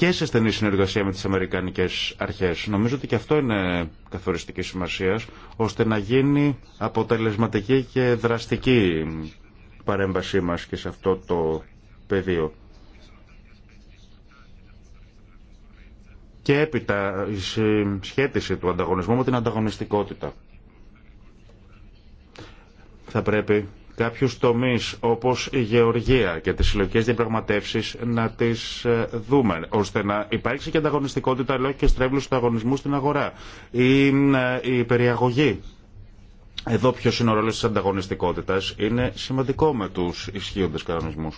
και σε στενή συνεργασία με τις Αμερικανικές αρχές. Νομίζω ότι και αυτό είναι καθοριστική σημασία, ώστε να γίνει αποτελεσματική και δραστική παρέμβασή μας και σε αυτό το πεδίο. Και έπειτα η σχέτιση του ανταγωνισμού με την ανταγωνιστικότητα. Θα πρέπει κάποιους τομείς όπως η γεωργία και τις συλλογικές διαπραγματεύσεις να τις ε, δούμε ώστε να υπάρξει και ανταγωνιστικότητα αλλά και στρέβλους του αγωνισμού στην αγορά ή ε, η περιαγωγή. Εδώ ποιος είναι ο ρόλος της ανταγωνιστικότητας είναι σημαντικό με τους ισχύοντες κανονισμούς.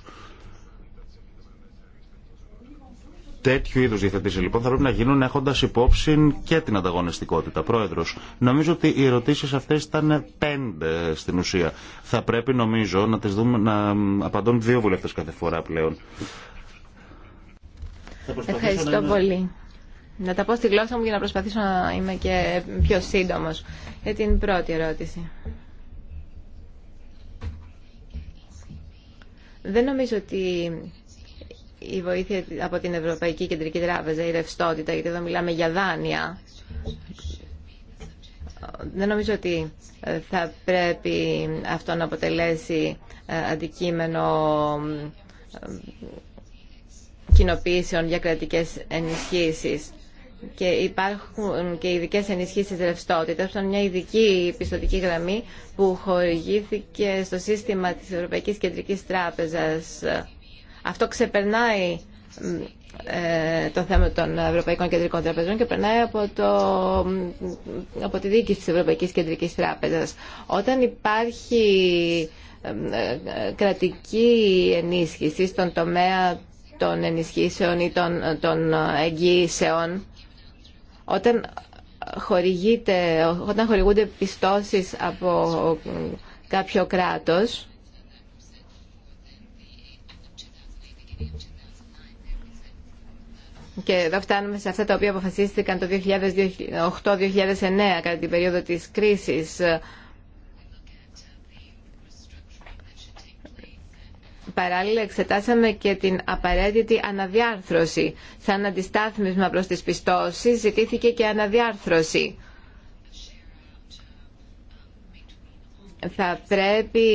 Τέτοιου είδου διευθετήσει λοιπόν θα πρέπει να γίνουν έχοντα υπόψη και την ανταγωνιστικότητα. Πρόεδρο, νομίζω ότι οι ερωτήσει αυτέ ήταν πέντε στην ουσία. Θα πρέπει νομίζω να, τις δούμε, να απαντώνουν δύο βουλευτέ κάθε φορά πλέον. Ευχαριστώ να... πολύ. Να τα πω στη γλώσσα μου για να προσπαθήσω να είμαι και πιο σύντομο για την πρώτη ερώτηση. Δεν νομίζω ότι η βοήθεια από την Ευρωπαϊκή Κεντρική Τράπεζα, η ρευστότητα, γιατί εδώ μιλάμε για δάνεια. Δεν νομίζω ότι ε, θα πρέπει αυτό να αποτελέσει ε, αντικείμενο ε, κοινοποιήσεων για κρατικές ενισχύσεις και υπάρχουν και ειδικέ ενισχύσει ρευστότητα, αυτό είναι μια ειδική πιστοτική γραμμή που χορηγήθηκε στο σύστημα τη Ευρωπαϊκή Κεντρική Τράπεζα. Αυτό ξεπερνάει ε, το θέμα των Ευρωπαϊκών Κεντρικών Τραπεζών και περνάει από, το, από τη διοίκηση της Ευρωπαϊκής Κεντρικής Τράπεζας. Όταν υπάρχει ε, ε, κρατική ενίσχυση στον τομέα των ενισχύσεων ή των, των εγγύησεων, όταν, όταν χορηγούνται πιστώσεις από κάποιο κράτος, και εδώ φτάνουμε σε αυτά τα οποία αποφασίστηκαν το 2008-2009 κατά την περίοδο της κρίσης. Παράλληλα εξετάσαμε και την απαραίτητη αναδιάρθρωση. Σαν αντιστάθμισμα προς τις πιστώσεις ζητήθηκε και αναδιάρθρωση. Θα πρέπει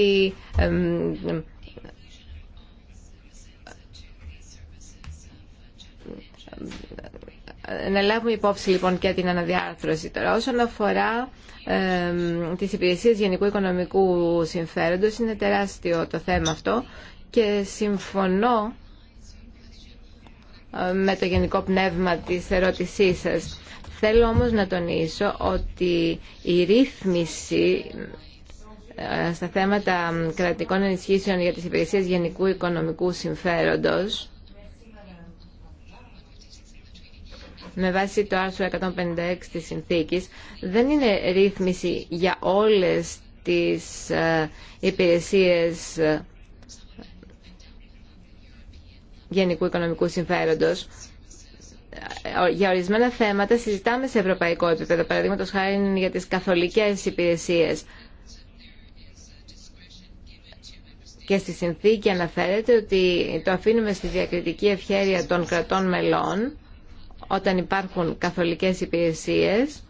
να λάβουμε υπόψη λοιπόν και την αναδιάρθρωση τώρα. Όσον αφορά ε, τις υπηρεσίες γενικού οικονομικού συμφέροντος, είναι τεράστιο το θέμα αυτό και συμφωνώ ε, με το γενικό πνεύμα της ερώτησής σας. Θέλω όμως να τονίσω ότι η ρύθμιση ε, στα θέματα κρατικών ενισχύσεων για τις υπηρεσίες γενικού οικονομικού συμφέροντος με βάση το άρθρο 156 της συνθήκης δεν είναι ρύθμιση για όλες τις ε, υπηρεσίες ε, γενικού οικονομικού συμφέροντος. Ε, για ορισμένα θέματα συζητάμε σε ευρωπαϊκό επίπεδο, παραδείγματο χάρη για τις καθολικές υπηρεσίες. Και στη συνθήκη αναφέρεται ότι το αφήνουμε στη διακριτική ευχέρεια των κρατών μελών όταν υπάρχουν καθολικές υπηρεσίες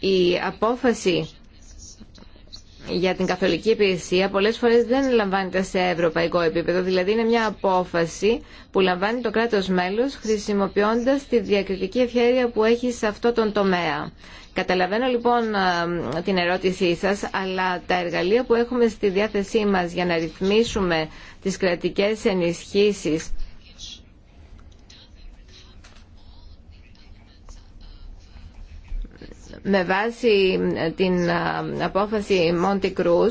η απόφαση για την καθολική υπηρεσία πολλές φορές δεν λαμβάνεται σε ευρωπαϊκό επίπεδο, δηλαδή είναι μια απόφαση που λαμβάνει το κράτος μέλος χρησιμοποιώντας τη διακριτική ευχαίρεια που έχει σε αυτό τον τομέα. Καταλαβαίνω λοιπόν την ερώτησή σας, αλλά τα εργαλεία που έχουμε στη διάθεσή μας για να ρυθμίσουμε τις κρατικές ενισχύσεις με βάση ε, την ε, απόφαση Μόντι Cruz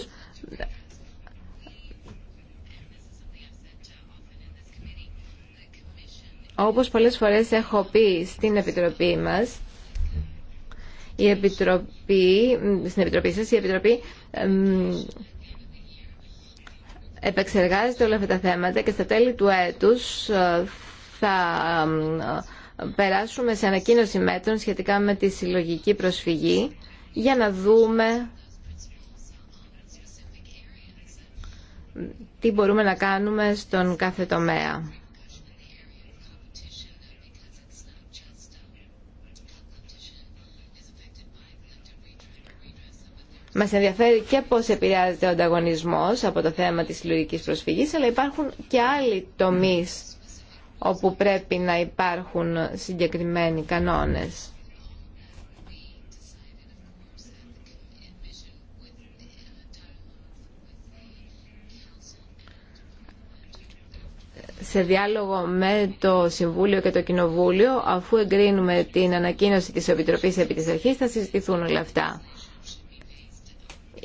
όπως πολλές φορές έχω πει στην Επιτροπή μας η Επιτροπή στην Επιτροπή σας η Επιτροπή επεξεργάζεται όλα αυτά τα θέματα και στα τέλη του έτους ε, θα περάσουμε σε ανακοίνωση μέτρων σχετικά με τη συλλογική προσφυγή για να δούμε τι μπορούμε να κάνουμε στον κάθε τομέα. Μας ενδιαφέρει και πώς επηρεάζεται ο ανταγωνισμός από το θέμα της συλλογικής προσφυγής, αλλά υπάρχουν και άλλοι τομείς όπου πρέπει να υπάρχουν συγκεκριμένοι κανόνες. σε διάλογο με το Συμβούλιο και το Κοινοβούλιο, αφού εγκρίνουμε την ανακοίνωση της Επιτροπής επί της αρχής, θα συζητηθούν όλα αυτά.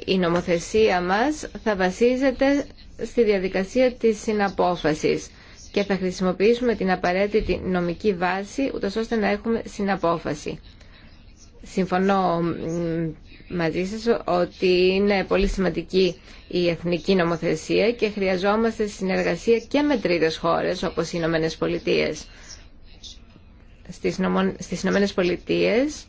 Η νομοθεσία μας θα βασίζεται στη διαδικασία της συναπόφασης και θα χρησιμοποιήσουμε την απαραίτητη νομική βάση ούτως ώστε να έχουμε συναπόφαση. Συμφωνώ μαζί σας ότι είναι πολύ σημαντική η εθνική νομοθεσία και χρειαζόμαστε συνεργασία και με τρίτες χώρες όπως οι Ηνωμένε Πολιτείες. Στις Ηνωμένε Πολιτείες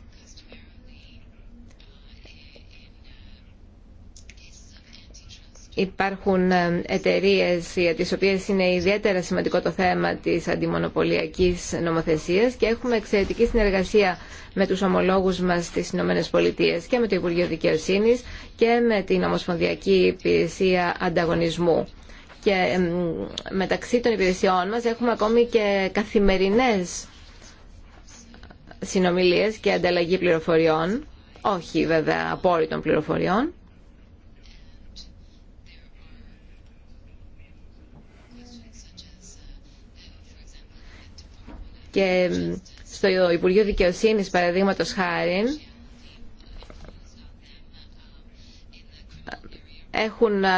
Υπάρχουν ε, εταιρείε για τι οποίε είναι ιδιαίτερα σημαντικό το θέμα τη αντιμονοπολιακής νομοθεσία, και έχουμε εξαιρετική συνεργασία με τους ομολόγου μα στις ΗΠΑ και με το Υπουργείο Δικαιοσύνη και με την Ομοσπονδιακή Υπηρεσία Ανταγωνισμού. Και μεταξύ των υπηρεσιών μας έχουμε ακόμη και καθημερινές συνομιλίες και ανταλλαγή πληροφοριών, όχι βέβαια απόρριτων πληροφοριών, και στο Υπουργείο Δικαιοσύνης παραδείγματο χάρη έχουν ε,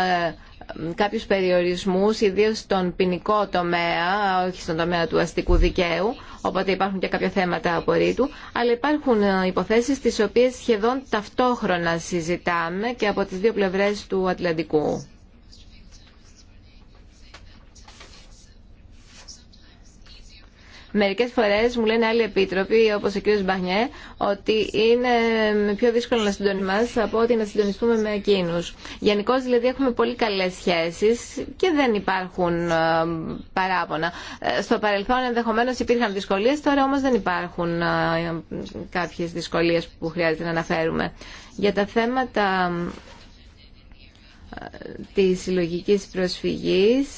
κάποιους περιορισμούς, ιδίως στον ποινικό τομέα, όχι στον τομέα του αστικού δικαίου, οπότε υπάρχουν και κάποια θέματα απορρίτου, αλλά υπάρχουν ε, υποθέσεις τις οποίες σχεδόν ταυτόχρονα συζητάμε και από τις δύο πλευρές του Ατλαντικού. Μερικές φορές μου λένε άλλοι επίτροποι, όπως ο κ. Μπαχνιέ, ότι είναι πιο δύσκολο να συντονιμάσαι από ότι να συντονιστούμε με εκείνους. Γενικώ δηλαδή έχουμε πολύ καλές σχέσεις και δεν υπάρχουν ε, παράπονα. Ε, στο παρελθόν ενδεχομένως υπήρχαν δυσκολίες, τώρα όμως δεν υπάρχουν ε, κάποιες δυσκολίες που χρειάζεται να αναφέρουμε. Για τα θέματα της συλλογική προσφυγής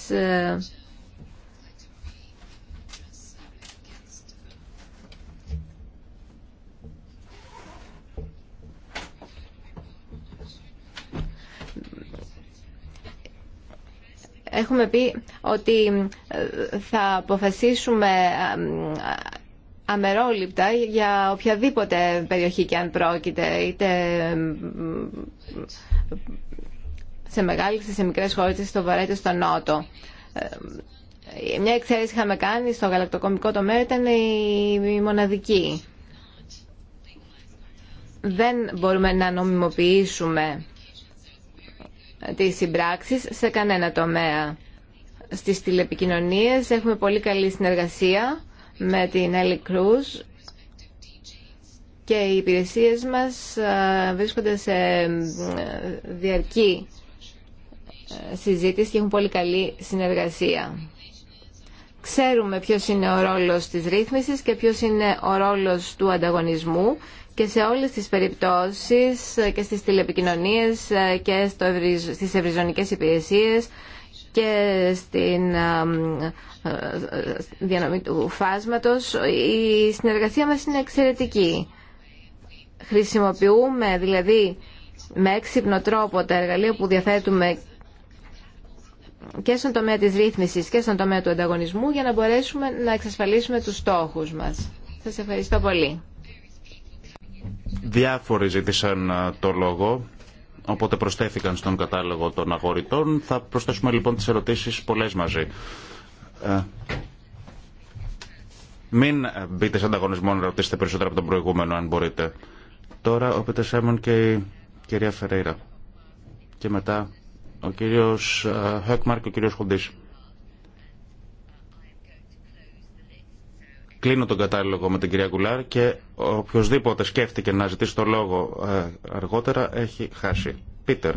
Έχουμε πει ότι ε, θα αποφασίσουμε ε, αμερόληπτα για οποιαδήποτε περιοχή και αν πρόκειται, είτε ε, σε μεγάλες είτε σε μικρές χώρες, στο βορρά είτε στο νότο. Μια εξαίρεση είχαμε κάνει στο γαλακτοκομικό τομέα ήταν η μοναδική. Δεν μπορούμε να νομιμοποιήσουμε τις συμπράξει σε κανένα τομέα. Στις τηλεπικοινωνίες έχουμε πολύ καλή συνεργασία με την Έλλη και οι υπηρεσίες μας ε, βρίσκονται σε ε, διαρκή ε, συζήτηση και έχουν πολύ καλή συνεργασία. Ξέρουμε ποιος είναι ο ρόλος της ρύθμισης και ποιος είναι ο ρόλος του ανταγωνισμού και σε όλες τις περιπτώσεις και στις τηλεπικοινωνίες και στο στις ευρυζωνικές υπηρεσίες και στην ε, διανομή του φάσματος η συνεργασία μας είναι εξαιρετική. Χρησιμοποιούμε δηλαδή με έξυπνο τρόπο τα εργαλεία που διαθέτουμε και στον τομέα της ρύθμισης και στον τομέα του ανταγωνισμού για να μπορέσουμε να εξασφαλίσουμε τους στόχους μας. Σας ευχαριστώ πολύ. Διάφοροι ζήτησαν το λόγο, οπότε προσθέθηκαν στον κατάλογο των αγορητών. Θα προσθέσουμε λοιπόν τις ερωτήσεις πολλές μαζί. Ε, μην ε, μπείτε σε ανταγωνισμό να ρωτήσετε περισσότερα από τον προηγούμενο, αν μπορείτε. Τώρα ο Πίτερ Σάιμον και η κυρία Φερέιρα. Και μετά ο κύριος ε, Χέκμαρ και ο κύριος Χοντής. Κλείνω τον κατάλογο με την κυρία Γκουλάρ και οποιοδήποτε σκέφτηκε να ζητήσει το λόγο ε, αργότερα έχει χάσει. Πίτερ.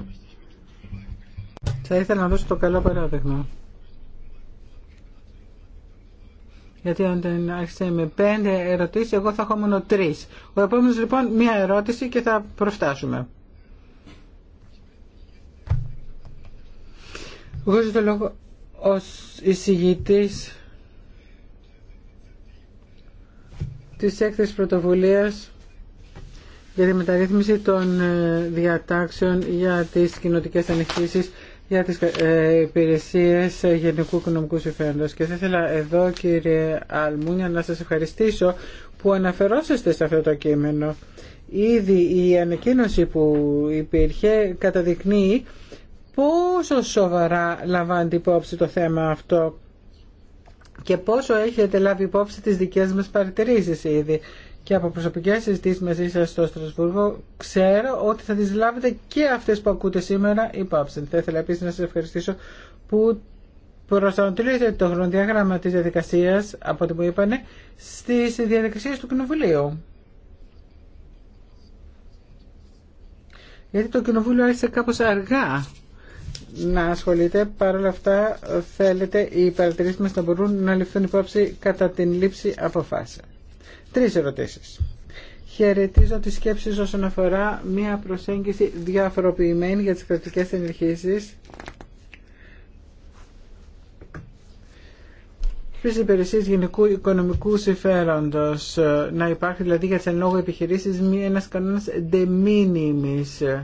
Θα ήθελα να δώσω το καλό παράδειγμα. Γιατί αν δεν άρχισε με πέντε ερωτήσει, εγώ θα έχω μόνο τρει. Ο επόμενο λοιπόν μία ερώτηση και θα προφτάσουμε. Εγώ ζητώ το λόγο ω εισηγητή της έκθεσης πρωτοβουλίας για τη μεταρρύθμιση των ε, διατάξεων για τις κοινοτικέ ανεχίσεις για τις ε, υπηρεσίες ε, γενικού οικονομικού συμφέροντος. Και θα ήθελα εδώ κύριε Αλμούνια να σας ευχαριστήσω που αναφερόσαστε σε αυτό το κείμενο. Ήδη η ανακοίνωση που υπήρχε καταδεικνύει πόσο σοβαρά λαμβάνει υπόψη το θέμα αυτό και πόσο έχετε λάβει υπόψη τις δικές μας παρατηρήσεις ήδη. Και από προσωπικές συζητήσεις μαζί σας στο Στρασβούργο ξέρω ότι θα τις λάβετε και αυτές που ακούτε σήμερα υπόψη. Θα ήθελα επίσης να σας ευχαριστήσω που προσανατολίζετε το χρονοδιάγραμμα της διαδικασίας, από ό,τι μου είπανε, στις διαδικασίες του Κοινοβουλίου. Γιατί το Κοινοβούλιο άρχισε κάπως αργά να ασχολείται. Παρ' όλα αυτά θέλετε οι παρατηρήσει μα να μπορούν να ληφθούν υπόψη κατά την λήψη αποφάσεων. Τρει ερωτήσει. Χαιρετίζω τις σκέψεις όσον αφορά μία προσέγγιση διαφοροποιημένη για τις κρατικές ενεργήσει. στις υπηρεσίε γενικού οικονομικού συμφέροντος να υπάρχει δηλαδή για τις εν λόγω επιχειρήσεις ένας κανόνας de minimis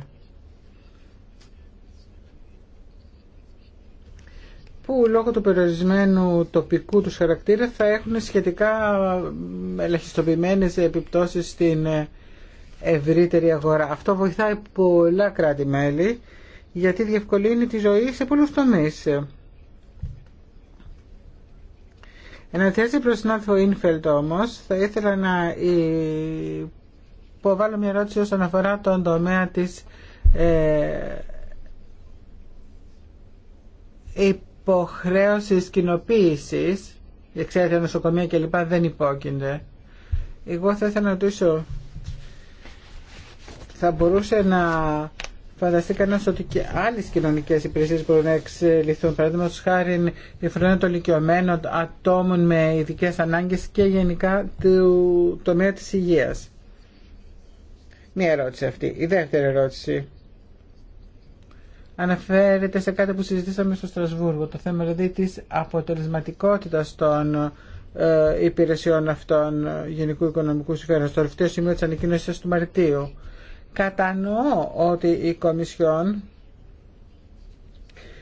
που λόγω του περιορισμένου τοπικού του χαρακτήρα θα έχουν σχετικά ελαχιστοποιημένες επιπτώσεις στην ευρύτερη αγορά. Αυτό βοηθάει πολλά κράτη-μέλη γιατί διευκολύνει τη ζωή σε πολλούς τομείς. Εναντιάζει προς τον άνθρωπο Ίνφελτ όμως, θα ήθελα να υποβάλω μια ερώτηση όσον αφορά τον τομέα της ε, υποχρέωσης κοινοποίηση, εξαίρετα ξέρετε νοσοκομεία κλπ. δεν υπόκεινται. Εγώ θα ήθελα να ρωτήσω, θα μπορούσε να φανταστεί κανένα ότι και άλλε κοινωνικέ υπηρεσίε μπορούν να εξελιχθούν. Παραδείγματο χάρη η φροντίδα των ηλικιωμένων ατόμων με ειδικέ ανάγκε και γενικά του τομέα τη υγεία. Μία ερώτηση αυτή. Η δεύτερη ερώτηση αναφέρεται σε κάτι που συζητήσαμε στο Στρασβούργο, το θέμα δηλαδή της αποτελεσματικότητας των ε, υπηρεσιών αυτών ε, γενικού οικονομικού συμφέροντος, στο τελευταίο σημείο της ανακοίνωσης του Μαρτίου. Κατανοώ ότι η Κομισιόν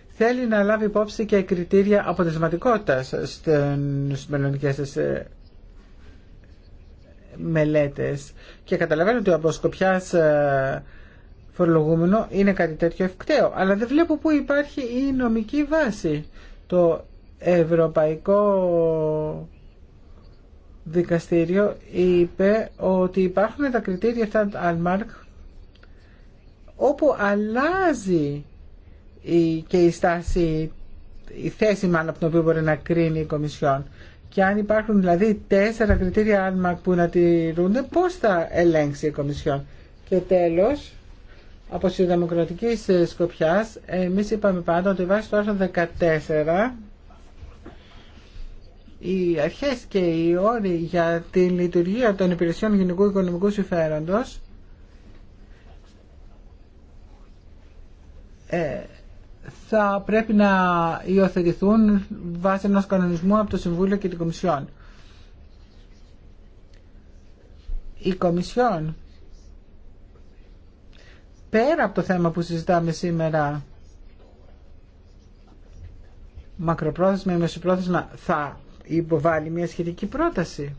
θέλει να λάβει υπόψη και κριτήρια αποτελεσματικότητας στις μελλοντικές ε, μελέτες και καταλαβαίνω ότι ο ε, φορολογούμενο είναι κάτι τέτοιο ευκταίο. Αλλά δεν βλέπω που υπάρχει η νομική βάση. Το Ευρωπαϊκό Δικαστήριο είπε ότι υπάρχουν τα κριτήρια αυτά Αλμάρκ όπου αλλάζει και η στάση, η θέση μάλλον από την οποία μπορεί να κρίνει η Κομισιόν. Και αν υπάρχουν δηλαδή τέσσερα κριτήρια Αλμάρκ που να τηρούνται, πώς θα ελέγξει η Κομισιόν. Και τέλος, από τη δημοκρατική ε, σκοπιά, εμεί είπαμε πάντα ότι βάσει το άρθρο 14 οι αρχές και οι όροι για τη λειτουργία των υπηρεσιών γενικού οικονομικού συμφέροντος ε, θα πρέπει να υιοθετηθούν βάσει ενός κανονισμού από το Συμβούλιο και την Κομισιόν. Η Κομισιόν πέρα από το θέμα που συζητάμε σήμερα μακροπρόθεσμα ή μεσοπρόθεσμα θα υποβάλει μια σχετική πρόταση.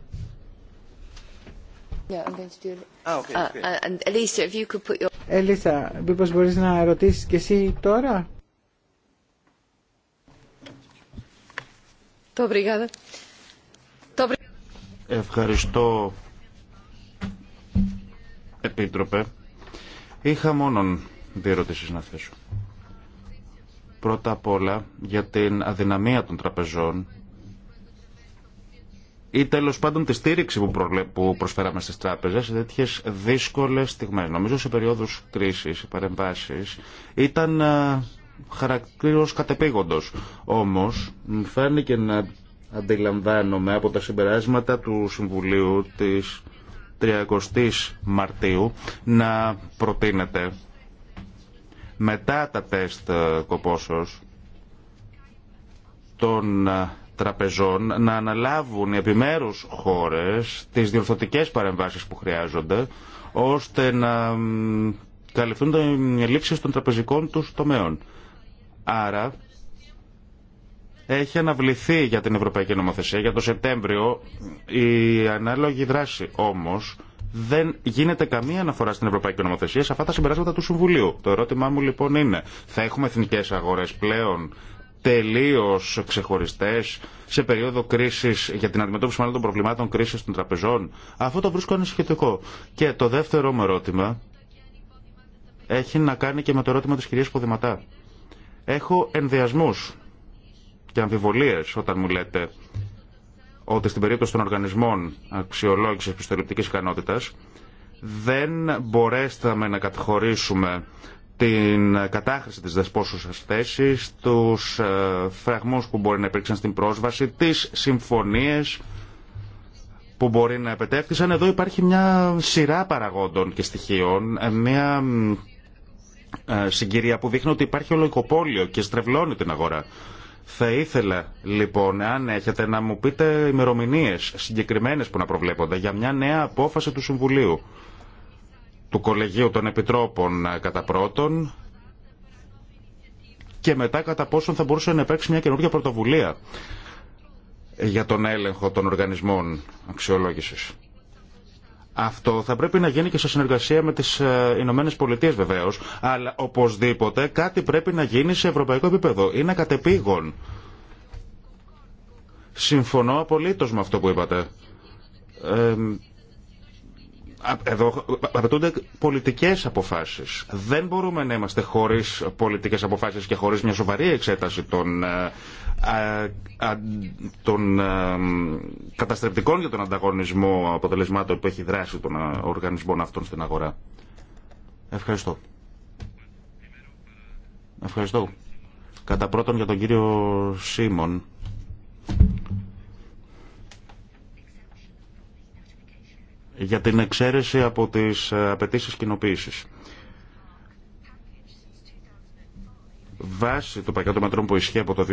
Ελίσσα, ah, uh, uh, μήπως μπορείς να ρωτήσεις και εσύ τώρα. Ευχαριστώ, Επίτροπε. Είχα μόνον δύο ερωτήσει να θέσω. Πρώτα απ' όλα για την αδυναμία των τραπεζών ή τέλο πάντων τη στήριξη που, προσφέραμε στι τράπεζε σε τέτοιε δύσκολε στιγμέ. Νομίζω σε περίοδου κρίση, παρεμβάσει ήταν ε, χαρακτήρο κατεπήγοντο. Όμω, μου φάνηκε να αντιλαμβάνομαι από τα συμπεράσματα του Συμβουλίου της 30 Μαρτίου να προτείνεται μετά τα τεστ ε, κοποσος των ε, τραπεζών να αναλάβουν οι επιμέρους χώρες τις διορθωτικές παρεμβάσεις που χρειάζονται ώστε να καλυφθούν οι ελλείψεις των τραπεζικών τους τομέων. Άρα έχει αναβληθεί για την Ευρωπαϊκή Νομοθεσία για το Σεπτέμβριο. Η ανάλογη δράση όμως δεν γίνεται καμία αναφορά στην Ευρωπαϊκή Νομοθεσία σε αυτά τα συμπεράσματα του Συμβουλίου. Το ερώτημά μου λοιπόν είναι, θα έχουμε εθνικέ αγορέ πλέον τελείω ξεχωριστέ σε περίοδο κρίση για την αντιμετώπιση μάλλον των προβλημάτων κρίση των τραπεζών. Αυτό το βρίσκω ανησυχητικό. Και το δεύτερο μου ερώτημα έχει να κάνει και με το ερώτημα τη κυρία Ποδηματά. Έχω ενδιασμούς και αμφιβολίε όταν μου λέτε ότι στην περίπτωση των οργανισμών αξιολόγηση πιστοληπτικής ικανότητας δεν μπορέσαμε να κατηχωρήσουμε την κατάχρηση της δεσπόσουσας θέσης, τους ε, φραγμούς που μπορεί να υπήρξαν στην πρόσβαση, τις συμφωνίες που μπορεί να επετέφθησαν. Εδώ υπάρχει μια σειρά παραγόντων και στοιχείων, ε, μια ε, συγκυρία που δείχνει ότι υπάρχει ολοϊκοπόλιο και στρεβλώνει την αγορά. Θα ήθελα λοιπόν, αν έχετε, να μου πείτε ημερομηνίε συγκεκριμένε που να προβλέπονται για μια νέα απόφαση του Συμβουλίου του Κολεγίου των Επιτρόπων κατά πρώτον και μετά κατά πόσον θα μπορούσε να υπάρξει μια καινούργια πρωτοβουλία για τον έλεγχο των οργανισμών αξιολόγησης. Αυτό θα πρέπει να γίνει και σε συνεργασία με τι ε, Ηνωμένε Πολιτείε βεβαίω, αλλά οπωσδήποτε κάτι πρέπει να γίνει σε ευρωπαϊκό επίπεδο. Είναι κατεπήγον. Συμφωνώ απολύτω με αυτό που είπατε. Ε, εδώ απαιτούνται πολιτικέ αποφάσει. Δεν μπορούμε να είμαστε χωρί πολιτικέ αποφάσει και χωρί μια σοβαρή εξέταση των, ε, των ε, καταστρεπτικών για τον ανταγωνισμό αποτελεσμάτων που έχει δράσει των ε, οργανισμών αυτών στην αγορά. Ευχαριστώ. Ευχαριστώ. Κατά πρώτον για τον κύριο Σίμων για την εξαίρεση από τις ε, απαιτήσει κοινοποίηση. Βάσει του πακέτου μετρών που ισχύει από το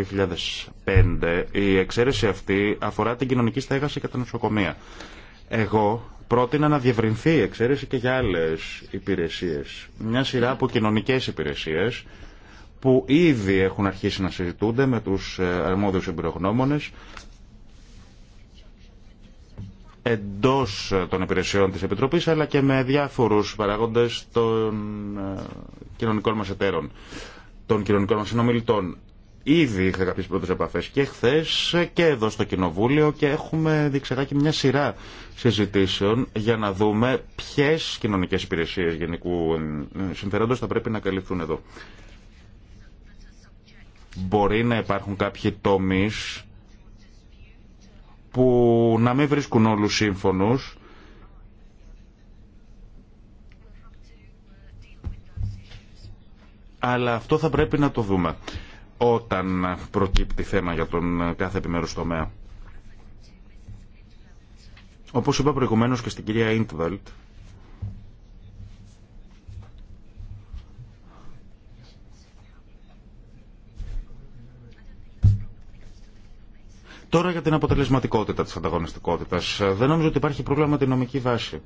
2005, η εξαίρεση αυτή αφορά την κοινωνική στέγαση και τα νοσοκομεία. Εγώ πρότεινα να διευρυνθεί η εξαίρεση και για άλλες υπηρεσίες. Μια σειρά από κοινωνικές υπηρεσίες που ήδη έχουν αρχίσει να συζητούνται με τους ε, αρμόδιους εμπειρογνώμονες Εντό των υπηρεσιών της Επιτροπής αλλά και με διάφορους παραγόντες των ε, κοινωνικών μα εταίρων, των κοινωνικών μας συνομιλητών. Ήδη είχα κάποιες πρώτε επαφές και χθε και εδώ στο Κοινοβούλιο και έχουμε διεξαγάγει μια σειρά συζητήσεων για να δούμε ποιε κοινωνικέ υπηρεσίες γενικού συμφερόντο θα πρέπει να καλυφθούν εδώ. Μπορεί να υπάρχουν κάποιοι τομείς που να μην βρίσκουν όλους σύμφωνους αλλά αυτό θα πρέπει να το δούμε όταν προκύπτει θέμα για τον κάθε επιμέρους τομέα. Όπως είπα προηγουμένως και στην κυρία Ιντβελτ, Τώρα για την αποτελεσματικότητα της ανταγωνιστικότητας. Δεν νομίζω ότι υπάρχει πρόβλημα με την νομική βάση.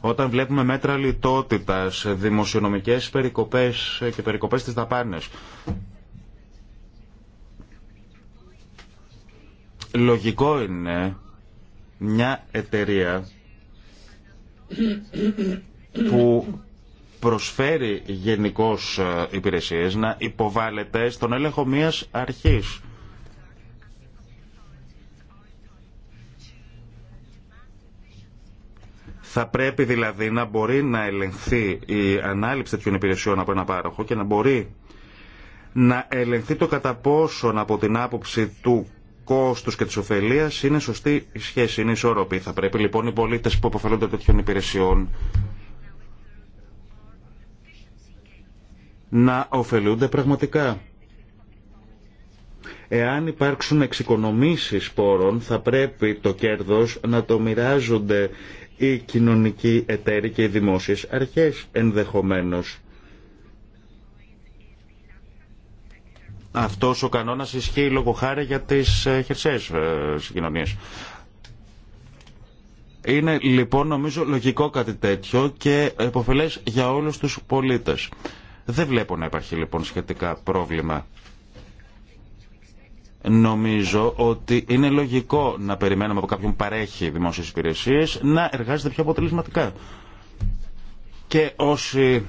Όταν βλέπουμε μέτρα λιτότητας, δημοσιονομικές περικοπές και περικοπές στις δαπάνες, λογικό είναι μια εταιρεία που προσφέρει γενικώ ε, υπηρεσίες να υποβάλλεται στον έλεγχο μια αρχής. Θα πρέπει δηλαδή να μπορεί να ελεγχθεί η ανάληψη τέτοιων υπηρεσιών από ένα πάροχο και να μπορεί να ελεγχθεί το κατά πόσον από την άποψη του κόστου και τη ωφελία είναι σωστή η σχέση, είναι ισόρροπη. Θα πρέπει λοιπόν οι πολίτε που αποφελούνται τέτοιων υπηρεσιών να ωφελούνται πραγματικά. Εάν υπάρξουν εξοικονομήσεις πόρων, θα πρέπει το κέρδος να το μοιράζονται οι κοινωνικοί εταίροι και οι δημόσιες αρχές ενδεχομένως. Αυτός ο κανόνας ισχύει λόγω χάρη για τις ε, χερσαίες ε, συγκοινωνίες. Είναι λοιπόν νομίζω λογικό κάτι τέτοιο και επωφελές για όλους τους πολίτες. Δεν βλέπω να υπάρχει λοιπόν σχετικά πρόβλημα. Νομίζω ότι είναι λογικό να περιμένουμε από κάποιον που παρέχει δημόσιες υπηρεσίες να εργάζεται πιο αποτελεσματικά. Και όσοι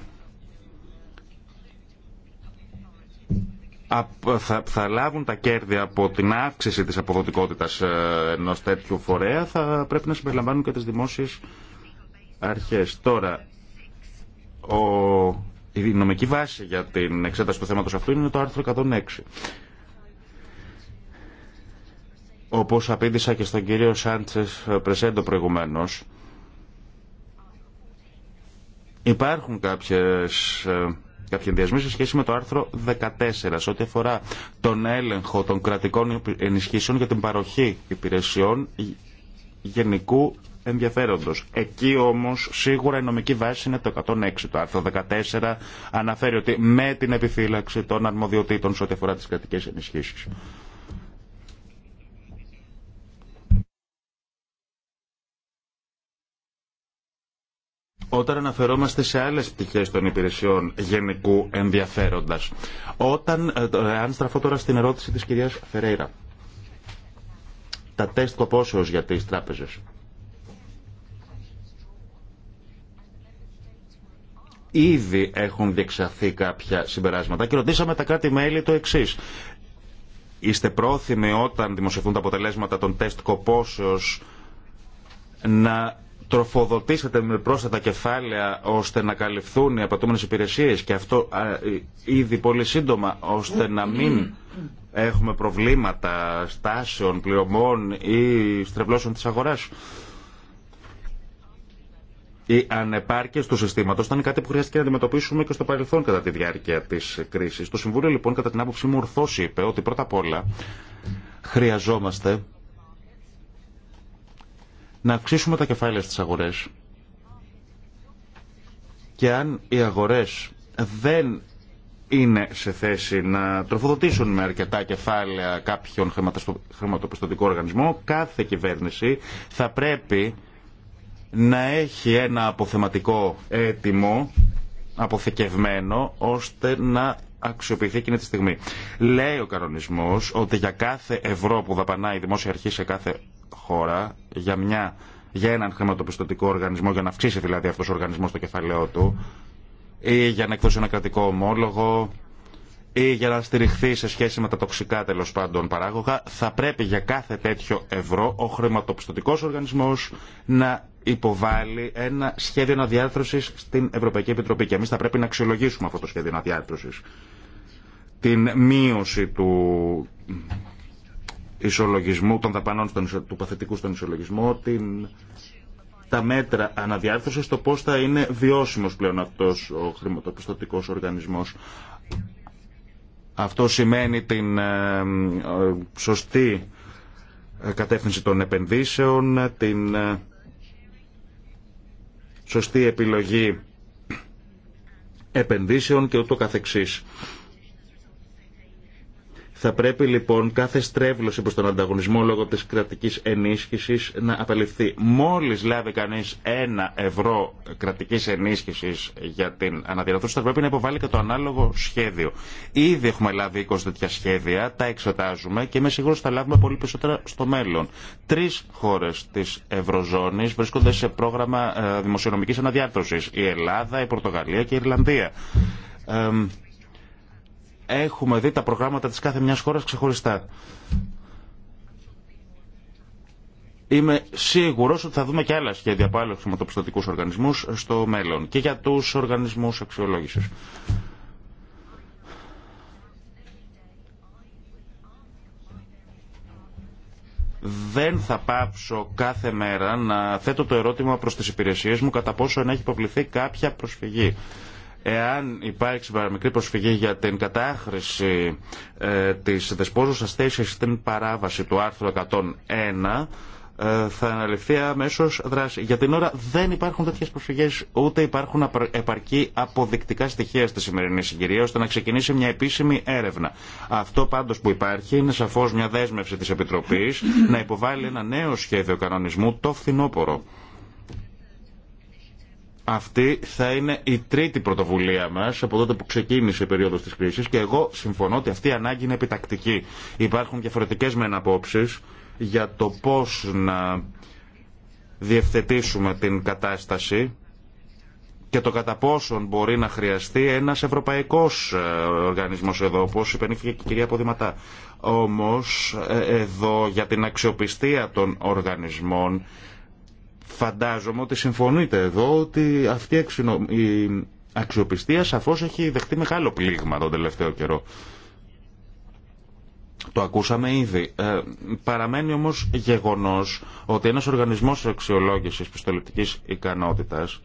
θα, θα λάβουν τα κέρδη από την αύξηση της αποδοτικότητας ε, ενό τέτοιου φορέα θα πρέπει να συμπεριλαμβάνουν και τις δημόσιες αρχές. Τώρα, ο η νομική βάση για την εξέταση του θέματος αυτού είναι το άρθρο 106. Όπως απήντησα και στον κύριο Σάντσες Πρεσέντο προηγουμένως, υπάρχουν κάποιες ε, κάποιοι ενδιασμοί σε σχέση με το άρθρο 14, σε ό,τι αφορά τον έλεγχο των κρατικών ενισχύσεων για την παροχή υπηρεσιών γενικού ενδιαφέροντος. Εκεί όμως σίγουρα η νομική βάση είναι το 106. Το άρθρο 14 αναφέρει ότι με την επιφύλαξη των αρμοδιοτήτων σε ό,τι αφορά τι κρατικέ ενισχύσει. όταν αναφερόμαστε σε άλλες πτυχέ των υπηρεσιών γενικού ενδιαφέροντα. Όταν, ε, ε, αν στραφώ τώρα στην ερώτηση της κυρίας Φερέιρα, τα τεστ κοπόσεως για τις τράπεζες. Ήδη έχουν διεξαχθεί κάποια συμπεράσματα και ρωτήσαμε τα κάτι μελη το εξή. Είστε πρόθυμοι όταν δημοσιευθούν τα αποτελέσματα των τεστ κοπόσεως να τροφοδοτήσετε με πρόσθετα κεφάλαια ώστε να καλυφθούν οι απατούμενες υπηρεσίες και αυτό ήδη πολύ σύντομα ώστε να μην έχουμε προβλήματα στάσεων, πληρωμών ή στρεβλώσεων της αγοράς. Οι ανεπάρκειε του συστήματο ήταν κάτι που χρειάστηκε να αντιμετωπίσουμε και στο παρελθόν κατά τη διάρκεια τη κρίση. Το Συμβούλιο, λοιπόν, κατά την άποψή μου, ορθώ είπε ότι πρώτα απ' όλα χρειαζόμαστε να αυξήσουμε τα κεφάλαια στι αγορέ. και αν οι αγορέ δεν είναι σε θέση να τροφοδοτήσουν με αρκετά κεφάλαια κάποιον χρηματοπιστωτικό οργανισμό, κάθε κυβέρνηση θα πρέπει να έχει ένα αποθεματικό έτοιμο, αποθηκευμένο, ώστε να αξιοποιηθεί εκείνη τη στιγμή. Λέει ο κανονισμό ότι για κάθε ευρώ που δαπανάει η δημόσια αρχή σε κάθε χώρα, για, μια, για έναν χρηματοπιστωτικό οργανισμό, για να αυξήσει δηλαδή αυτός ο οργανισμός το κεφαλαίο του, ή για να εκδώσει ένα κρατικό ομόλογο, ή για να στηριχθεί σε σχέση με τα τοξικά τέλο πάντων παράγωγα, θα πρέπει για κάθε τέτοιο ευρώ ο χρηματοπιστωτικό οργανισμό να υποβάλει ένα σχέδιο αναδιάρθρωση στην Ευρωπαϊκή Επιτροπή. Και εμεί θα πρέπει να αξιολογήσουμε αυτό το σχέδιο αναδιάρθρωση. Την μείωση του ισολογισμού, των δαπανών στον, του παθητικού στον ισολογισμό, την, τα μέτρα αναδιάρθρωση, το πώ θα είναι βιώσιμο πλέον αυτό ο χρηματοπιστωτικό οργανισμό. Αυτό σημαίνει την ε, ε, σωστή ε, κατεύθυνση των επενδύσεων, την σωστή επιλογή επενδύσεων και ούτω καθεξής. Θα πρέπει λοιπόν κάθε στρέβλωση προ τον ανταγωνισμό λόγω τη κρατική ενίσχυση να απελευθεί. Μόλι λάβει κανεί ένα ευρώ κρατική ενίσχυση για την αναδιαρθρώση θα πρέπει να υποβάλει και το ανάλογο σχέδιο. Ήδη έχουμε λάβει 20 τέτοια σχέδια, τα εξετάζουμε και είμαι σίγουρο θα λάβουμε πολύ περισσότερα στο μέλλον. Τρει χώρε τη Ευρωζώνη βρίσκονται σε πρόγραμμα ε, δημοσιονομική αναδιάρθρωση. Η Ελλάδα, η Πορτογαλία και η Ιρλανδία έχουμε δει τα προγράμματα της κάθε μιας χώρας ξεχωριστά. Είμαι σίγουρος ότι θα δούμε και άλλα σχέδια από άλλους χρηματοπιστωτικούς οργανισμούς στο μέλλον και για τους οργανισμούς αξιολόγησης. δεν θα πάψω κάθε μέρα να θέτω το ερώτημα προς τις υπηρεσίες μου κατά πόσο να έχει υποβληθεί κάποια προσφυγή. Εάν υπάρξει παραμικρή προσφυγή για την κατάχρηση ε, της δεσπόζουσας θέσης στην παράβαση του άρθρου 101, ε, θα αναλυφθεί αμέσω δράση. Για την ώρα δεν υπάρχουν τέτοιε προσφυγέ, ούτε υπάρχουν επαρκή αποδεικτικά στοιχεία στη σημερινή συγκυρία, ώστε να ξεκινήσει μια επίσημη έρευνα. Αυτό πάντω που υπάρχει είναι σαφώ μια δέσμευση τη Επιτροπή να υποβάλει ένα νέο σχέδιο κανονισμού το φθινόπωρο. Αυτή θα είναι η τρίτη πρωτοβουλία μα από τότε που ξεκίνησε η περίοδο τη κρίση και εγώ συμφωνώ ότι αυτή η ανάγκη είναι επιτακτική. Υπάρχουν διαφορετικέ μεν απόψει για το πώ να διευθετήσουμε την κατάσταση και το κατά πόσον μπορεί να χρειαστεί ένας ευρωπαϊκός ε, οργανισμός εδώ, όπω υπενήφθηκε και η κυρία Ποδηματά. Όμω, ε, εδώ για την αξιοπιστία των οργανισμών Φαντάζομαι ότι συμφωνείτε εδώ ότι αυτή η αξιοπιστία σαφώς έχει δεχτεί μεγάλο πλήγμα τον τελευταίο καιρό. Το ακούσαμε ήδη. Ε, παραμένει όμως γεγονός ότι ένας οργανισμός αξιολόγησης πιστοληπτικής ικανότητας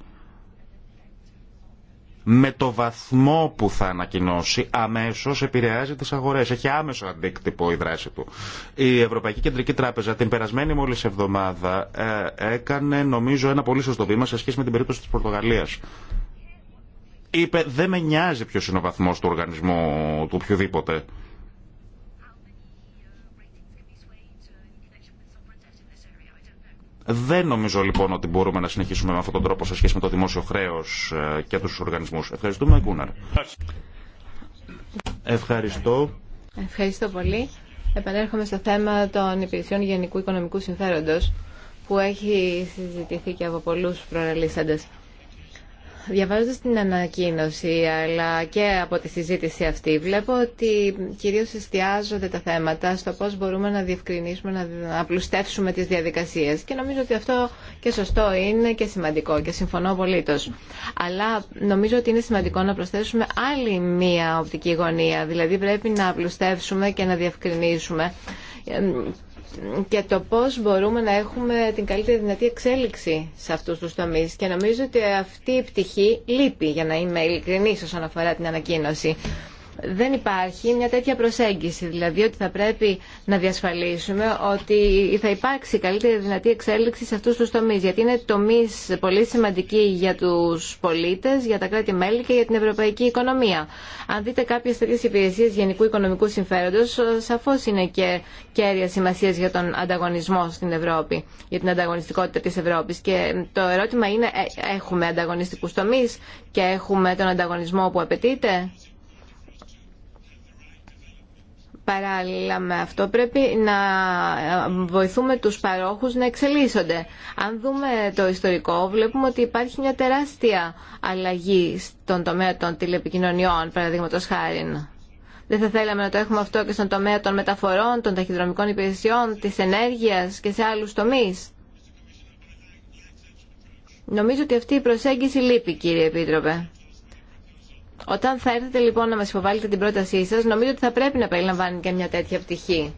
με το βαθμό που θα ανακοινώσει αμέσως επηρεάζει τις αγορές. Έχει άμεσο αντίκτυπο η δράση του. Η Ευρωπαϊκή Κεντρική Τράπεζα την περασμένη μόλις εβδομάδα ε, έκανε νομίζω ένα πολύ σωστό βήμα σε σχέση με την περίπτωση της Πορτογαλίας. Είπε δεν με νοιάζει ποιος είναι ο βαθμός του οργανισμού του οποιοδήποτε. Δεν νομίζω λοιπόν ότι μπορούμε να συνεχίσουμε με αυτόν τον τρόπο σε σχέση με το δημόσιο χρέο ε, και του οργανισμού. Ευχαριστούμε, Γκούναρ. Ευχαριστώ. Ευχαριστώ πολύ. Επανέρχομαι στο θέμα των υπηρεσιών γενικού οικονομικού συμφέροντος που έχει συζητηθεί και από πολλούς προαναλύσαντες. Διαβάζοντας την ανακοίνωση αλλά και από τη συζήτηση αυτή βλέπω ότι κυρίως εστιάζονται τα θέματα στο πώς μπορούμε να διευκρινίσουμε, να απλουστεύσουμε τις διαδικασίες και νομίζω ότι αυτό και σωστό είναι και σημαντικό και συμφωνώ απολύτως. Αλλά νομίζω ότι είναι σημαντικό να προσθέσουμε άλλη μία οπτική γωνία, δηλαδή πρέπει να απλουστεύσουμε και να διευκρινίσουμε και το πώς μπορούμε να έχουμε την καλύτερη δυνατή εξέλιξη σε αυτούς τους τομείς. Και νομίζω ότι αυτή η πτυχή λείπει, για να είμαι ειλικρινής όσον αφορά την ανακοίνωση δεν υπάρχει μια τέτοια προσέγγιση, δηλαδή ότι θα πρέπει να διασφαλίσουμε ότι θα υπάρξει καλύτερη δυνατή εξέλιξη σε αυτούς τους τομείς, γιατί είναι τομείς πολύ σημαντικοί για τους πολίτες, για τα κράτη-μέλη και για την ευρωπαϊκή οικονομία. Αν δείτε κάποιες τέτοιες υπηρεσίες γενικού οικονομικού συμφέροντος, σαφώς είναι και κέρια σημασία για τον ανταγωνισμό στην Ευρώπη, για την ανταγωνιστικότητα της Ευρώπης. Και το ερώτημα είναι, ε, έχουμε ανταγωνιστικούς τομείς και έχουμε τον ανταγωνισμό που απαιτείται. Παράλληλα με αυτό πρέπει να ε, βοηθούμε τους παρόχους να εξελίσσονται. Αν δούμε το ιστορικό βλέπουμε ότι υπάρχει μια τεράστια αλλαγή στον τομέα των τηλεπικοινωνιών, παραδείγματο χάρη. Δεν θα θέλαμε να το έχουμε αυτό και στον τομέα των μεταφορών, των ταχυδρομικών υπηρεσιών, της ενέργειας και σε άλλους τομείς. Νομίζω ότι αυτή η προσέγγιση λείπει, κύριε Επίτροπε. Όταν θα έρθετε λοιπόν να μας υποβάλλετε την πρότασή σας, νομίζω ότι θα πρέπει να περιλαμβάνει και μια τέτοια πτυχή.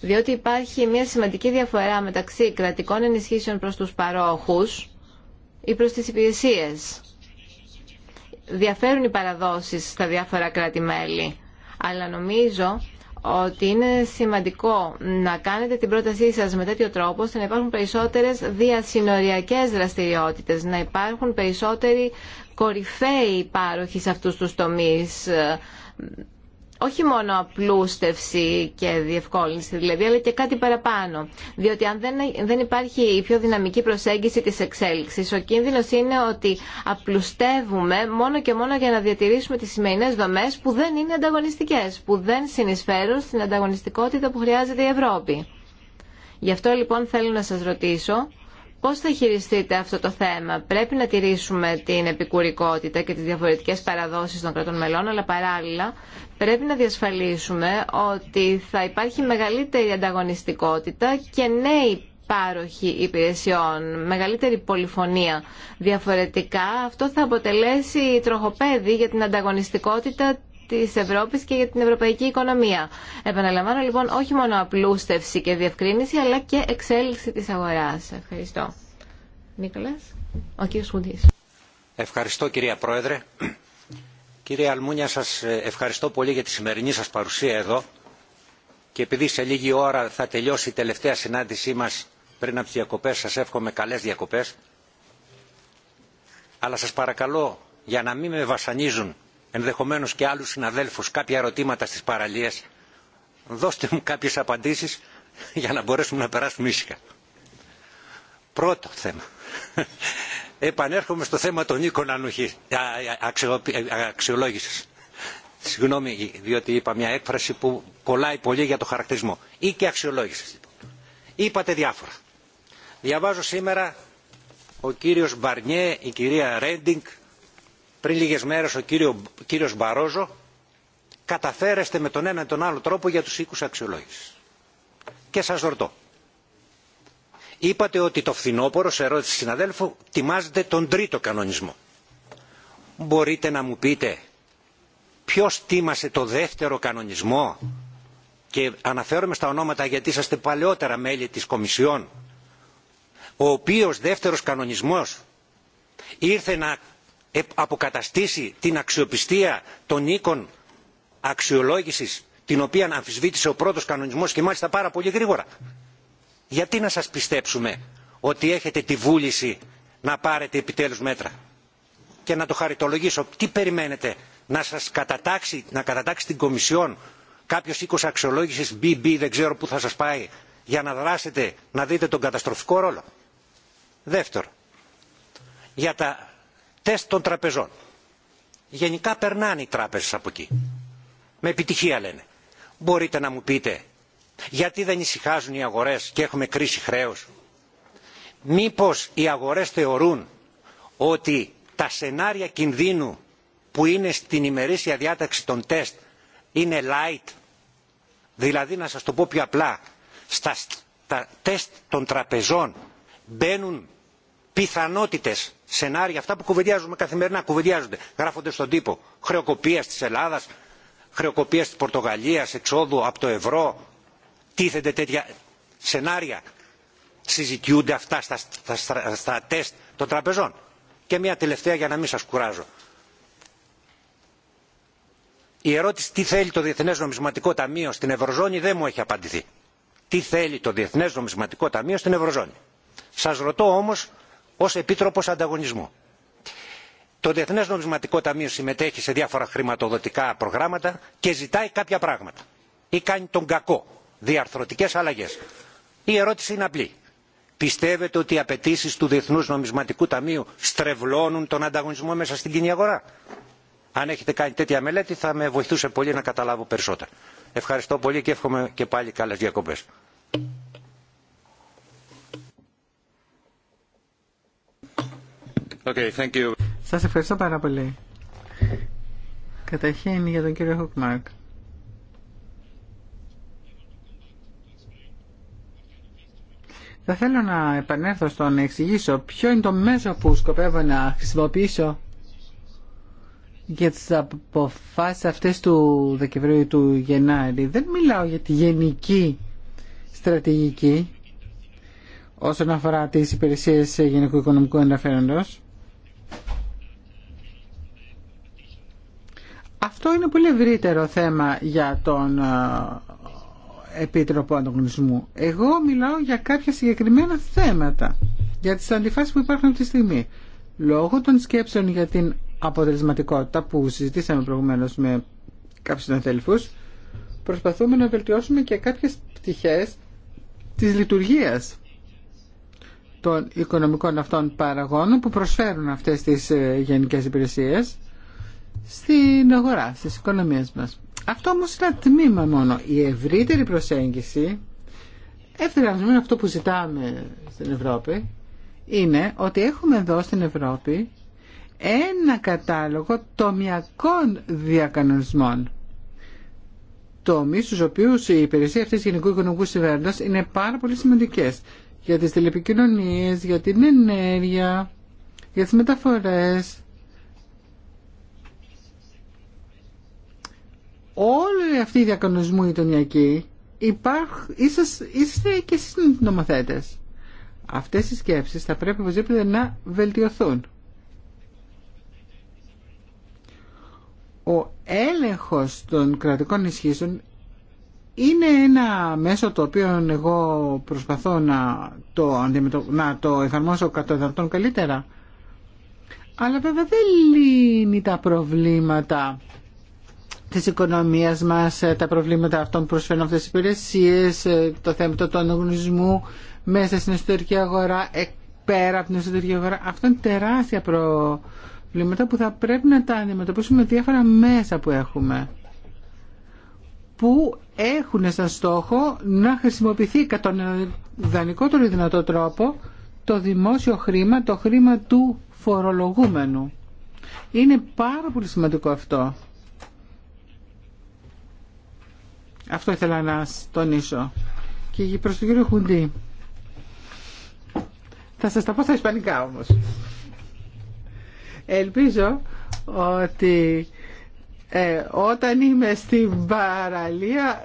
Διότι υπάρχει μια σημαντική διαφορά μεταξύ κρατικών ενισχύσεων προς τους παρόχους ή προς τις υπηρεσίες. Διαφέρουν οι παραδόσεις στα διάφορα κράτη-μέλη. Αλλά νομίζω ότι είναι σημαντικό να κάνετε την πρότασή σας με τέτοιο τρόπο ώστε να υπάρχουν περισσότερες διασυνοριακές δραστηριότητες, να υπάρχουν περισσότεροι κορυφαίοι πάροχοι σε αυτούς τους τομείς όχι μόνο απλούστευση και διευκόλυνση δηλαδή, αλλά και κάτι παραπάνω. Διότι αν δεν υπάρχει η πιο δυναμική προσέγγιση της εξέλιξης, ο κίνδυνος είναι ότι απλουστεύουμε μόνο και μόνο για να διατηρήσουμε τις σημερινέ δομές που δεν είναι ανταγωνιστικές, που δεν συνεισφέρουν στην ανταγωνιστικότητα που χρειάζεται η Ευρώπη. Γι' αυτό λοιπόν θέλω να σας ρωτήσω πώς θα χειριστείτε αυτό το θέμα. Πρέπει να τηρήσουμε την επικουρικότητα και τις διαφορετικές παραδόσεις των κρατών μελών, αλλά παράλληλα Πρέπει να διασφαλίσουμε ότι θα υπάρχει μεγαλύτερη ανταγωνιστικότητα και νέοι πάροχοι υπηρεσιών, μεγαλύτερη πολυφωνία. Διαφορετικά αυτό θα αποτελέσει τροχοπέδι για την ανταγωνιστικότητα της Ευρώπης και για την ευρωπαϊκή οικονομία. Επαναλαμβάνω λοιπόν όχι μόνο απλούστευση και διευκρίνηση αλλά και εξέλιξη της αγοράς. Ευχαριστώ. Νίκολας, ο κύριος Ευχαριστώ κυρία Πρόεδρε. Κύριε Αλμούνια, σας ε, ευχαριστώ πολύ για τη σημερινή σας παρουσία εδώ και επειδή σε λίγη ώρα θα τελειώσει η τελευταία συνάντησή μας πριν από τις διακοπές, σας εύχομαι καλές διακοπές. Αλλά σας παρακαλώ, για να μην με βασανίζουν ενδεχομένως και άλλους συναδέλφους κάποια ερωτήματα στις παραλίες, δώστε μου κάποιες απαντήσεις για να μπορέσουμε να περάσουμε ήσυχα. Πρώτο θέμα επανέρχομαι στο θέμα των οίκων αξιολόγηση, αξιολόγησης. Συγγνώμη, διότι είπα μια έκφραση που κολλάει πολύ για το χαρακτηρισμό. Ή και αξιολόγησης. Λοιπόν. Είπατε διάφορα. Διαβάζω σήμερα ο κύριος Μπαρνιέ, η κυρία Ρέντινγκ, πριν λίγες μέρες ο κύριο, κύριος Μπαρόζο, καταφέρεστε με τον ένα ή τον άλλο τρόπο για τους οίκους αξιολόγησης. Και σας ρωτώ, είπατε ότι το φθινόπωρο σε ερώτηση συναδέλφου τιμάζεται τον τρίτο κανονισμό. Μπορείτε να μου πείτε ποιος τίμασε το δεύτερο κανονισμό και αναφέρομαι στα ονόματα γιατί είσαστε παλαιότερα μέλη της Κομισιόν ο οποίος δεύτερος κανονισμός ήρθε να αποκαταστήσει την αξιοπιστία των οίκων αξιολόγησης την οποία αμφισβήτησε ο πρώτος κανονισμός και μάλιστα πάρα πολύ γρήγορα γιατί να σας πιστέψουμε ότι έχετε τη βούληση να πάρετε επιτέλους μέτρα και να το χαριτολογήσω. Τι περιμένετε να σας κατατάξει, να κατατάξει την Κομισιόν κάποιος οίκος αξιολόγησης BB δεν ξέρω που θα σας πάει για να δράσετε να δείτε τον καταστροφικό ρόλο. Δεύτερο, για τα τεστ των τραπεζών. Γενικά περνάνε οι τράπεζες από εκεί. Με επιτυχία λένε. Μπορείτε να μου πείτε γιατί δεν ησυχάζουν οι αγορές και έχουμε κρίση χρέους. Μήπως οι αγορές θεωρούν ότι τα σενάρια κινδύνου που είναι στην ημερήσια διάταξη των τεστ είναι light. Δηλαδή να σας το πω πιο απλά, στα τεστ των τραπεζών μπαίνουν πιθανότητες, σενάρια, αυτά που κουβεντιάζουμε καθημερινά, κουβεντιάζονται, γράφονται στον τύπο, χρεοκοπίας της Ελλάδας, χρεοκοπίας της Πορτογαλίας, εξόδου από το ευρώ, τίθενται τέτοια σενάρια συζητιούνται αυτά στα, τεστ των τραπεζών. Και μια τελευταία για να μην σας κουράζω. Η ερώτηση τι θέλει το Διεθνές Νομισματικό Ταμείο στην Ευρωζώνη δεν μου έχει απαντηθεί. Τι θέλει το Διεθνές Νομισματικό Ταμείο στην Ευρωζώνη. Σας ρωτώ όμως ως Επίτροπος Ανταγωνισμού. Το Διεθνές Νομισματικό Ταμείο συμμετέχει σε διάφορα χρηματοδοτικά προγράμματα και ζητάει κάποια πράγματα. Ή κάνει τον κακό διαρθρωτικές αλλαγέ. Η ερώτηση είναι απλή. Πιστεύετε ότι οι απαιτήσει του διεθνού Νομισματικού Ταμείου στρεβλώνουν τον ανταγωνισμό μέσα στην κοινή αγορά. Αν έχετε κάνει τέτοια μελέτη θα με βοηθούσε πολύ να καταλάβω περισσότερα. Ευχαριστώ πολύ και εύχομαι και πάλι καλε διακοπέ. Okay, Σας ευχαριστώ πάρα πολύ. Καταρχήν για τον κύριο Χοκμάρκ. Θα θέλω να επανέλθω στο να εξηγήσω ποιο είναι το μέσο που σκοπεύω να χρησιμοποιήσω για τις αποφάσεις αυτές του Δεκεμβρίου του Γενάρη. Δεν μιλάω για τη γενική στρατηγική όσον αφορά τις υπηρεσίες γενικού οικονομικού ενδιαφέροντος. Αυτό είναι πολύ ευρύτερο θέμα για τον Επίτροπο Ανταγωνισμού. Εγώ μιλάω για κάποια συγκεκριμένα θέματα, για τις αντιφάσεις που υπάρχουν αυτή τη στιγμή. Λόγω των σκέψεων για την αποτελεσματικότητα που συζητήσαμε προηγουμένως με κάποιους συναδέλφους, προσπαθούμε να βελτιώσουμε και κάποιες πτυχές της λειτουργίας των οικονομικών αυτών παραγόνων που προσφέρουν αυτές τις ε, γενικές υπηρεσίες στην αγορά, στις οικονομίες μας. Αυτό όμω είναι ένα τμήμα μόνο. Η ευρύτερη προσέγγιση, δούμε αυτό που ζητάμε στην Ευρώπη, είναι ότι έχουμε εδώ στην Ευρώπη ένα κατάλογο τομιακών διακανονισμών. Τομεί στου οποίου η υπηρεσία αυτή γενικού οικονομικού συμβαίνοντο είναι πάρα πολύ σημαντικέ. Για τι τηλεπικοινωνίε, για την ενέργεια, για τι μεταφορέ, όλοι αυτοί οι διακανονισμοί γειτονιακοί είστε και εσείς νομοθέτες. Αυτές οι σκέψεις θα πρέπει οπωσδήποτε να βελτιωθούν. Ο έλεγχος των κρατικών ισχύσεων είναι ένα μέσο το οποίο εγώ προσπαθώ να το, να το εφαρμόσω κατά καλύτερα. Αλλά βέβαια δεν λύνει τα προβλήματα της οικονομίας μας, ε, τα προβλήματα αυτών που προσφέρουν αυτές τις υπηρεσίες, ε, το θέμα του ανταγωνισμού μέσα στην εσωτερική αγορά, ε, πέρα από την εσωτερική αγορά. Αυτό είναι τεράστια προβλήματα που θα πρέπει να τα αντιμετωπίσουμε με διάφορα μέσα που έχουμε που έχουν σαν στόχο να χρησιμοποιηθεί κατά τον ιδανικότερο δυνατό τρόπο το δημόσιο χρήμα, το χρήμα του φορολογούμενου. Είναι πάρα πολύ σημαντικό αυτό. Αυτό ήθελα να τονίσω. Και προς τον κύριο Χουντή. Θα σας τα πω στα ισπανικά όμως. Ελπίζω ότι ε, όταν είμαι στην παραλία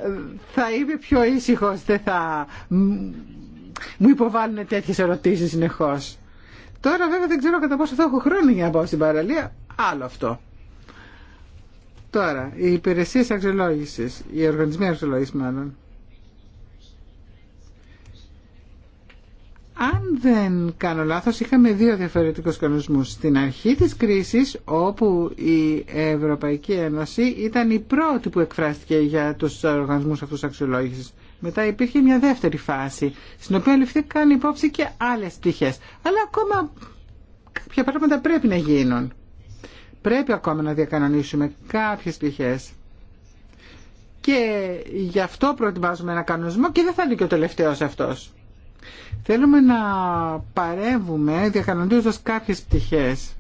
θα είμαι πιο ήσυχος, δεν θα μου υποβάλλουν τέτοιες ερωτήσεις συνεχώς. Τώρα βέβαια δεν ξέρω κατά πόσο θα έχω χρόνο για να πάω στην παραλία, άλλο αυτό. Τώρα, οι υπηρεσίε αξιολόγηση, οι οργανισμοί αξιολόγηση μάλλον. Αν δεν κάνω λάθος, είχαμε δύο διαφορετικούς κανονισμούς. Στην αρχή της κρίσης, όπου η Ευρωπαϊκή Ένωση ήταν η πρώτη που εκφράστηκε για τους οργανισμούς αυτούς αξιολόγησης. Μετά υπήρχε μια δεύτερη φάση, στην οποία ληφθήκαν υπόψη και άλλες πτυχές. Αλλά ακόμα κάποια πράγματα πρέπει να γίνουν πρέπει ακόμα να διακανονίσουμε κάποιες πτυχές. Και γι' αυτό προετοιμάζουμε ένα κανονισμό και δεν θα είναι και ο τελευταίος αυτός. Θέλουμε να παρεύουμε διακανονίζοντας κάποιες πτυχές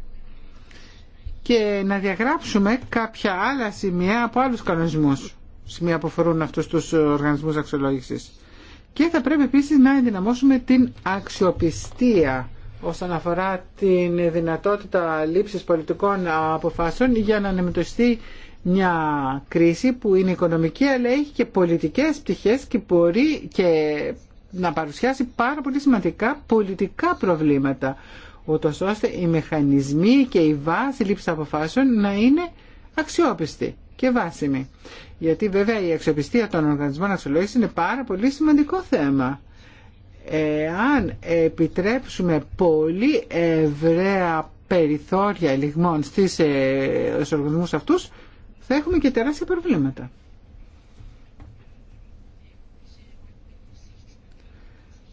και να διαγράψουμε κάποια άλλα σημεία από άλλους κανονισμούς, σημεία που αφορούν αυτούς τους οργανισμούς αξιολόγησης. Και θα πρέπει επίσης να ενδυναμώσουμε την αξιοπιστία όσον αφορά την δυνατότητα λήψης πολιτικών αποφάσεων για να ανεμετωστεί μια κρίση που είναι οικονομική αλλά έχει και πολιτικές πτυχές και μπορεί και να παρουσιάσει πάρα πολύ σημαντικά πολιτικά προβλήματα ούτως ώστε οι μηχανισμοί και η βάση λήψης αποφάσεων να είναι αξιόπιστοι και βάσιμοι. Γιατί βέβαια η αξιοπιστία των οργανισμών αξιολόγηση είναι πάρα πολύ σημαντικό θέμα εάν επιτρέψουμε πολύ ευραία περιθώρια λιγμών στις, ε, οργανισμούς αυτούς, θα έχουμε και τεράστια προβλήματα.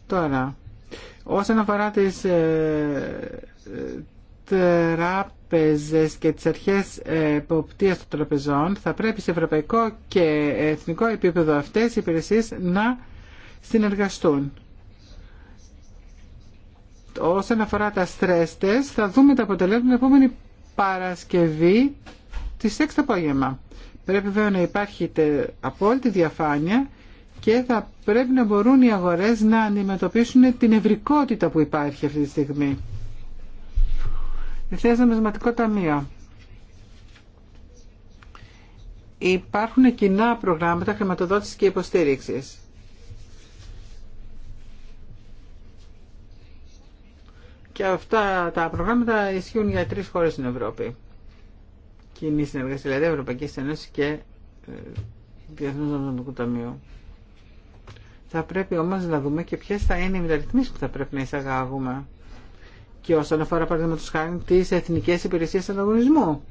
Τώρα, όσον αφορά τις ε, ε, τράπεζες και τις αρχές εποπτείας των τραπεζών, θα πρέπει σε ευρωπαϊκό και εθνικό επίπεδο αυτές οι υπηρεσίες να συνεργαστούν όσον αφορά τα stress test θα δούμε τα αποτελέσματα την επόμενη Παρασκευή της 6 το απόγευμα. Πρέπει βέβαια να υπάρχει απόλυτη διαφάνεια και θα πρέπει να μπορούν οι αγορές να αντιμετωπίσουν την ευρικότητα που υπάρχει αυτή τη στιγμή. Ευθέας νομισματικό ταμείο. Υπάρχουν κοινά προγράμματα χρηματοδότησης και υποστήριξης. Και αυτά τα προγράμματα ισχύουν για τρεις χώρες στην Ευρώπη. Κοινή συνεργασία, δηλαδή Ευρωπαϊκή Ένωση και ε, Διεθνούς Νομισματικού Ταμείου. Θα πρέπει όμως να δούμε και ποιες θα είναι οι μεταρρυθμίσεις που θα πρέπει να εισαγάγουμε. Και όσον αφορά παραδείγματος χάρη τις εθνικές υπηρεσίες ανταγωνισμού.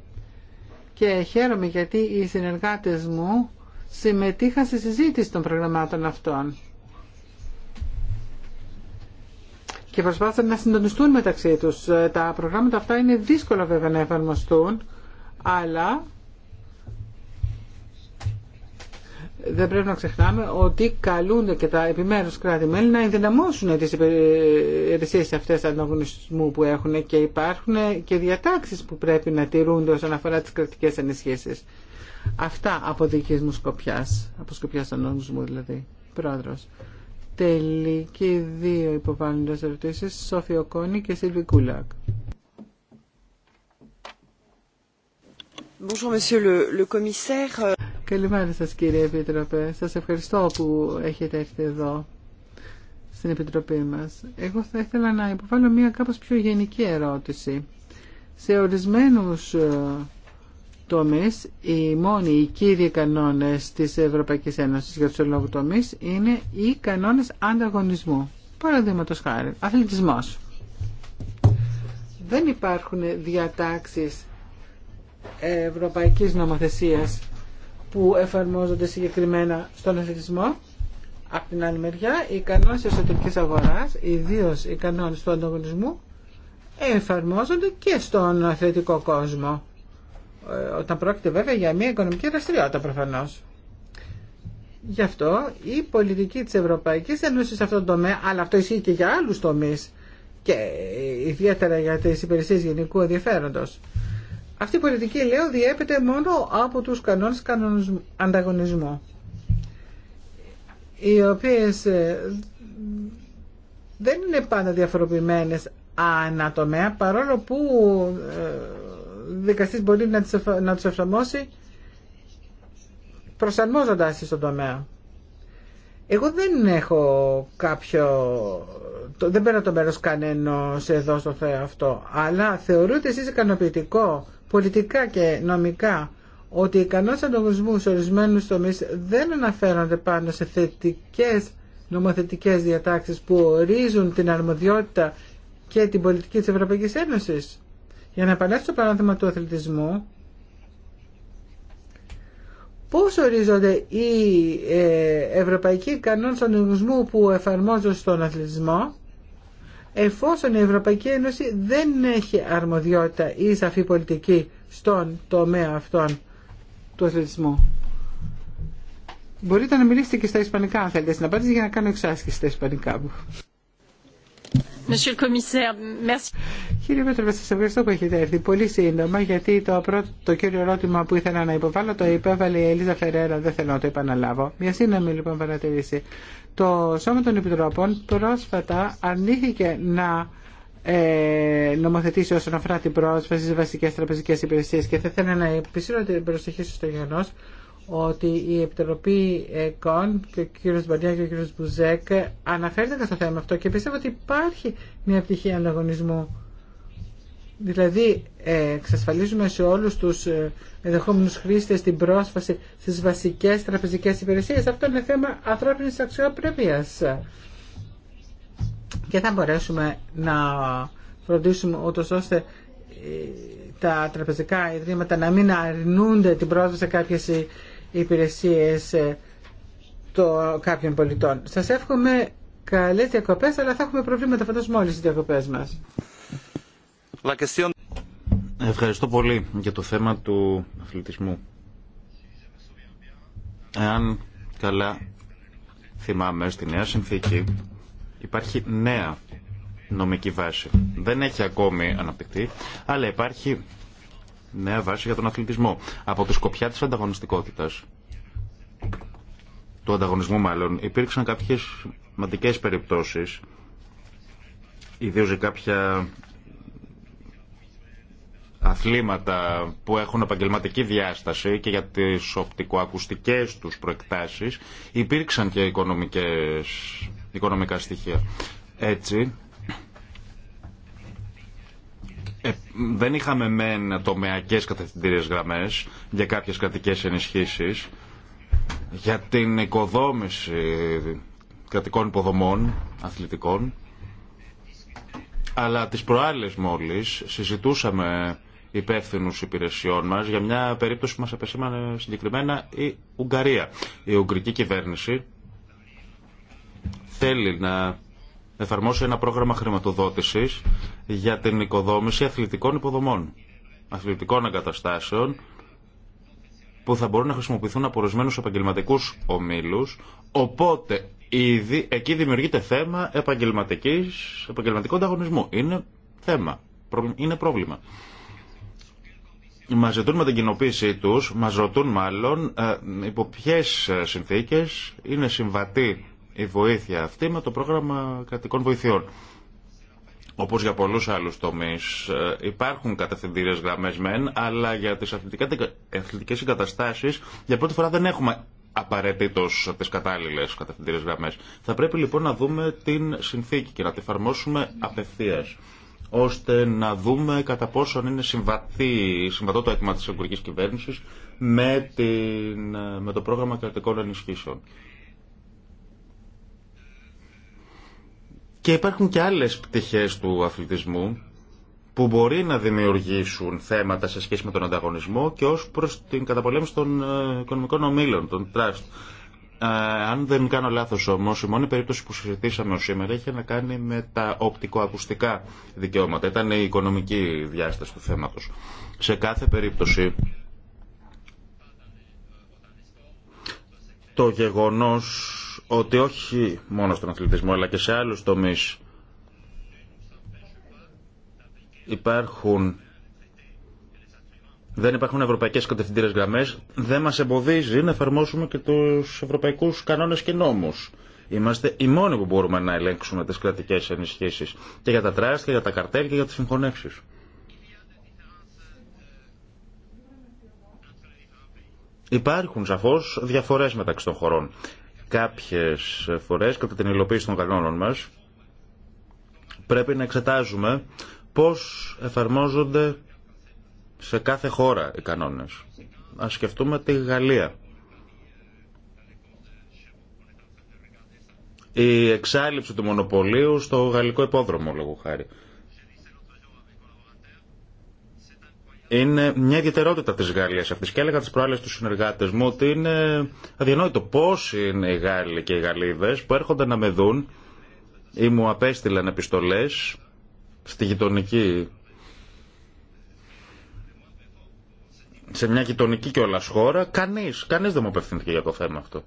Και χαίρομαι γιατί οι συνεργάτες μου συμμετείχαν στη συζήτηση των προγραμμάτων αυτών. και προσπάθησαν να συντονιστούν μεταξύ τους. Ε, τα προγράμματα αυτά είναι δύσκολα βέβαια να εφαρμοστούν, αλλά δεν πρέπει να ξεχνάμε ότι καλούνται και τα επιμέρους κράτη-μέλη να ενδυναμώσουν τις υπηρεσίες αυτές του ανταγωνισμού που έχουν και υπάρχουν και διατάξεις που πρέπει να τηρούνται όσον αφορά τις κρατικές ενισχύσεις. Αυτά από δική μου σκοπιάς, από σκοπιάς ανταγωνισμού δηλαδή, πρόεδρος. Τέλει και οι δύο υποβάλλοντας ερωτήσεις, Σόφιο Κόνη και Σίλβι Κούλακ. Καλημέρα σας κύριε Επίτροπε. Σας ευχαριστώ που έχετε έρθει εδώ στην Επιτροπή μας. Εγώ θα ήθελα να υποβάλω μια κάπως πιο γενική ερώτηση. Σε ορισμένους ε, τομείς, οι μόνοι, οι κύριοι κανόνες της Ευρωπαϊκής Ένωσης για τους ελόγου τομείς είναι οι κανόνες ανταγωνισμού. Παραδείγματος χάρη, αθλητισμός. Δεν υπάρχουν διατάξεις ευρωπαϊκής νομοθεσίας που εφαρμόζονται συγκεκριμένα στον αθλητισμό. Απ' την άλλη μεριά, οι κανόνες της εσωτερικής αγοράς, ιδίως οι κανόνες του ανταγωνισμού, εφαρμόζονται και στον αθλητικό κόσμο. Ε, όταν πρόκειται βέβαια για μια οικονομική δραστηριότητα προφανώς. Γι' αυτό η πολιτική της Ευρωπαϊκής Ένωση σε αυτό τον τομέα, αλλά αυτό ισχύει και για άλλους τομεί και ιδιαίτερα για τι υπηρεσίε γενικού ενδιαφέροντο. Αυτή η πολιτική, λέω, διέπεται μόνο από τους κανόνες ανταγωνισμού, οι οποίε ε, δεν είναι πάντα διαφοροποιημένες τομέα παρόλο που ε, δικαστής μπορεί να, τις, να τους εφαρμόσει προσαρμόζοντας στον τομέα. Εγώ δεν έχω κάποιο... δεν παίρνω το μέρος κανένας εδώ στο θέα αυτό, αλλά θεωρούνται εσείς ικανοποιητικό, πολιτικά και νομικά, ότι οι ικανότητες ανταγωνισμού σε ορισμένου τομεί δεν αναφέρονται πάνω σε θετικές νομοθετικές διατάξεις που ορίζουν την αρμοδιότητα και την πολιτική της Ευρωπαϊκής Ένωσης. Για να επανέλθω στο παράδειγμα του αθλητισμού, πώς ορίζονται οι ε, ευρωπαϊκοί κανόνες ανταγωνισμού που εφαρμόζονται στον αθλητισμό, εφόσον η Ευρωπαϊκή Ένωση δεν έχει αρμοδιότητα ή σαφή πολιτική στον τομέα αυτών του αθλητισμού. Μπορείτε να μιλήσετε και στα Ισπανικά αν θέλετε στην απάντηση για να κάνω εξάσκηση στα Ισπανικά μου. Κύριε Πέτρο, σας ευχαριστώ που έχετε έρθει πολύ σύντομα, γιατί το, πρώτο, το κύριο ερώτημα που ήθελα να υποβάλω το υπέβαλε η Ελίζα Φερέρα, δεν θέλω να το επαναλάβω. Μια σύνομη λοιπόν παρατηρήση. Το Σώμα των Επιτροπών πρόσφατα αρνήθηκε να ε, νομοθετήσει όσον αφορά την πρόσβαση στι βασικέ τραπεζικέ υπηρεσίε και θα ήθελα να επισύρω την προσοχή σα στο γεγονό ότι η Επιτροπή ΕΚΟΝ και ο κύριος Μπαντιά και ο κύριος Μπουζέκ αναφέρθηκαν στο θέμα αυτό και πιστεύω ότι υπάρχει μια πτυχή ανταγωνισμού. Δηλαδή ε, εξασφαλίζουμε σε όλους τους ε, ενδεχόμενου χρήστε την πρόσβαση στι βασικέ τραπεζικέ υπηρεσίε, Αυτό είναι θέμα ανθρώπινη αξιοπρέπεια. Και θα μπορέσουμε να φροντίσουμε ούτω ώστε ε, τα τραπεζικά ιδρύματα να μην αρνούνται την πρόσβαση σε υπηρεσίες ε, το κάποιων πολιτών. Σας εύχομαι καλές διακοπές, αλλά θα έχουμε προβλήματα φαντάζομαι όλες στι διακοπές μας. Ευχαριστώ πολύ για το θέμα του αθλητισμού. Εάν καλά θυμάμαι στη νέα συνθήκη υπάρχει νέα νομική βάση. Δεν έχει ακόμη αναπτυχθεί, αλλά υπάρχει νέα βάση για τον αθλητισμό. Από τη σκοπιά τη ανταγωνιστικότητα, του ανταγωνισμού μάλλον, υπήρξαν κάποιες σημαντικέ περιπτώσει, ιδίω για κάποια αθλήματα που έχουν επαγγελματική διάσταση και για τις οπτικοακουστικές τους προεκτάσεις υπήρξαν και οικονομικές, οικονομικά στοιχεία. Έτσι, ε, δεν είχαμε μεν τομεακέ κατευθυντήριε γραμμέ για κάποιες κρατικέ ενισχύσει, για την οικοδόμηση κρατικών υποδομών, αθλητικών, αλλά τις προάλλες μόλις συζητούσαμε υπεύθυνου υπηρεσιών μας για μια περίπτωση που μας απεσήμανε συγκεκριμένα η Ουγγαρία. Η Ουγγρική κυβέρνηση θέλει να εφαρμόσει ένα πρόγραμμα χρηματοδότηση για την οικοδόμηση αθλητικών υποδομών, αθλητικών εγκαταστάσεων που θα μπορούν να χρησιμοποιηθούν από ορισμένου επαγγελματικού ομίλου. Οπότε εκεί δημιουργείται θέμα επαγγελματικής, επαγγελματικού ανταγωνισμού. Είναι θέμα. Είναι πρόβλημα. Μα ζητούν με την κοινοποίησή του, μα ρωτούν μάλλον ε, υπό ποιε συνθήκε είναι συμβατή η βοήθεια αυτή με το πρόγραμμα κρατικών βοηθειών. Όπως για πολλούς άλλους τομείς ε, υπάρχουν κατευθυντήρες γραμμές μεν, αλλά για τις αθλητικές εγκαταστάσεις για πρώτη φορά δεν έχουμε απαραίτητο τι κατάλληλε κατευθυντήρε γραμμέ. Θα πρέπει λοιπόν να δούμε την συνθήκη και να τη εφαρμόσουμε απευθεία ώστε να δούμε κατά πόσο είναι συμβατή, συμβατό το αίτημα της εγκουρικής κυβέρνησης με, ε, με το πρόγραμμα κρατικών ενισχύσεων. Και υπάρχουν και άλλες πτυχές του αθλητισμού που μπορεί να δημιουργήσουν θέματα σε σχέση με τον ανταγωνισμό και ως προς την καταπολέμηση των ε, οικονομικών ομίλων, των τραστ. Ε, αν δεν κάνω λάθος όμως, η μόνη περίπτωση που συζητήσαμε ως σήμερα είχε να κάνει με τα οπτικοακουστικά δικαιώματα. Ήταν η οικονομική διάσταση του θέματος. Σε κάθε περίπτωση, το γεγονός ότι όχι μόνο στον αθλητισμό αλλά και σε άλλους τομείς υπάρχουν δεν υπάρχουν ευρωπαϊκέ κατευθυντήρε γραμμές, δεν μα εμποδίζει να εφαρμόσουμε και του ευρωπαϊκού κανόνε και νόμου. Είμαστε οι μόνοι που μπορούμε να ελέγξουμε τι κρατικέ ενισχύσει και για τα τράστια, και για τα καρτέλ και για τι συγχωνεύσει. Υπάρχουν σαφώ διαφορέ μεταξύ των χωρών κάποιες φορές κατά την υλοποίηση των κανόνων μας πρέπει να εξετάζουμε πώς εφαρμόζονται σε κάθε χώρα οι κανόνες. Ας σκεφτούμε τη Γαλλία. Η εξάλληψη του μονοπωλίου στο γαλλικό υπόδρομο, λόγω χάρη. Είναι μια ιδιαιτερότητα της Γαλλίας αυτή. Και έλεγα τις προάλλες τους συνεργάτες μου ότι είναι αδιανόητο πώς είναι οι Γάλλοι και οι Γαλλίδες που έρχονται να με δουν ή μου απέστειλαν επιστολές στη γειτονική. Σε μια γειτονική κιόλα χώρα, κανεί κανείς δεν μου απευθύνθηκε για το θέμα αυτό.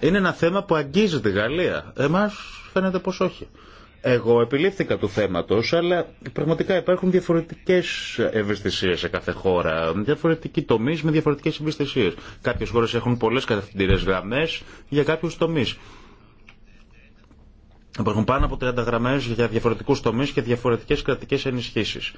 Είναι ένα θέμα που αγγίζει τη Γαλλία. Εμάς φαίνεται πως όχι. Εγώ επιλήφθηκα του θέματος, αλλά πραγματικά υπάρχουν διαφορετικές ευαισθησίες σε κάθε χώρα, διαφορετικοί τομείς με διαφορετικές ευαισθησίες. Κάποιες χώρες έχουν πολλές κατευθυντήρες γραμμές για κάποιους τομείς. Υπάρχουν πάνω από 30 γραμμές για διαφορετικούς τομείς και διαφορετικές κρατικές ενισχύσεις.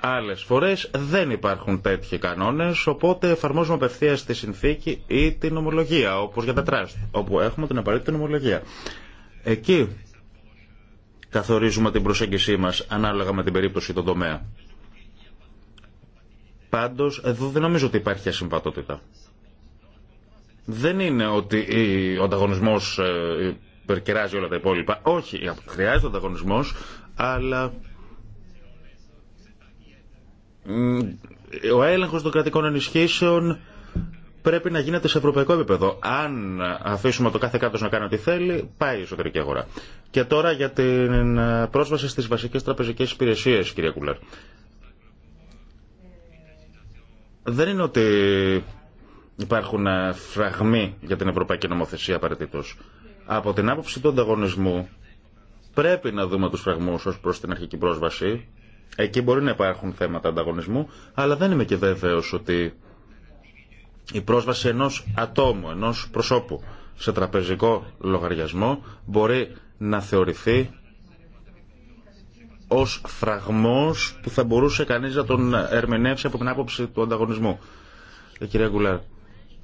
Άλλε φορέ δεν υπάρχουν τέτοιοι κανόνε, οπότε εφαρμόζουμε απευθεία τη συνθήκη ή την ομολογία, όπω για τα τραστ, όπου έχουμε την απαραίτητη ομολογία. Εκεί καθορίζουμε την προσέγγιση μας ανάλογα με την περίπτωση τον τομέα. Πάντως, εδώ δεν νομίζω ότι υπάρχει ασυμβατότητα. Δεν είναι ότι ο ανταγωνισμός ε, υπερκεράζει όλα τα υπόλοιπα. Όχι, χρειάζεται ο ανταγωνισμός, αλλά ο έλεγχος των κρατικών ενισχύσεων πρέπει να γίνεται σε ευρωπαϊκό επίπεδο. Αν αφήσουμε το κάθε κράτο να κάνει ό,τι θέλει, πάει η εσωτερική αγορά. Και τώρα για την ε, πρόσβαση στι βασικέ τραπεζικέ υπηρεσίε, κυρία Κουλέρ. Δεν είναι ότι υπάρχουν ε, φραγμοί για την ευρωπαϊκή νομοθεσία απαραίτητο. Από την άποψη του ανταγωνισμού, πρέπει να δούμε του φραγμού ω προ την αρχική πρόσβαση. Εκεί μπορεί να υπάρχουν θέματα ανταγωνισμού, αλλά δεν είμαι και βέβαιο ότι η πρόσβαση ενός ατόμου, ενός προσώπου σε τραπεζικό λογαριασμό μπορεί να θεωρηθεί ως φραγμός που θα μπορούσε κανείς να τον ερμηνεύσει από την άποψη του ανταγωνισμού. Ε, κυρία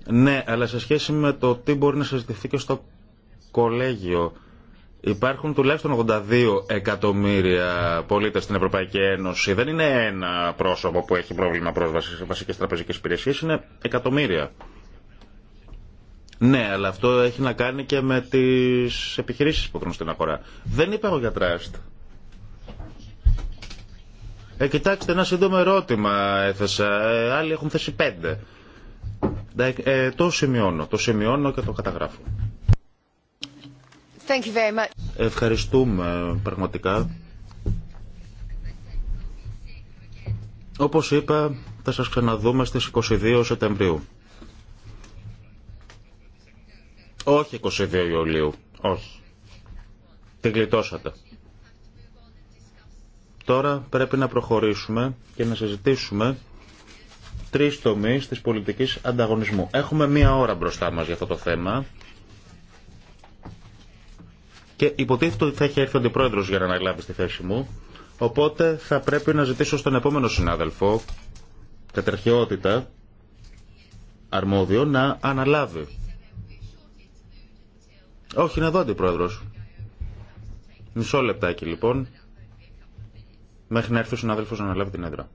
ναι, αλλά σε σχέση με το τι μπορεί να συζητηθεί και στο κολέγιο Υπάρχουν τουλάχιστον 82 εκατομμύρια πολίτε στην Ευρωπαϊκή Ένωση. Δεν είναι ένα πρόσωπο που έχει πρόβλημα πρόσβαση σε βασικέ τραπεζικέ υπηρεσίε, είναι εκατομμύρια. Ναι, αλλά αυτό έχει να κάνει και με τι επιχειρήσει που έχουν στην αγορά. Δεν είπα εγώ για τραστ. Ε, κοιτάξτε, ένα σύντομο ερώτημα έθεσα. Ε, άλλοι έχουν θέσει πέντε. Ε, ε, το σημειώνω, το σημειώνω και το καταγράφω. Ευχαριστούμε πραγματικά. Όπως είπα, θα σας ξαναδούμε στις 22 Σεπτεμβρίου. Όχι 22 Ιουλίου, όχι. Την γλιτώσατε. Τώρα πρέπει να προχωρήσουμε και να συζητήσουμε τρεις τομείς της πολιτικής ανταγωνισμού. Έχουμε μία ώρα μπροστά μας για αυτό το θέμα. Και υποτίθεται ότι θα έχει έρθει ο αντιπρόεδρο για να αναλάβει στη θέση μου. Οπότε θα πρέπει να ζητήσω στον επόμενο συνάδελφο, κατερχαιότητα, αρμόδιο, να αναλάβει. Όχι, είναι εδώ αντιπρόεδρο. Μισό λεπτάκι λοιπόν, μέχρι να έρθει ο συνάδελφο να αναλάβει την έδρα.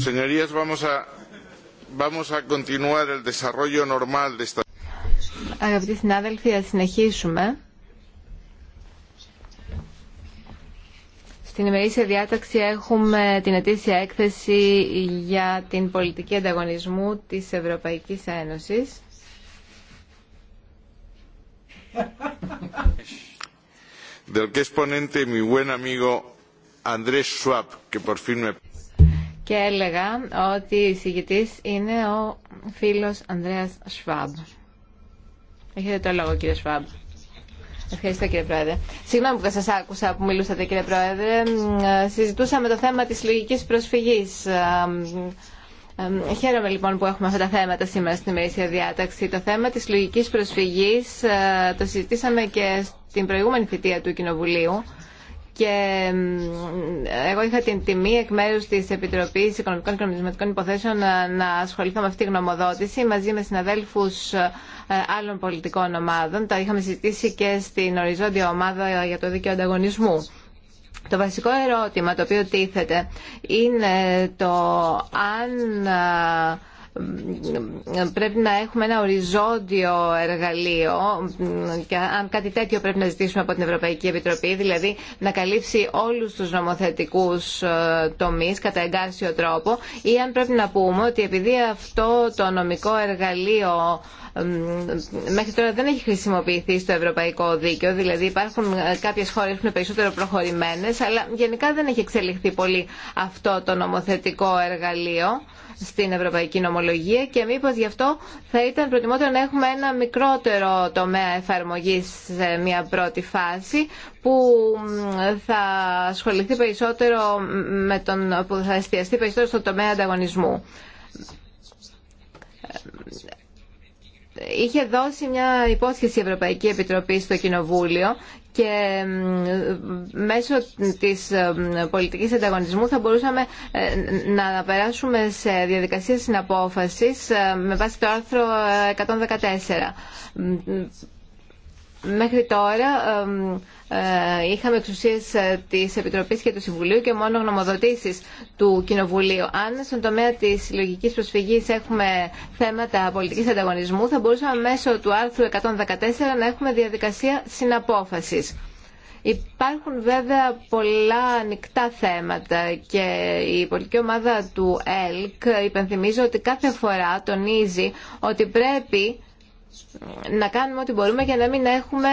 Señorías, vamos a, continuar desarrollo normal de esta... Αγαπητοί συνάδελφοι, ας συνεχίσουμε. Στην ημερήσια διάταξη έχουμε την ετήσια έκθεση για την πολιτική ανταγωνισμού της Ευρωπαϊκής Ένωσης. Del que es ponente mi buen amigo και έλεγα ότι η εισηγητής είναι ο φίλος Ανδρέας Σφάμπ. Έχετε το λόγο κύριε Σφάμπ. Ευχαριστώ κύριε Πρόεδρε. Συγγνώμη που σας άκουσα που μιλούσατε κύριε Πρόεδρε. Συζητούσαμε το θέμα της λογικής προσφυγής. Χαίρομαι λοιπόν που έχουμε αυτά τα θέματα σήμερα στην ημερήσια διάταξη. Το θέμα της λογικής προσφυγής ε, το συζητήσαμε και στην προηγούμενη θητεία του Κοινοβουλίου και εγώ είχα την τιμή εκ μέρου τη Επιτροπή Οικονομικών και Νομισματικών Υποθέσεων να ασχοληθώ με αυτή τη γνωμοδότηση μαζί με συναδέλφου ε, άλλων πολιτικών ομάδων. Τα είχαμε συζητήσει και στην οριζόντια ομάδα για το δίκαιο ανταγωνισμού. Το βασικό ερώτημα το οποίο τίθεται είναι το αν ε, πρέπει να έχουμε ένα οριζόντιο εργαλείο και αν κάτι τέτοιο πρέπει να ζητήσουμε από την Ευρωπαϊκή Επιτροπή, δηλαδή να καλύψει όλους τους νομοθετικούς ε, τομείς κατά εγκάρσιο τρόπο ή αν πρέπει να πούμε ότι επειδή αυτό το νομικό εργαλείο ε, μέχρι τώρα δεν έχει χρησιμοποιηθεί στο ευρωπαϊκό δίκαιο, δηλαδή υπάρχουν ε, κάποιες χώρες που είναι περισσότερο προχωρημένες, αλλά γενικά δεν έχει εξελιχθεί πολύ αυτό το νομοθετικό εργαλείο στην ευρωπαϊκή νομολογία και μήπω γι' αυτό θα ήταν προτιμότερο να έχουμε ένα μικρότερο τομέα εφαρμογής σε μια πρώτη φάση που θα ασχοληθεί περισσότερο με τον, που θα εστιαστεί περισσότερο στον τομέα ανταγωνισμού είχε δώσει μια υπόσχεση η Ευρωπαϊκή Επιτροπή στο Κοινοβούλιο και μέσω της πολιτικής ανταγωνισμού θα μπορούσαμε ε, να περάσουμε σε διαδικασία συναπόφασης ε, με βάση το άρθρο 114. Μέχρι τώρα ε, ε, είχαμε εξουσίες ε, τη Επιτροπής και του Συμβουλίου και μόνο γνωμοδοτήσεις του Κοινοβουλίου. Αν στον τομέα της συλλογική προσφυγή έχουμε θέματα πολιτική ανταγωνισμού, θα μπορούσαμε μέσω του άρθρου 114 να έχουμε διαδικασία συναπόφασης. Υπάρχουν βέβαια πολλά ανοιχτά θέματα και η πολιτική ομάδα του ΕΛΚ υπενθυμίζω ότι κάθε φορά τονίζει ότι πρέπει να κάνουμε ό,τι μπορούμε για να μην έχουμε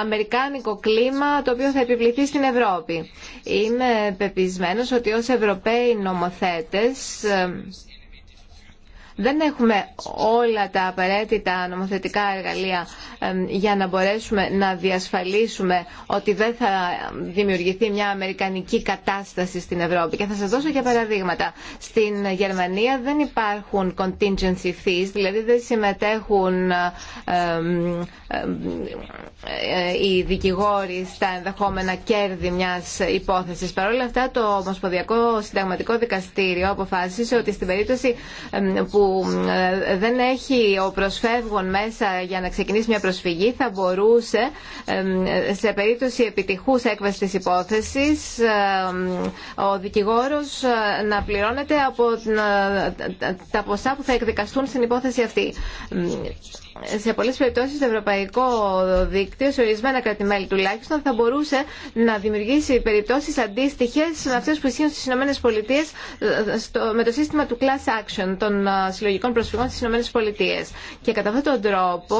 αμερικάνικο κλίμα το οποίο θα επιβληθεί στην Ευρώπη. Είμαι πεπισμένος ότι ως Ευρωπαίοι νομοθέτες δεν έχουμε όλα τα απαραίτητα νομοθετικά εργαλεία για να μπορέσουμε να διασφαλίσουμε ότι δεν θα δημιουργηθεί μια αμερικανική κατάσταση στην Ευρώπη. Και θα σας δώσω για παραδείγματα. Στην Γερμανία δεν υπάρχουν contingency fees, δηλαδή δεν συμμετέχουν ε, οι δικηγόροι στα ενδεχόμενα κέρδη μιας υπόθεσης. Παρ' όλα αυτά το Ομοσπονδιακό Συνταγματικό Δικαστήριο αποφάσισε ότι στην περίπτωση που που ε, δεν έχει ο προσφεύγων μέσα για να ξεκινήσει μια προσφυγή θα μπορούσε σε περίπτωση επιτυχούς έκβαση της υπόθεσης ο δικηγόρος ε, να πληρώνεται από ε, τα ποσά που θα εκδικαστούν στην υπόθεση αυτή. Σε πολλές περιπτώσεις το Ευρωπαϊκό Δίκτυο, σε ορισμένα κρατημέλη τουλάχιστον, θα μπορούσε να δημιουργήσει περιπτώσεις αντίστοιχες με αυτές που ισχύουν στις ΗΠΑ με το σύστημα του class action, των συλλογικών προσφυγών στις ΗΠΑ. Και κατά αυτόν τον τρόπο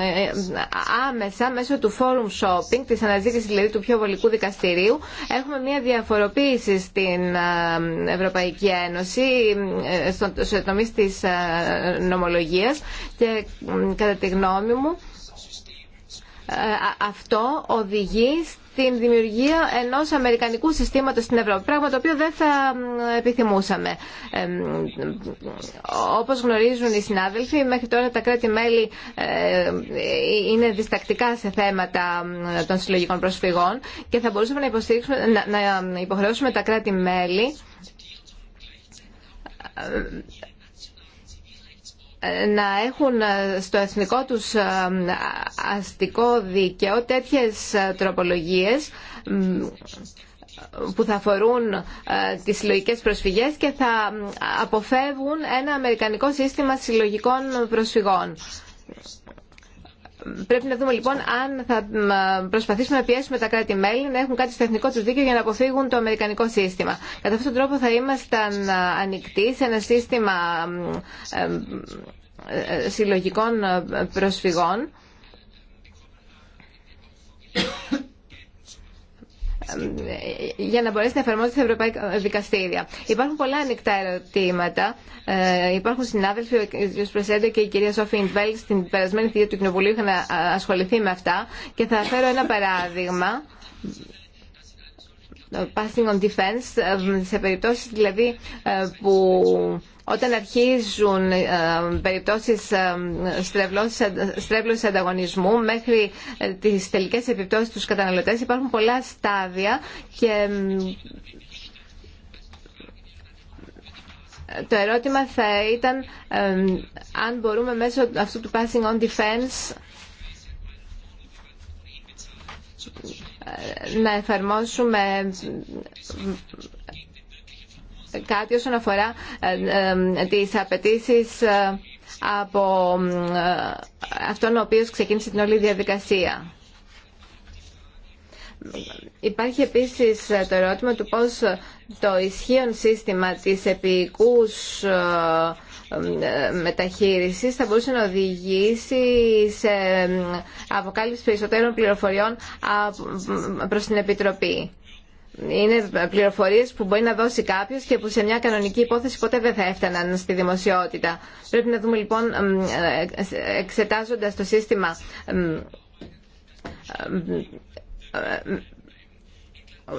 ε, άμεσα μέσω του forum shopping, τη αναζήτησης δηλαδή του πιο βολικού δικαστηρίου, έχουμε μια διαφοροποίηση στην ε, Ευρωπαϊκή Ένωση ε, στο τομέι τη Νομολογία. και κατά τη γνώμη μου αυτό οδηγεί την δημιουργία ενός αμερικανικού συστήματος στην Ευρώπη, πράγμα το οποίο δεν θα επιθυμούσαμε. Όπως γνωρίζουν οι συνάδελφοι, μέχρι τώρα τα κράτη-μέλη ε, είναι διστακτικά σε θέματα των συλλογικών προσφυγών και θα μπορούσαμε να, υποστηρίξουμε, να υποχρεώσουμε τα κράτη-μέλη να έχουν ε, στο εθνικό τους ε, αστικό δίκαιο τέτοιες ε, τροπολογίες που θα αφορούν τις συλλογικές προσφυγές και θα αποφεύγουν ένα αμερικανικό σύστημα συλλογικών προσφυγών. Πρέπει να δούμε λοιπόν αν θα προσπαθήσουμε να πιέσουμε τα κράτη-μέλη να έχουν κάτι στο εθνικό του δίκαιο για να αποφύγουν το αμερικανικό σύστημα. Κατά αυτόν τον τρόπο θα ήμασταν ανοιχτοί σε ένα σύστημα ε, ε, συλλογικών ε, προσφυγών για να μπορέσει να εφαρμόζεται σε ευρωπαϊκά δικαστήρια. Υπάρχουν πολλά ανοιχτά ερωτήματα. Ε, υπάρχουν συνάδελφοι, ο κ. Πρεσέντο και η κυρία Σόφι Ιντβέλ στην περασμένη θητεία του Κοινοβουλίου είχαν ασχοληθεί με αυτά και θα φέρω ένα παράδειγμα passing on defense ε, σε περιπτώσεις δηλαδή ε, που όταν αρχίζουν ε, περιπτώσεις ε, στρέβλωσης ανταγωνισμού μέχρι ε, τις τελικές επιπτώσεις τους καταναλωτές υπάρχουν πολλά στάδια και το ερώτημα θα ήταν αν μπορούμε μέσω αυτού του passing on defense να εφαρμόσουμε κάτι όσον αφορά ε, ε, τις απαιτήσει ε, από αυτόν ο οποίος ξεκίνησε την όλη διαδικασία. Υπάρχει επίσης το ερώτημα του πώς το ισχύον σύστημα της επικούς μεταχείρισης θα μπορούσε να οδηγήσει σε αποκάλυψη περισσότερων πληροφοριών προς την Επιτροπή είναι πληροφορίες που μπορεί να δώσει κάποιος και που σε μια κανονική υπόθεση ποτέ δεν θα έφταναν στη δημοσιότητα. Πρέπει να δούμε λοιπόν, ε, εξετάζοντας το σύστημα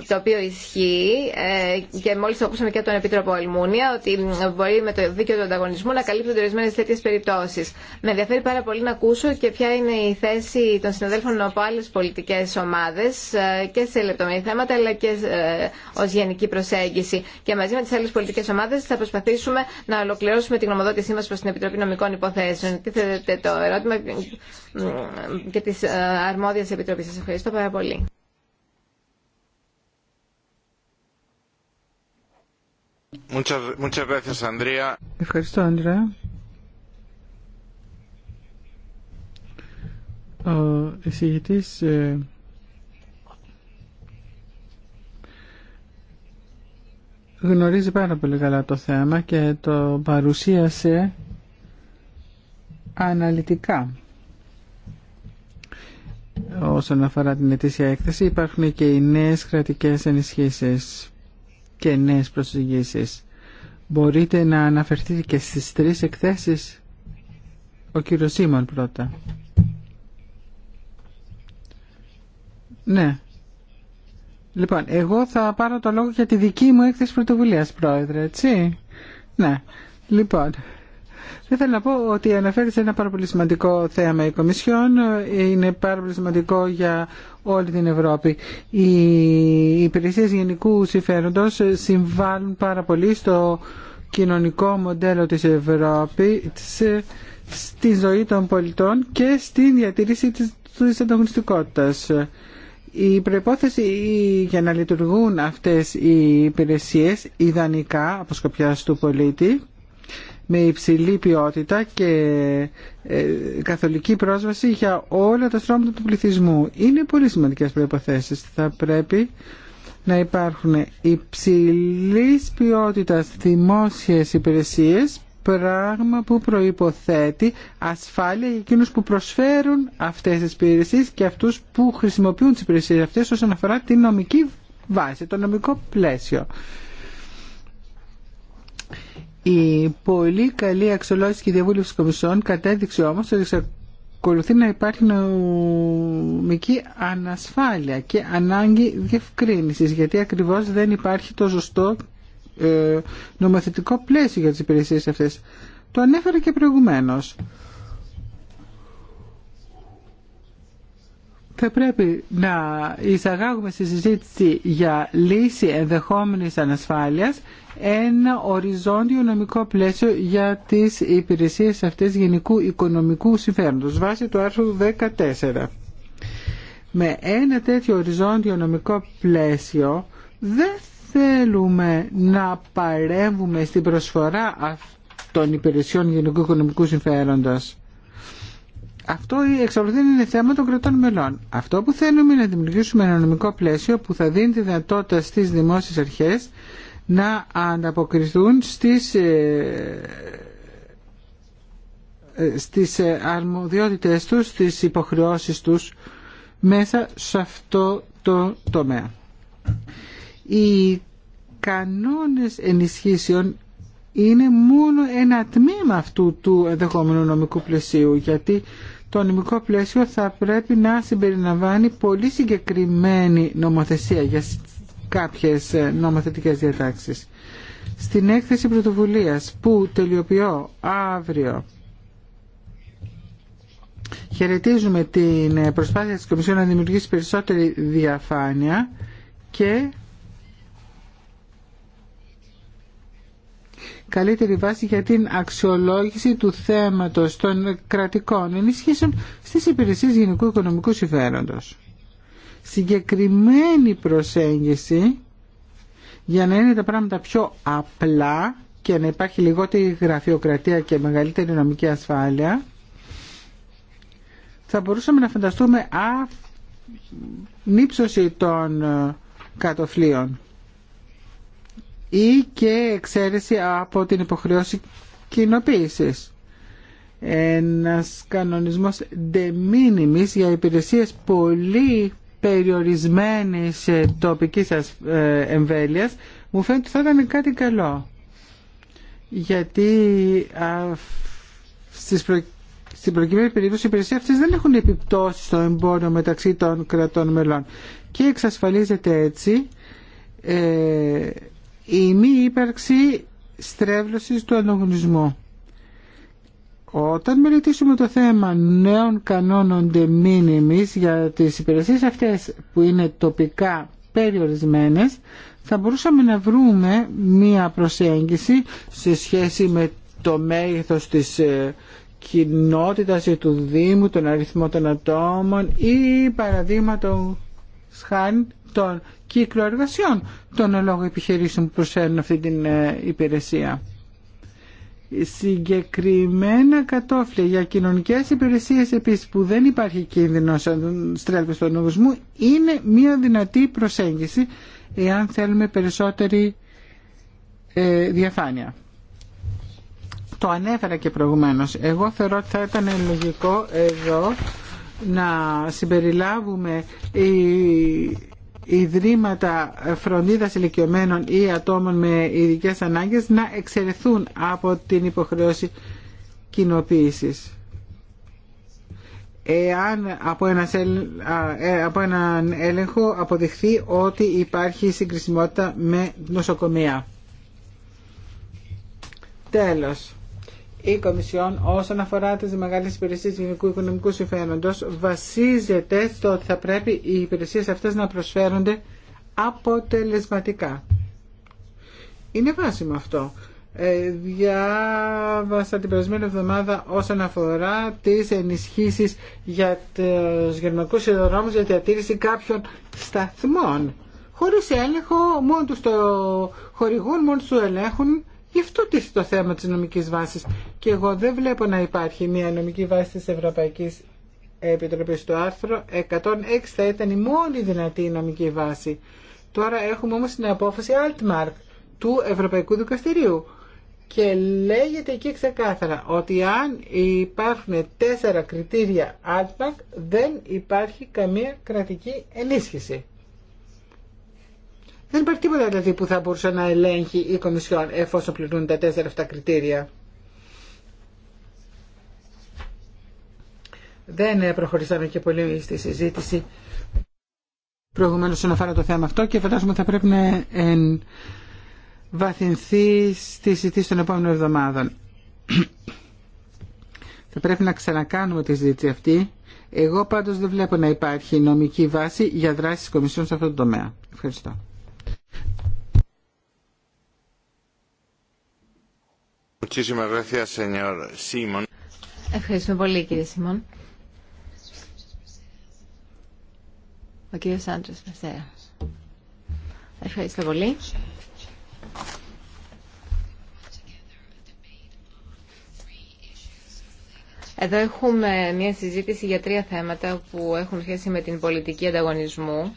το οποίο ισχύει ε, και μόλι το ακούσαμε και από τον Επίτροπο Αλμούνια ότι μπορεί με το δίκαιο του ανταγωνισμού να καλύπτονται ορισμένε τέτοιε περιπτώσει. Με ενδιαφέρει πάρα πολύ να ακούσω και ποια είναι η θέση των συναδέλφων από άλλε πολιτικές ομάδες ε, και σε λεπτομερή θέματα αλλά και ε, ω γενική προσέγγιση. Και μαζί με τι άλλε πολιτικέ ομάδε θα προσπαθήσουμε να ολοκληρώσουμε την γνωμοδότησή μα προ την Επιτροπή Νομικών Υποθέσεων. Τι θέλετε το ερώτημα και τη αρμόδια επιτροπή. Σα ευχαριστώ πάρα πολύ. Ευχαριστώ, Ανδρέα. Ο εισηγητής ε, γνωρίζει πάρα πολύ καλά το θέμα και το παρουσίασε αναλυτικά. Όσον αφορά την ετήσια έκθεση υπάρχουν και οι νέες κρατικές ενισχύσεις και νέες προσεγγίσεις. Μπορείτε να αναφερθείτε και στις τρεις εκθέσεις. Ο κύριος Σίμων πρώτα. Ναι. Λοιπόν, εγώ θα πάρω το λόγο για τη δική μου έκθεση πρωτοβουλίας, πρόεδρε, έτσι. Ναι. Λοιπόν, θα ήθελα να πω ότι αναφέρεται σε ένα πάρα πολύ σημαντικό θέμα η Κομισιόν. Ε, είναι πάρα πολύ σημαντικό για όλη την Ευρώπη. Οι υπηρεσίες γενικού συμφέροντος ε, συμβάλλουν πάρα πολύ στο κοινωνικό μοντέλο της Ευρώπης, ε, στη ζωή των πολιτών και στη διατήρηση της ανταγωνιστικότητας. Η προϋπόθεση για να λειτουργούν αυτές οι υπηρεσίες ιδανικά από σκοπιάς του πολίτη με υψηλή ποιότητα και ε, καθολική πρόσβαση για όλα τα στρώματα του πληθυσμού. Είναι πολύ σημαντικές προϋποθέσεις. Θα πρέπει να υπάρχουν υψηλής ποιότητας δημόσιες υπηρεσίες, πράγμα που προϋποθέτει ασφάλεια για εκείνους που προσφέρουν αυτές τις υπηρεσίες και αυτούς που χρησιμοποιούν τις υπηρεσίες αυτές όσον αφορά την νομική βάση, το νομικό πλαίσιο. Η πολύ καλή αξιολόγηση και διαβούλευση Κομισιών κατέδειξε όμως ότι εξακολουθεί να υπάρχει νομική ανασφάλεια και ανάγκη διευκρίνηση γιατί ακριβώς δεν υπάρχει το ζωστό ε, νομοθετικό πλαίσιο για τις υπηρεσίε αυτές. Το ανέφερε και προηγουμένω. θα πρέπει να εισαγάγουμε στη συζήτηση για λύση ενδεχόμενης ανασφάλειας ένα οριζόντιο νομικό πλαίσιο για τις υπηρεσίες αυτές γενικού οικονομικού συμφέροντος βάσει του άρθρου 14. Με ένα τέτοιο οριζόντιο νομικό πλαίσιο δεν θέλουμε να παρέμβουμε στην προσφορά των υπηρεσιών γενικού οικονομικού συμφέροντος αυτό η να είναι θέμα των κρατών μελών. Αυτό που θέλουμε είναι να δημιουργήσουμε ένα νομικό πλαίσιο που θα δίνει τη δυνατότητα στις δημόσιες αρχές να ανταποκριθούν στις, ε, ε, στις ε, αρμοδιότητες τους, στις υποχρεώσεις τους μέσα σε αυτό το τομέα. Οι κανόνες ενισχύσεων είναι μόνο ένα τμήμα αυτού του ενδεχόμενου νομικού πλαισίου γιατί το νομικό πλαίσιο θα πρέπει να συμπεριλαμβάνει πολύ συγκεκριμένη νομοθεσία για κάποιες ε, νομοθετικές διατάξεις. Στην έκθεση πρωτοβουλίας που τελειοποιώ αύριο χαιρετίζουμε την ε, προσπάθεια της Κομισιόν να δημιουργήσει περισσότερη διαφάνεια και καλύτερη βάση για την αξιολόγηση του θέματος των κρατικών ενισχύσεων στις υπηρεσίες γενικού οικονομικού συμφέροντος. Συγκεκριμένη προσέγγιση για να είναι τα πράγματα πιο απλά και να υπάρχει λιγότερη γραφειοκρατία και μεγαλύτερη νομική ασφάλεια θα μπορούσαμε να φανταστούμε νύψωση των ε, κατοφλίων ή και εξαίρεση από την υποχρεώση κοινοποίησης. Ένας κανονισμός de minimis για υπηρεσίες πολύ περιορισμένης ε, τοπικής ε, εμβέλειας μου φαίνεται ότι θα ήταν κάτι καλό. Γιατί στην προκειμένη περίπτωση οι υπηρεσίες αυτές δεν έχουν επιπτώσει στο εμπόριο μεταξύ των κρατών μελών και εξασφαλίζεται έτσι ε, η μη ύπαρξη στρέβλωσης του ανταγωνισμού. Όταν μελετήσουμε το θέμα νέων κανόνων de minimis για τις υπηρεσίες αυτές που είναι τοπικά περιορισμένες, θα μπορούσαμε να βρούμε μία προσέγγιση σε σχέση με το μέγεθος της ε, κοινότητας ή του Δήμου, τον αριθμό των ατόμων ή παραδείγματο χάνει των κύκλο εργασιών των λόγω επιχειρήσεων που προσφέρουν αυτή την ε, υπηρεσία. Συγκεκριμένα κατόφλια για κοινωνικές υπηρεσίες επίσης που δεν υπάρχει κίνδυνος στρέλπες στον νομισμού είναι μια δυνατή προσέγγιση εάν θέλουμε περισσότερη ε, διαφάνεια. Το ανέφερα και προηγουμένως. Εγώ θεωρώ ότι θα ήταν λογικό εδώ να συμπεριλάβουμε ιδρύματα φροντίδας ηλικιωμένων ή ατόμων με ειδικέ ανάγκες να εξαιρεθούν από την υποχρεώση κοινοποίησης. Εάν από, ένα, ε, από έναν έλεγχο αποδειχθεί ότι υπάρχει συγκρισιμότητα με νοσοκομεία. Τέλος η Κομισιόν όσον αφορά τις μεγάλες υπηρεσίες γενικού οικονομικού συμφέροντος βασίζεται στο ότι θα πρέπει οι υπηρεσίες αυτές να προσφέρονται αποτελεσματικά. Είναι βάσιμο αυτό. Ε, διάβασα την περασμένη εβδομάδα όσον αφορά τις ενισχύσεις για τους γερμανικούς συνδρόμους για τη διατήρηση κάποιων σταθμών. Χωρίς έλεγχο, μόνο τους το χορηγούν, μόνο τους το ελέγχουν Γι' αυτό τίθεται το θέμα της νομικής βάσης. Και εγώ δεν βλέπω να υπάρχει μια νομική βάση της Ευρωπαϊκής Επιτροπής. στο άρθρο 106 θα ήταν η μόνη δυνατή νομική βάση. Τώρα έχουμε όμως την απόφαση Altmark του Ευρωπαϊκού Δικαστηρίου. Και λέγεται εκεί ξεκάθαρα ότι αν υπάρχουν τέσσερα κριτήρια Altmark δεν υπάρχει καμία κρατική ενίσχυση. Δεν υπάρχει τίποτα δηλαδή που θα μπορούσε να ελέγχει η Κομισιόν εφόσον πληρούν τα τέσσερα αυτά κριτήρια. Δεν προχωρήσαμε και πολύ στη συζήτηση προηγουμένως να αφορά το θέμα αυτό και φαντάζομαι ότι θα πρέπει να βαθυνθεί στη συζήτηση των επόμενων εβδομάδων. (clears throat) θα πρέπει να ξανακάνουμε τη συζήτηση αυτή. Εγώ πάντως δεν βλέπω να υπάρχει νομική βάση για δράση της Κομισιόν σε αυτό το τομέα. Ευχαριστώ. Ευχαριστούμε πολύ κύριε Σίμων. Ο Ευχαριστώ πολύ. Εδώ έχουμε μια συζήτηση για τρία θέματα που έχουν σχέση με την πολιτική ανταγωνισμού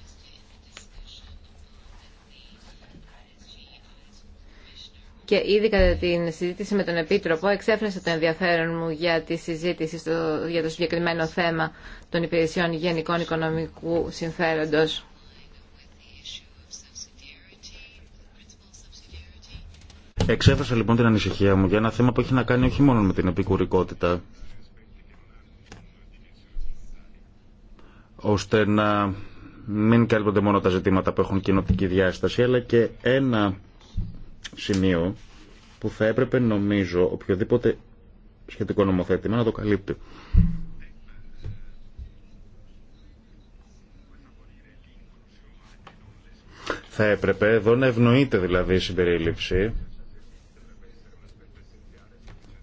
και ήδη κατά την συζήτηση με τον Επίτροπο εξέφρασα το ενδιαφέρον μου για τη συζήτηση στο, για το συγκεκριμένο θέμα των υπηρεσιών γενικών οικονομικού συμφέροντος. Εξέφρασα λοιπόν την ανησυχία μου για ένα θέμα που έχει να κάνει όχι μόνο με την επικουρικότητα, ώστε να μην καλύπτονται μόνο τα ζητήματα που έχουν κοινοτική διάσταση, αλλά και ένα σημείο που θα έπρεπε νομίζω οποιοδήποτε σχετικό νομοθέτημα να το καλύπτει. Θα έπρεπε εδώ να ευνοείται δηλαδή η συμπερίληψη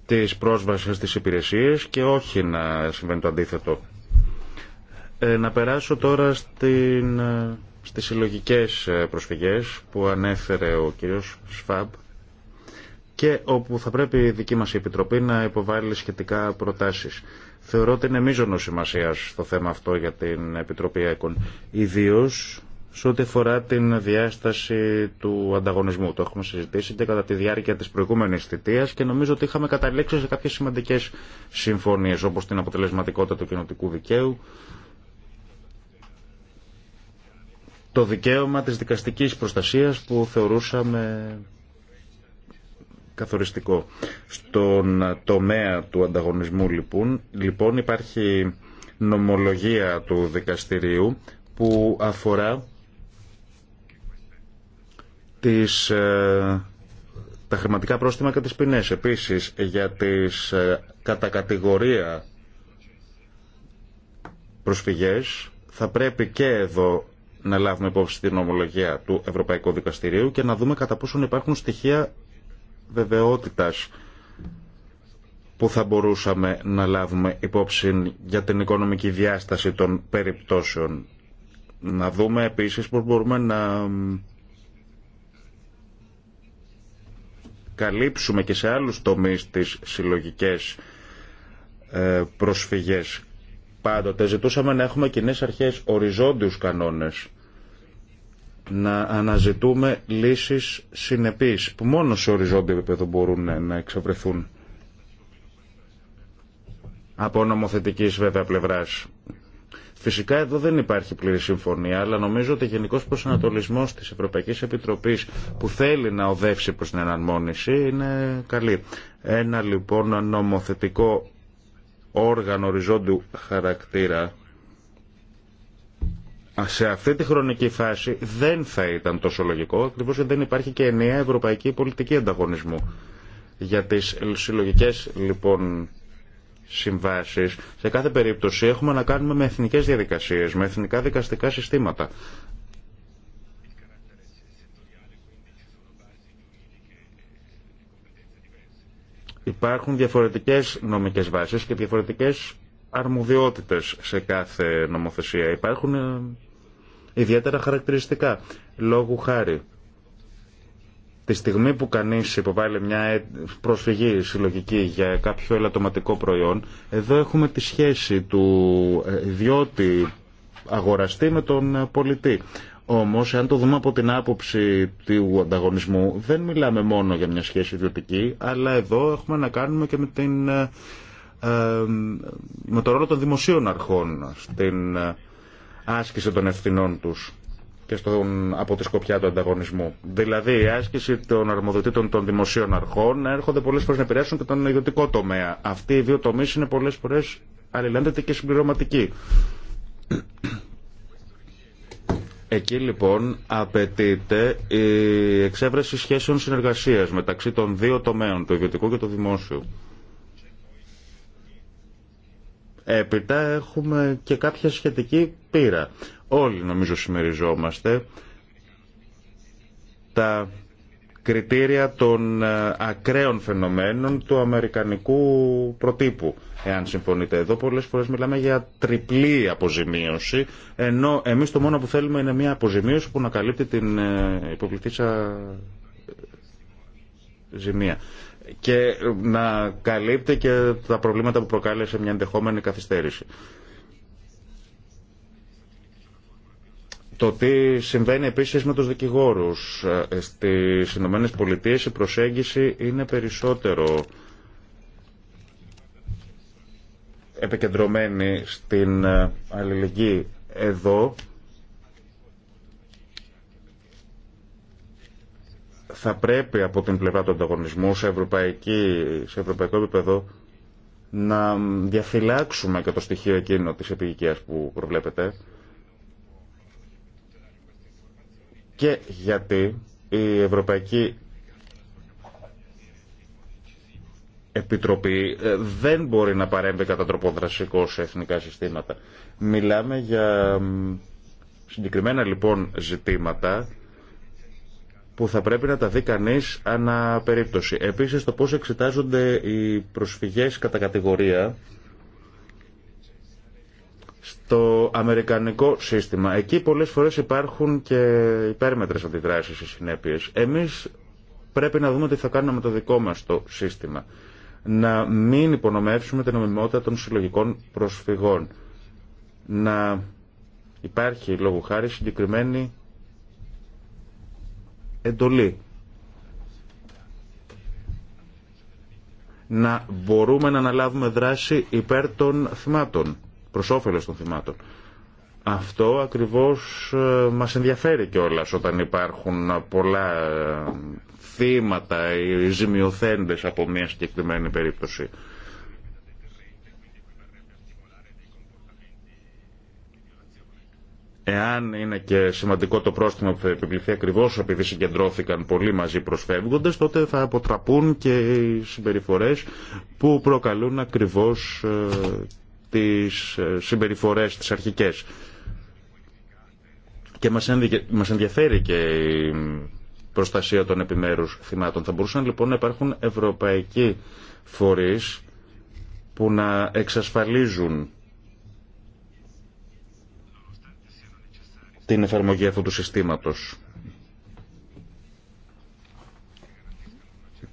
της πρόσβασης στις υπηρεσίες και όχι να συμβαίνει το αντίθετο. Ε, να περάσω τώρα στην ε, στις συλλογικέ ε, προσφυγές που ανέφερε ο κύριος Σφάμπ και όπου θα πρέπει η δική μας Επιτροπή να υποβάλει σχετικά προτάσεις. Θεωρώ ότι είναι μείζονο σημασία στο θέμα αυτό για την Επιτροπή ΕΚΟΝ. Ιδίω σε ό,τι αφορά την διάσταση του ανταγωνισμού. Το έχουμε συζητήσει και κατά τη διάρκεια της προηγούμενης θητείας και νομίζω ότι είχαμε καταλήξει σε κάποιες σημαντικές συμφωνίες όπως την αποτελεσματικότητα του κοινοτικού δικαίου, το δικαίωμα της δικαστικής προστασίας που θεωρούσαμε καθοριστικό. Στον τομέα του ανταγωνισμού λοιπόν, λοιπόν υπάρχει νομολογία του δικαστηρίου που αφορά τις, ε, τα χρηματικά πρόστιμα και τις ποινές. Επίσης για τις ε, κατακατηγορία προσφυγές θα πρέπει και εδώ να λάβουμε υπόψη την ομολογία του Ευρωπαϊκού Δικαστηρίου και να δούμε κατά πόσον υπάρχουν στοιχεία βεβαιότητας που θα μπορούσαμε να λάβουμε υπόψη για την οικονομική διάσταση των περιπτώσεων. Να δούμε επίσης πώς μπορούμε να καλύψουμε και σε άλλους τομείς τις συλλογικές ε, προσφυγές. Πάντοτε ζητούσαμε να έχουμε κοινέ αρχές οριζόντιους κανόνες να αναζητούμε λύσεις συνεπείς που μόνο σε οριζόντιο επίπεδο μπορούν να εξευρεθούν από νομοθετικής βέβαια πλευράς. Φυσικά εδώ δεν υπάρχει πλήρη συμφωνία, αλλά νομίζω ότι ο γενικό προσανατολισμό τη Ευρωπαϊκή Επιτροπή που θέλει να οδεύσει προ την εναρμόνιση είναι καλή. Ένα λοιπόν νομοθετικό όργανο οριζόντιου χαρακτήρα σε αυτή τη χρονική φάση δεν θα ήταν τόσο λογικό, ακριβώ γιατί δεν υπάρχει και ενιαία ευρωπαϊκή πολιτική ανταγωνισμού. Για τι συλλογικέ λοιπόν συμβάσει, σε κάθε περίπτωση έχουμε να κάνουμε με εθνικέ διαδικασίε, με εθνικά δικαστικά συστήματα. Υπάρχουν διαφορετικές νομικές βάσεις και διαφορετικές αρμοδιότητες σε κάθε νομοθεσία. Υπάρχουν ε, ιδιαίτερα χαρακτηριστικά. Λόγου χάρη, τη στιγμή που κανείς υποβάλλει μια ε, προσφυγή συλλογική για κάποιο ελαττωματικό προϊόν, εδώ έχουμε τη σχέση του ε, ιδιώτη αγοραστή με τον πολιτή. Όμως, αν το δούμε από την άποψη του ανταγωνισμού, δεν μιλάμε μόνο για μια σχέση ιδιωτική, αλλά εδώ έχουμε να κάνουμε και με την με το ρόλο των δημοσίων αρχών στην ε, άσκηση των ευθυνών τους και στον, από τη σκοπιά του ανταγωνισμού. Δηλαδή, η άσκηση των αρμοδοτήτων των δημοσίων αρχών έρχονται πολλέ φορέ να επηρεάσουν και τον ιδιωτικό τομέα. Αυτοί οι δύο τομείς είναι πολλέ φορέ αλληλένδετοι και συμπληρωματικοί. Εκεί λοιπόν απαιτείται η εξέβρεση σχέσεων συνεργασίας μεταξύ των δύο τομέων, του ιδιωτικού και του δημόσιου. Έπειτα έχουμε και κάποια σχετική πείρα. Όλοι νομίζω συμμεριζόμαστε τα κριτήρια των ε, ακραίων φαινομένων του αμερικανικού προτύπου. Εάν συμφωνείτε εδώ, πολλές φορές μιλάμε για τριπλή αποζημίωση, ενώ εμείς το μόνο που θέλουμε είναι μια αποζημίωση που να καλύπτει την ε, υποβληθήσα ε, ζημία και να καλύπτει και τα προβλήματα που προκάλεσε μια ενδεχόμενη καθυστέρηση. Το τι συμβαίνει επίσης με τους δικηγόρους. Ε, στις Ηνωμένες Πολιτείες η προσέγγιση είναι περισσότερο επικεντρωμένη στην ε, αλληλεγγύη. Εδώ θα πρέπει από την πλευρά του ανταγωνισμού σε, ευρωπαϊκή, σε ευρωπαϊκό επίπεδο να διαφυλάξουμε και το στοιχείο εκείνο της επιγικίας που προβλέπετε και γιατί η Ευρωπαϊκή Επιτροπή ε, δεν μπορεί να παρέμβει κατά τρόπο δρασικό σε εθνικά συστήματα. Μιλάμε για συγκεκριμένα λοιπόν ζητήματα που θα πρέπει να τα δει κανεί ανά περίπτωση. Επίσης το πώς εξετάζονται οι προσφυγέ κατά κατηγορία στο αμερικανικό σύστημα. Εκεί πολλές φορές υπάρχουν και υπέρμετρες αντιδράσεις ή συνέπειες. Εμείς πρέπει να δούμε τι θα κάνουμε με το δικό μας το σύστημα. Να μην υπονομεύσουμε την νομιμότητα των συλλογικών προσφυγών. Να υπάρχει λόγω χάρη συγκεκριμένη εντολή. Να μπορούμε να αναλάβουμε δράση υπέρ των θυμάτων, προς όφελος των θυμάτων. Αυτό ακριβώς ε, μας ενδιαφέρει κιόλα όταν υπάρχουν πολλά ε, θύματα ή ζημιοθέντες από μια συγκεκριμένη περίπτωση. Εάν είναι και σημαντικό το πρόστιμο που θα επιβληθεί ακριβώ επειδή συγκεντρώθηκαν πολλοί μαζί προσφεύγοντε, τότε θα αποτραπούν και οι συμπεριφορέ που προκαλούν ακριβώ ε, τι ε, συμπεριφορέ τι αρχικέ. Και μα ενδιαφέρει και η προστασία των επιμέρους θυμάτων. Θα μπορούσαν λοιπόν να υπάρχουν ευρωπαϊκοί φορείς που να εξασφαλίζουν την εφαρμογή αυτού του συστήματος.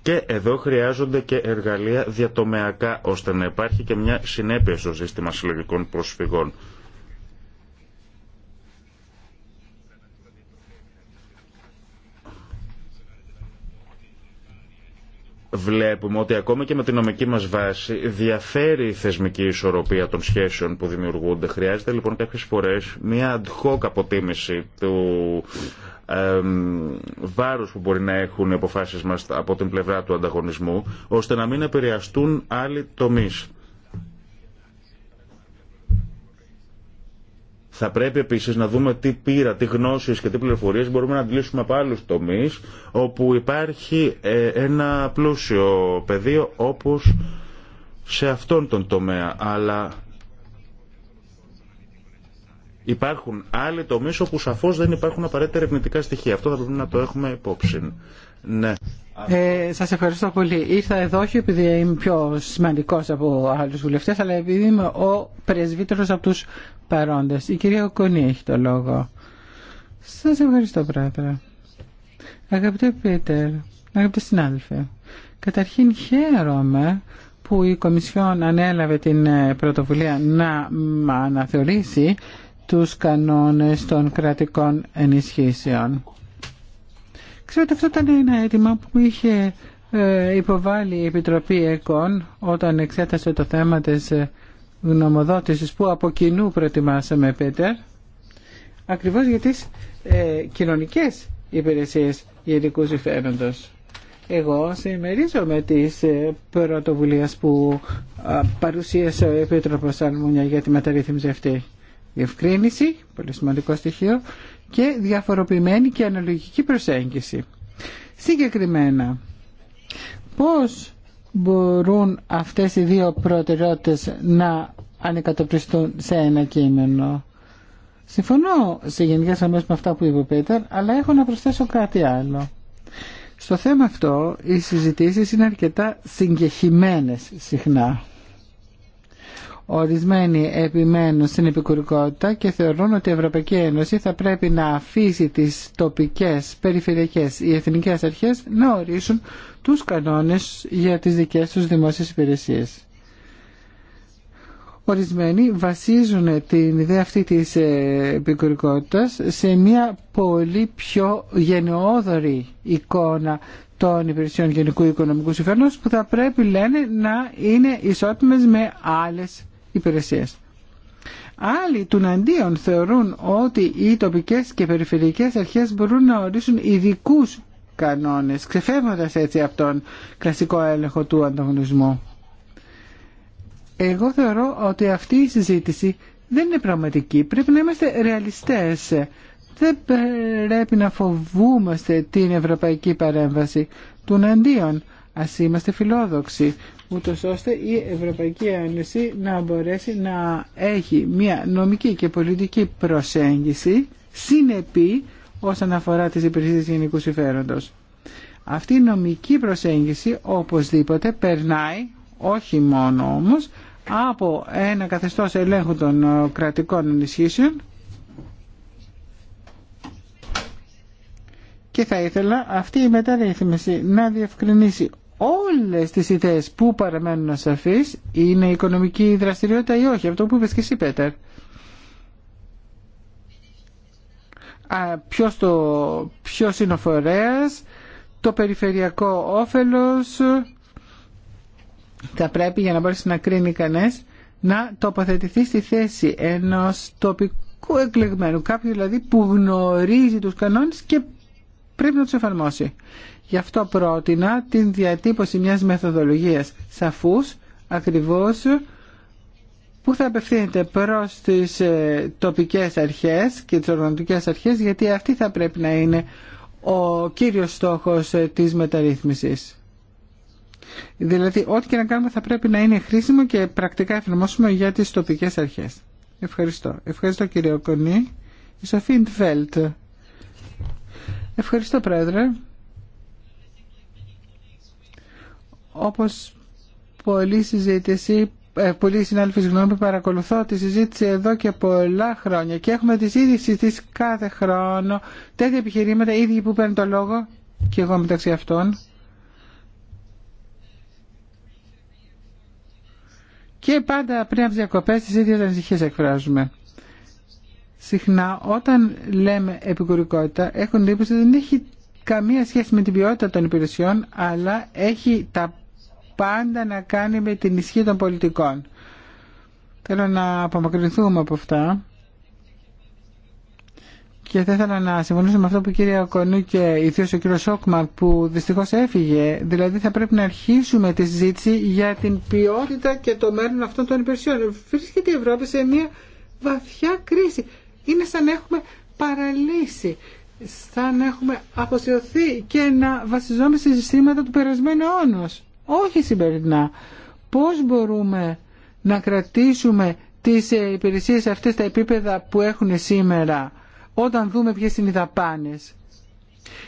Και εδώ χρειάζονται και εργαλεία διατομεακά, ώστε να υπάρχει και μια συνέπεια στο σύστημα συλλογικών προσφυγών. βλέπουμε ότι ακόμη και με την νομική μας βάση διαφέρει η θεσμική ισορροπία των σχέσεων που δημιουργούνται. Χρειάζεται λοιπόν κάποιες φορές μια ad hoc αποτίμηση του ε, βάρους που μπορεί να έχουν οι αποφάσεις μας από την πλευρά του ανταγωνισμού, ώστε να μην επηρεαστούν άλλοι τομείς. Θα πρέπει επίση να δούμε τι πείρα, τι γνώσει και τι πληροφορίε μπορούμε να αντλήσουμε από άλλου τομεί όπου υπάρχει ε, ένα πλούσιο πεδίο όπω σε αυτόν τον τομέα. Αλλά υπάρχουν άλλοι τομείς όπου σαφώς δεν υπάρχουν απαραίτητα ερευνητικά στοιχεία. Αυτό θα πρέπει να το έχουμε υπόψη. Ναι. Ε, σας ευχαριστώ πολύ. Ήρθα εδώ όχι επειδή είμαι πιο σημαντικός από άλλους βουλευτές, αλλά επειδή είμαι ο πρεσβύτερος από τους η κυρία Οκονή έχει το λόγο. Σας ευχαριστώ πρόεδρε. Αγαπητέ Πίτερ, αγαπητέ συνάδελφε, καταρχήν χαίρομαι που η Κομισιόν ανέλαβε την ε, πρωτοβουλία να αναθεωρήσει τους κανόνες των κρατικών ενισχύσεων. Ξέρω ότι αυτό ήταν ένα αίτημα που είχε ε, υποβάλει η Επιτροπή ΕΚΟΝ όταν εξέτασε το θέμα της ε, γνωμοδότησης που από κοινού προετοιμάσαμε, Πέτερ, ακριβώς για τις ε, κοινωνικές υπηρεσίες γενικού συμφέροντος. Εγώ συμμερίζομαι τις ε, πρωτοβουλίες που παρουσίασε ο Επίτροπος Αλμούνια για τη μεταρρύθμιση αυτή. Διευκρίνηση, πολύ σημαντικό στοιχείο, και διαφοροποιημένη και αναλογική προσέγγιση. Συγκεκριμένα, πώς μπορούν αυτές οι δύο προτεραιότητες να ανεκατοπτριστούν σε ένα κείμενο. Συμφωνώ σε γενικές αμέσως με αυτά που είπε ο Πέτερ, αλλά έχω να προσθέσω κάτι άλλο. Στο θέμα αυτό οι συζητήσεις είναι αρκετά συγκεχημένες συχνά. Ορισμένοι επιμένουν στην επικουρικότητα και θεωρούν ότι η Ευρωπαϊκή Ένωση θα πρέπει να αφήσει τις τοπικές, περιφερειακές ή εθνικές αρχές να ορίσουν τους κανόνες για τις δικές τους δημόσιες υπηρεσίες. Ορισμένοι βασίζουν την ιδέα αυτή της ε, επικουρικότητας σε μια πολύ πιο γενναιόδορη εικόνα των υπηρεσιών γενικού οικονομικού συμφέροντος που θα πρέπει λένε να είναι ισότιμες με άλλες υπηρεσίες. Άλλοι του αντίον θεωρούν ότι οι τοπικές και περιφερειακές αρχές μπορούν να ορίσουν ειδικού κανόνες, ξεφεύγοντας έτσι από τον κλασικό έλεγχο του ανταγωνισμού. Εγώ θεωρώ ότι αυτή η συζήτηση δεν είναι πραγματική. Πρέπει να είμαστε ρεαλιστές. Δεν πρέπει να φοβούμαστε την ευρωπαϊκή παρέμβαση. Του αντίον, ας είμαστε φιλόδοξοι ούτως ώστε η Ευρωπαϊκή Ένωση να μπορέσει να έχει μια νομική και πολιτική προσέγγιση συνεπή όσον αφορά τις υπηρεσίες γενικού συμφέροντος. Αυτή η νομική προσέγγιση οπωσδήποτε περνάει, όχι μόνο όμως, από ένα καθεστώς ελέγχου των ε, κρατικών ενισχύσεων και θα ήθελα αυτή η μεταρρύθμιση να διευκρινίσει όλες τις ιδέες που παραμένουν ασαφείς είναι οικονομική δραστηριότητα ή όχι. Αυτό που είπες και εσύ Πέτερ. Α, ποιος, το, ποιος είναι ο φορέας, το περιφερειακό όφελος θα πρέπει για να μπορέσει να κρίνει κανένας να τοποθετηθεί στη θέση ενός τοπικού εκλεγμένου, κάποιου δηλαδή που γνωρίζει τους κανόνες και πρέπει να τους εφαρμόσει. Γι' αυτό πρότεινα την διατύπωση μιας μεθοδολογίας σαφούς, ακριβώς, που θα απευθύνεται προς τις ε, τοπικές αρχές και τις οργανωτικές αρχές, γιατί αυτή θα πρέπει να είναι ο κύριος στόχος ε, της μεταρρύθμισης. Δηλαδή, ό,τι και να κάνουμε θα πρέπει να είναι χρήσιμο και πρακτικά εφαρμόσιμο για τις τοπικές αρχές. Ευχαριστώ. Ευχαριστώ κύριε Οκονή. Η Σοφίν. Ευχαριστώ πρόεδρε. Όπως πολλοί συζήτηση ε, πολλοί συνάδελφοι συγγνώμη παρακολουθώ τη συζήτηση εδώ και πολλά χρόνια και έχουμε τις ίδιες συζητήσεις κάθε χρόνο τέτοια επιχειρήματα ίδιοι που παίρνουν το λόγο και εγώ μεταξύ αυτών και πάντα πριν από τις διακοπές τις ίδιες ανησυχίες εκφράζουμε συχνά όταν λέμε επικουρικότητα έχουν εντύπωση ότι δεν έχει καμία σχέση με την ποιότητα των υπηρεσιών αλλά έχει τα πάντα να κάνει με την ισχύ των πολιτικών. Θέλω να απομακρυνθούμε από αυτά και θα ήθελα να συμφωνήσω με αυτό που η κυρία Κονού και ιδίω ο κύριο Σόκμαρ που δυστυχώ έφυγε. Δηλαδή θα πρέπει να αρχίσουμε τη συζήτηση για την ποιότητα και το μέλλον αυτών των υπηρεσιών. Βρίσκεται η Ευρώπη σε μια βαθιά κρίση. Είναι σαν να έχουμε παραλύσει, σαν να έχουμε αποσιωθεί και να βασιζόμαστε σε συστήματα του περασμένου αιώνα όχι συμπερινά. Πώς μπορούμε να κρατήσουμε τις ε, υπηρεσίες αυτές τα επίπεδα που έχουν σήμερα όταν δούμε ποιες είναι οι δαπάνες.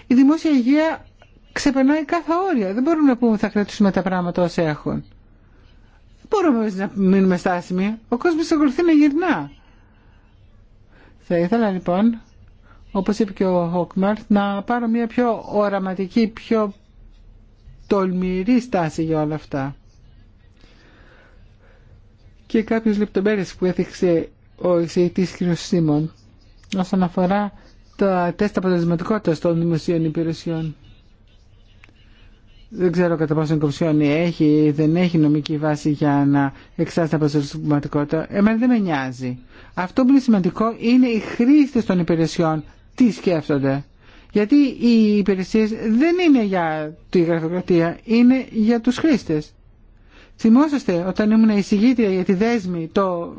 Η δημόσια υγεία ξεπερνάει κάθε όρια. Δεν μπορούμε να πούμε θα κρατήσουμε τα πράγματα όσα έχουν. Δεν μπορούμε να μείνουμε στάσιμοι. Ο κόσμος ακολουθεί να γυρνά. Θα ήθελα λοιπόν, όπως είπε και ο Χόκμαρτ, να πάρω μια πιο οραματική, πιο τολμηρή στάση για όλα αυτά. Και κάποιες λεπτομέρειες που έθιξε ο εισηγητής κ. Σίμων όσον αφορά τα τεστ αποτελεσματικότητα των δημοσίων υπηρεσιών. Δεν ξέρω κατά πόσο η έχει ή δεν έχει νομική βάση για να εξάσει την αποτελεσματικότητα. Εμένα δεν με νοιάζει. Αυτό που είναι σημαντικό είναι οι χρήστε των υπηρεσιών. Τι σκέφτονται. Γιατί οι υπηρεσίες δεν είναι για τη γραφειοκρατία, είναι για τους χρήστες. Θυμόσαστε όταν ήμουν εισηγήτρια για τη δέσμη, το...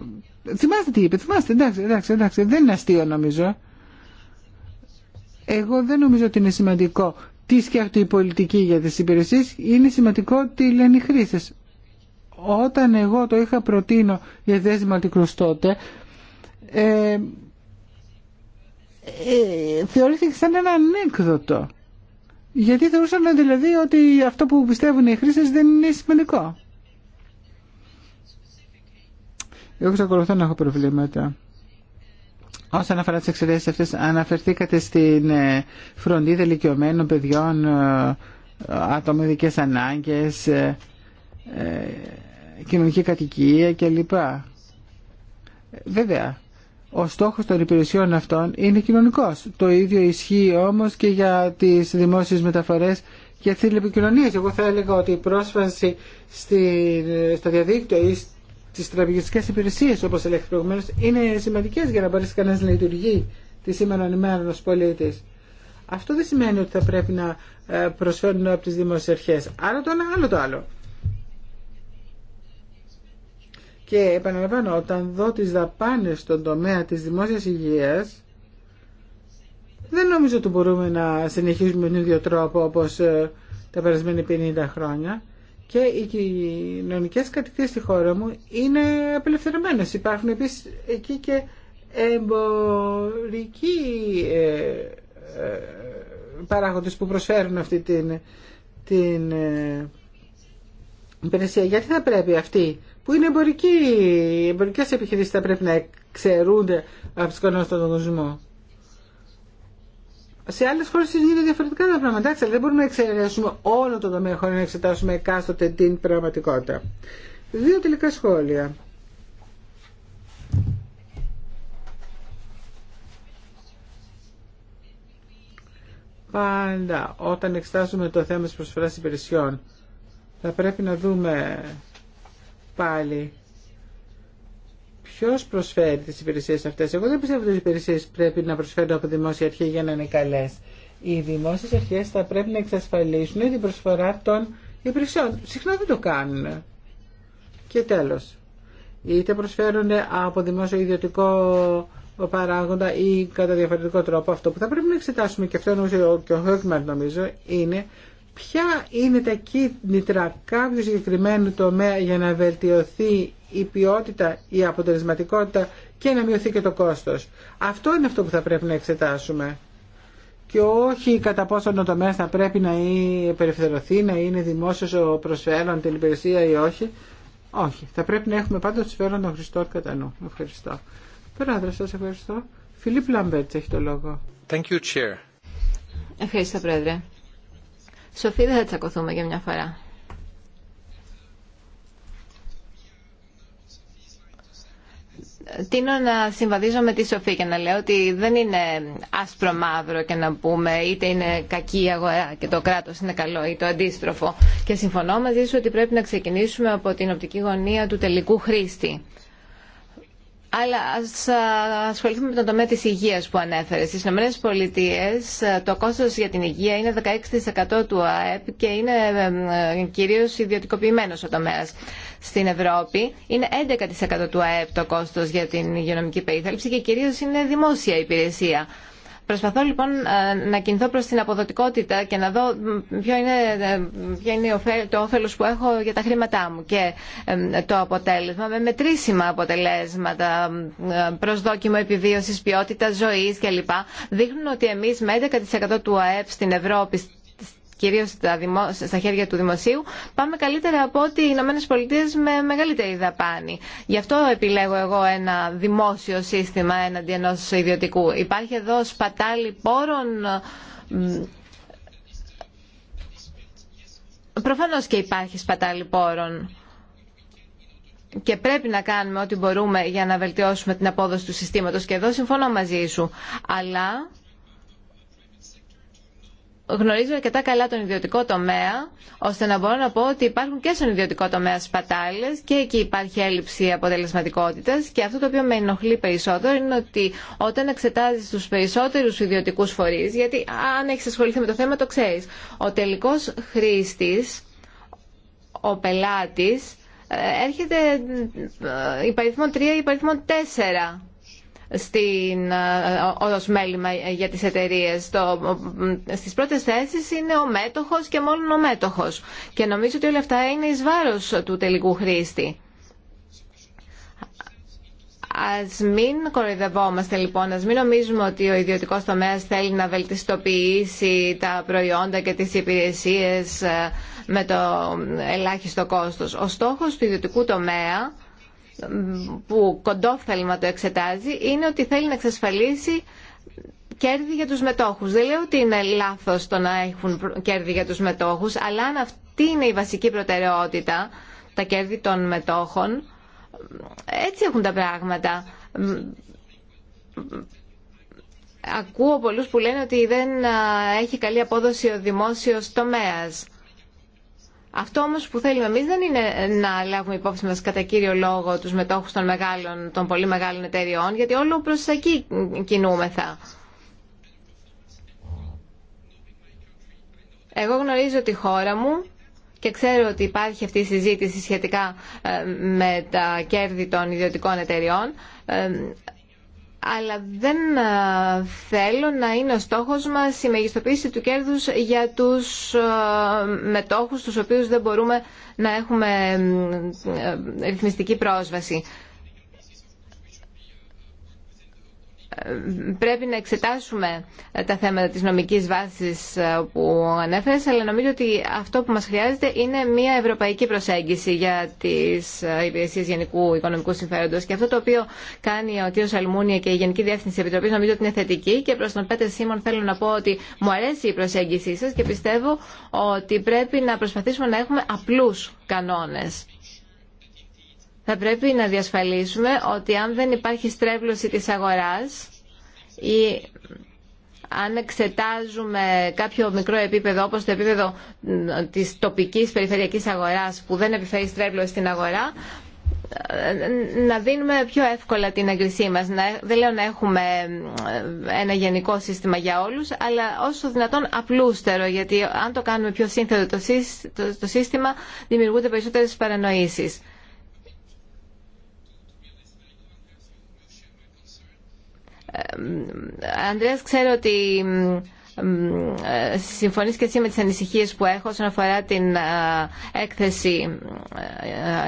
Θυμάστε τι είπε, θυμάστε, εντάξει, εντάξει, εντάξει, δεν είναι αστείο νομίζω. Εγώ δεν νομίζω ότι είναι σημαντικό τι σκέφτεται η πολιτική για τις υπηρεσίες, είναι σημαντικό τι λένε οι χρήστες. Όταν εγώ το είχα προτείνω για δέσμη αντικρουστότε, ε, ε, θεωρήθηκε σαν ένα ανέκδοτο. Γιατί θεωρούσαν δηλαδή ότι αυτό που πιστεύουν οι χρήστες δεν είναι σημαντικό. Εγώ εξακολουθώ να έχω προβλήματα. Όσον αφορά τις εξαιρέσεις αυτές, αναφερθήκατε στην ε, φροντίδα ηλικιωμένων παιδιών, ε, άτομα ειδικές ανάγκες, κοινωνική κατοικία κλπ. Βέβαια, ο στόχος των υπηρεσιών αυτών είναι κοινωνικός. Το ίδιο ισχύει όμως και για τις δημόσιες μεταφορές και τις τηλεπικοινωνίες. Εγώ θα έλεγα ότι η πρόσφαση στη, στο διαδίκτυο ή στις τραπεζικές υπηρεσίες όπως έλεγχε προηγουμένως είναι σημαντικές για να μπορέσει κανένας να λειτουργεί τη σήμερα ως πολίτης. Αυτό δεν σημαίνει ότι θα πρέπει να ε, προσφέρουν από τις δημόσιες αρχές. Άρα το ένα άλλο το άλλο. Και επαναλαμβάνω, όταν δω τις δαπάνες στον τομέα της δημόσιας υγείας, δεν νομίζω ότι μπορούμε να συνεχίσουμε με τον ίδιο τρόπο όπως ε, τα περασμένα 50 χρόνια. Και οι κοινωνικέ κατοικίε στη χώρα μου είναι απελευθερωμένες. Υπάρχουν επίσης εκεί και εμπορικοί ε, ε, παράγοντες που προσφέρουν αυτή την, την υπηρεσία. Γιατί θα πρέπει αυτοί που είναι εμπορική. Οι εμπορικές επιχειρήσεις θα πρέπει να εξαιρούνται από του κανόνες στον κόσμο. Σε άλλε χώρε είναι διαφορετικά τα πράγματα. δεν μπορούμε να εξαιρέσουμε όλο το τομέα χωρί να εξετάσουμε εκάστοτε την πραγματικότητα. Δύο τελικά σχόλια. Πάντα όταν εξετάζουμε το θέμα της προσφοράς υπηρεσιών θα πρέπει να δούμε πάλι ποιο προσφέρει τις υπηρεσίες αυτές. Εγώ δεν πιστεύω ότι οι υπηρεσίες πρέπει να προσφέρουν από δημόσια αρχή για να είναι καλέ. Οι δημόσιε αρχέ θα πρέπει να εξασφαλίσουν την προσφορά των υπηρεσιών. Συχνά δεν το κάνουν. Και τέλος, είτε προσφέρουν από δημόσιο ιδιωτικό παράγοντα ή κατά διαφορετικό τρόπο αυτό που θα πρέπει να εξετάσουμε και αυτό νομίζω και ο Χόκμαρ νομίζω είναι Ποια είναι τα κίνητρα κάποιου συγκεκριμένου τομέα για να βελτιωθεί η ποιότητα, η αποτελεσματικότητα και να μειωθεί και το κόστος. Αυτό είναι αυτό που θα πρέπει να εξετάσουμε. Και όχι κατά πόσο ο τομέα θα πρέπει να περιφερωθεί, να είναι δημόσιο ο προσφέρον την υπηρεσία ή όχι. Όχι. Θα πρέπει να έχουμε πάντα το φέρον των Χριστών κατά νου. Ευχαριστώ. Πρόεδρε, σα ευχαριστώ. Φιλίπ Λαμπέρτ έχει το λόγο. Thank you, Chair. Ευχαριστώ, Πρόεδρε. Σοφή, δεν θα τσακωθούμε για μια φορά. Τίνω να συμβαδίζω με τη Σοφή και να λέω ότι δεν είναι άσπρο μαύρο και να πούμε είτε είναι κακή η αγορά και το κράτος είναι καλό ή το αντίστροφο. Και συμφωνώ μαζί σου ότι πρέπει να ξεκινήσουμε από την οπτική γωνία του τελικού χρήστη. Αλλά ας ασχοληθούμε με τον τομέα της υγείας που ανέφερε. Στις ΗΠΑ Πολιτείες ε, το κόστος για την υγεία είναι 16% του ΑΕΠ και είναι ε, ε, κυρίως ιδιωτικοποιημένος ο τομέας. Στην Ευρώπη είναι 11% του ΑΕΠ το κόστος για την υγειονομική περίθαλψη και κυρίως είναι δημόσια υπηρεσία. Προσπαθώ λοιπόν ε, να κινηθώ προς την αποδοτικότητα και να δω ποιο είναι, ε, το όφελος που έχω για τα χρήματά μου και ε, το αποτέλεσμα με μετρήσιμα αποτελέσματα προσδόκιμο επιβίωσης, ποιότητα ζωής κλπ. δείχνουν ότι εμείς με 11% του ΑΕΠ στην Ευρώπη κυρίως στα, χέρια του δημοσίου, πάμε καλύτερα από ότι οι Ηνωμένε Πολιτείε με μεγαλύτερη δαπάνη. Γι' αυτό επιλέγω εγώ ένα δημόσιο σύστημα έναντι ενό ιδιωτικού. Υπάρχει εδώ σπατάλη πόρων Προφανώς και υπάρχει σπατάλη πόρων και πρέπει να κάνουμε ό,τι μπορούμε για να βελτιώσουμε την απόδοση του συστήματος και εδώ συμφωνώ μαζί σου. Αλλά γνωρίζω αρκετά καλά τον ιδιωτικό τομέα, ώστε να μπορώ να πω ότι υπάρχουν και στον ιδιωτικό τομέα σπατάλε και εκεί υπάρχει έλλειψη αποτελεσματικότητα. Και αυτό το οποίο με ενοχλεί περισσότερο είναι ότι όταν εξετάζει του περισσότερου ιδιωτικού φορεί, γιατί αν έχει ασχοληθεί με το θέμα το ξέρει, ο τελικό χρήστη, ο πελάτη, ε, έρχεται υπαριθμό 3 ή υπαριθμό 4 ω ε, ε, ως μέλημα για τις εταιρείες. Το, στις πρώτες θέσεις είναι ο μέτοχος και μόνο ο μέτοχος. Και νομίζω ότι όλα αυτά είναι εις βάρος του τελικού χρήστη. Ας μην κοροϊδευόμαστε λοιπόν, ας μην νομίζουμε ότι ο ιδιωτικός τομέας θέλει να βελτιστοποιήσει τα προϊόντα και τις υπηρεσίες ε, με το ελάχιστο κόστος. Ο στόχος του ιδιωτικού τομέα που κοντόφθαλμα το εξετάζει είναι ότι θέλει να εξασφαλίσει κέρδη για τους μετόχους. Δεν λέω ότι είναι λάθος το να έχουν κέρδη για τους μετόχους, αλλά αν αυτή είναι η βασική προτεραιότητα, τα κέρδη των μετόχων, έτσι έχουν τα πράγματα. Ακούω πολλούς που λένε ότι δεν έχει καλή απόδοση ο δημόσιος τομέας. Αυτό όμως που θέλουμε εμεί δεν είναι να λάβουμε υπόψη μας κατά κύριο λόγο τους μετόχους των, μεγάλων, των πολύ μεγάλων εταιριών, γιατί όλο προ εκεί κινούμεθα. Εγώ γνωρίζω τη χώρα μου και ξέρω ότι υπάρχει αυτή η συζήτηση σχετικά ε, με τα κέρδη των ιδιωτικών εταιριών. Ε, αλλά δεν ε, θέλω να είναι ο στόχος μας η μεγιστοποίηση του κέρδους για τους ε, μετόχους τους οποίους δεν μπορούμε να έχουμε ε, ρυθμιστική πρόσβαση. πρέπει να εξετάσουμε τα θέματα της νομικής βάσης ε, που ανέφερες, αλλά νομίζω ότι αυτό που μας χρειάζεται είναι μια ευρωπαϊκή προσέγγιση για τις ε, υπηρεσίες γενικού οικονομικού συμφέροντος και αυτό το οποίο κάνει ο κ. Σαλμούνια και η Γενική Διεύθυνση Επιτροπής νομίζω ότι είναι θετική και προς τον Πέτερ Σίμων θέλω να πω ότι μου αρέσει η προσέγγιση σας και πιστεύω ότι πρέπει να προσπαθήσουμε να έχουμε απλούς κανόνες θα πρέπει να διασφαλίσουμε ότι αν δεν υπάρχει στρέβλωση της αγοράς ή αν εξετάζουμε κάποιο μικρό επίπεδο όπως το επίπεδο της τοπικής περιφερειακής αγοράς που δεν επιφέρει στρέβλωση στην αγορά ε, να δίνουμε πιο εύκολα την έγκρισή μας. δεν λέω να έχουμε ε, ένα γενικό σύστημα για όλους, αλλά όσο δυνατόν απλούστερο, γιατί αν το κάνουμε πιο σύνθετο το σύστημα, δημιουργούνται περισσότερες παρανοήσεις. Ε, Ανδρέας, ξέρω ότι ε, συμφωνείς και εσύ με τις ανησυχίες που έχω όσον αφορά την ε, έκθεση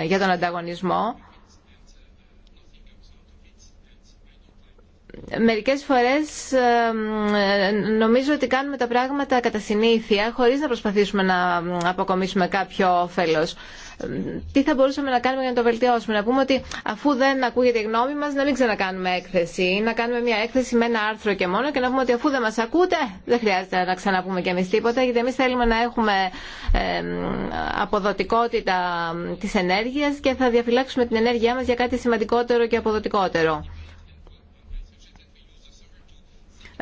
για τον ανταγωνισμό μερικές φορές νομίζω ότι κάνουμε τα πράγματα κατά συνήθεια χωρίς να προσπαθήσουμε να αποκομίσουμε κάποιο όφελο, Τι θα μπορούσαμε να κάνουμε για να το βελτιώσουμε. Να πούμε ότι αφού δεν ακούγεται η γνώμη μας να μην ξανακάνουμε έκθεση ή να κάνουμε μια έκθεση με ένα άρθρο και μόνο και να πούμε ότι αφού δεν μας ακούτε δεν χρειάζεται να ξαναπούμε κι εμείς τίποτα γιατί εμείς θέλουμε να έχουμε αποδοτικότητα της ενέργειας και θα διαφυλάξουμε την ενέργειά μας για κάτι σημαντικότερο και αποδοτικότερο.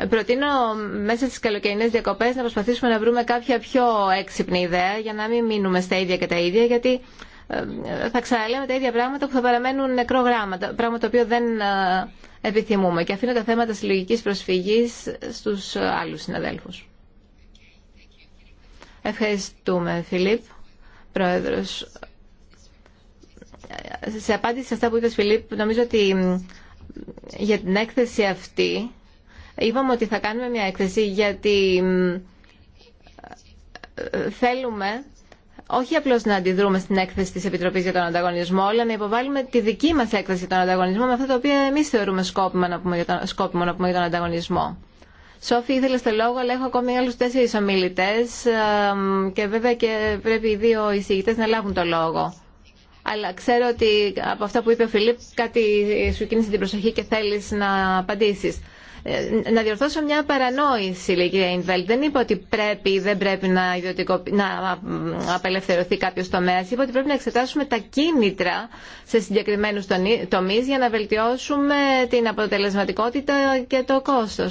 Προτείνω μέσα στις καλοκαιρινές διακοπές να προσπαθήσουμε να βρούμε κάποια πιο έξυπνη ιδέα για να μην μείνουμε στα ίδια και τα ίδια γιατί ε, θα ξαναλέμε τα ίδια πράγματα που θα παραμένουν νεκρό γράμμα, πράγμα το οποίο δεν ε, επιθυμούμε και αφήνω τα θέματα συλλογικής προσφυγής στους άλλους συναδέλφους. Ευχαριστούμε, Φιλίπ, Πρόεδρος. Σε απάντηση σε αυτά που είπες, Φιλίπ, νομίζω ότι ε, για την έκθεση αυτή είπαμε ότι θα κάνουμε μια έκθεση γιατί ε, θέλουμε όχι απλώς να αντιδρούμε στην έκθεση της Επιτροπής για τον Ανταγωνισμό, αλλά να υποβάλουμε τη δική μας έκθεση για τον ανταγωνισμό με αυτά τα οποία εμείς θεωρούμε σκόπιμο να πούμε για τον, πούμε για τον ανταγωνισμό. Σόφη, ήθελε το λόγο, αλλά έχω ακόμη άλλου τέσσερι ομιλητέ και βέβαια και πρέπει οι δύο εισηγητέ να λάβουν το λόγο. Αλλά ξέρω ότι από αυτά που είπε ο Φιλίπ, κάτι σου κίνησε την προσοχή και θέλει να απαντήσει. Ε, να διορθώσω μια παρανόηση, λέει η κυρία Ινβέλτ. Δεν είπα ότι πρέπει ή δεν πρέπει να, να απελευθερωθεί κάποιο τομέα. Είπα ότι πρέπει να εξετάσουμε τα κίνητρα σε συγκεκριμένου τομεί για να βελτιώσουμε την αποτελεσματικότητα και το κόστο.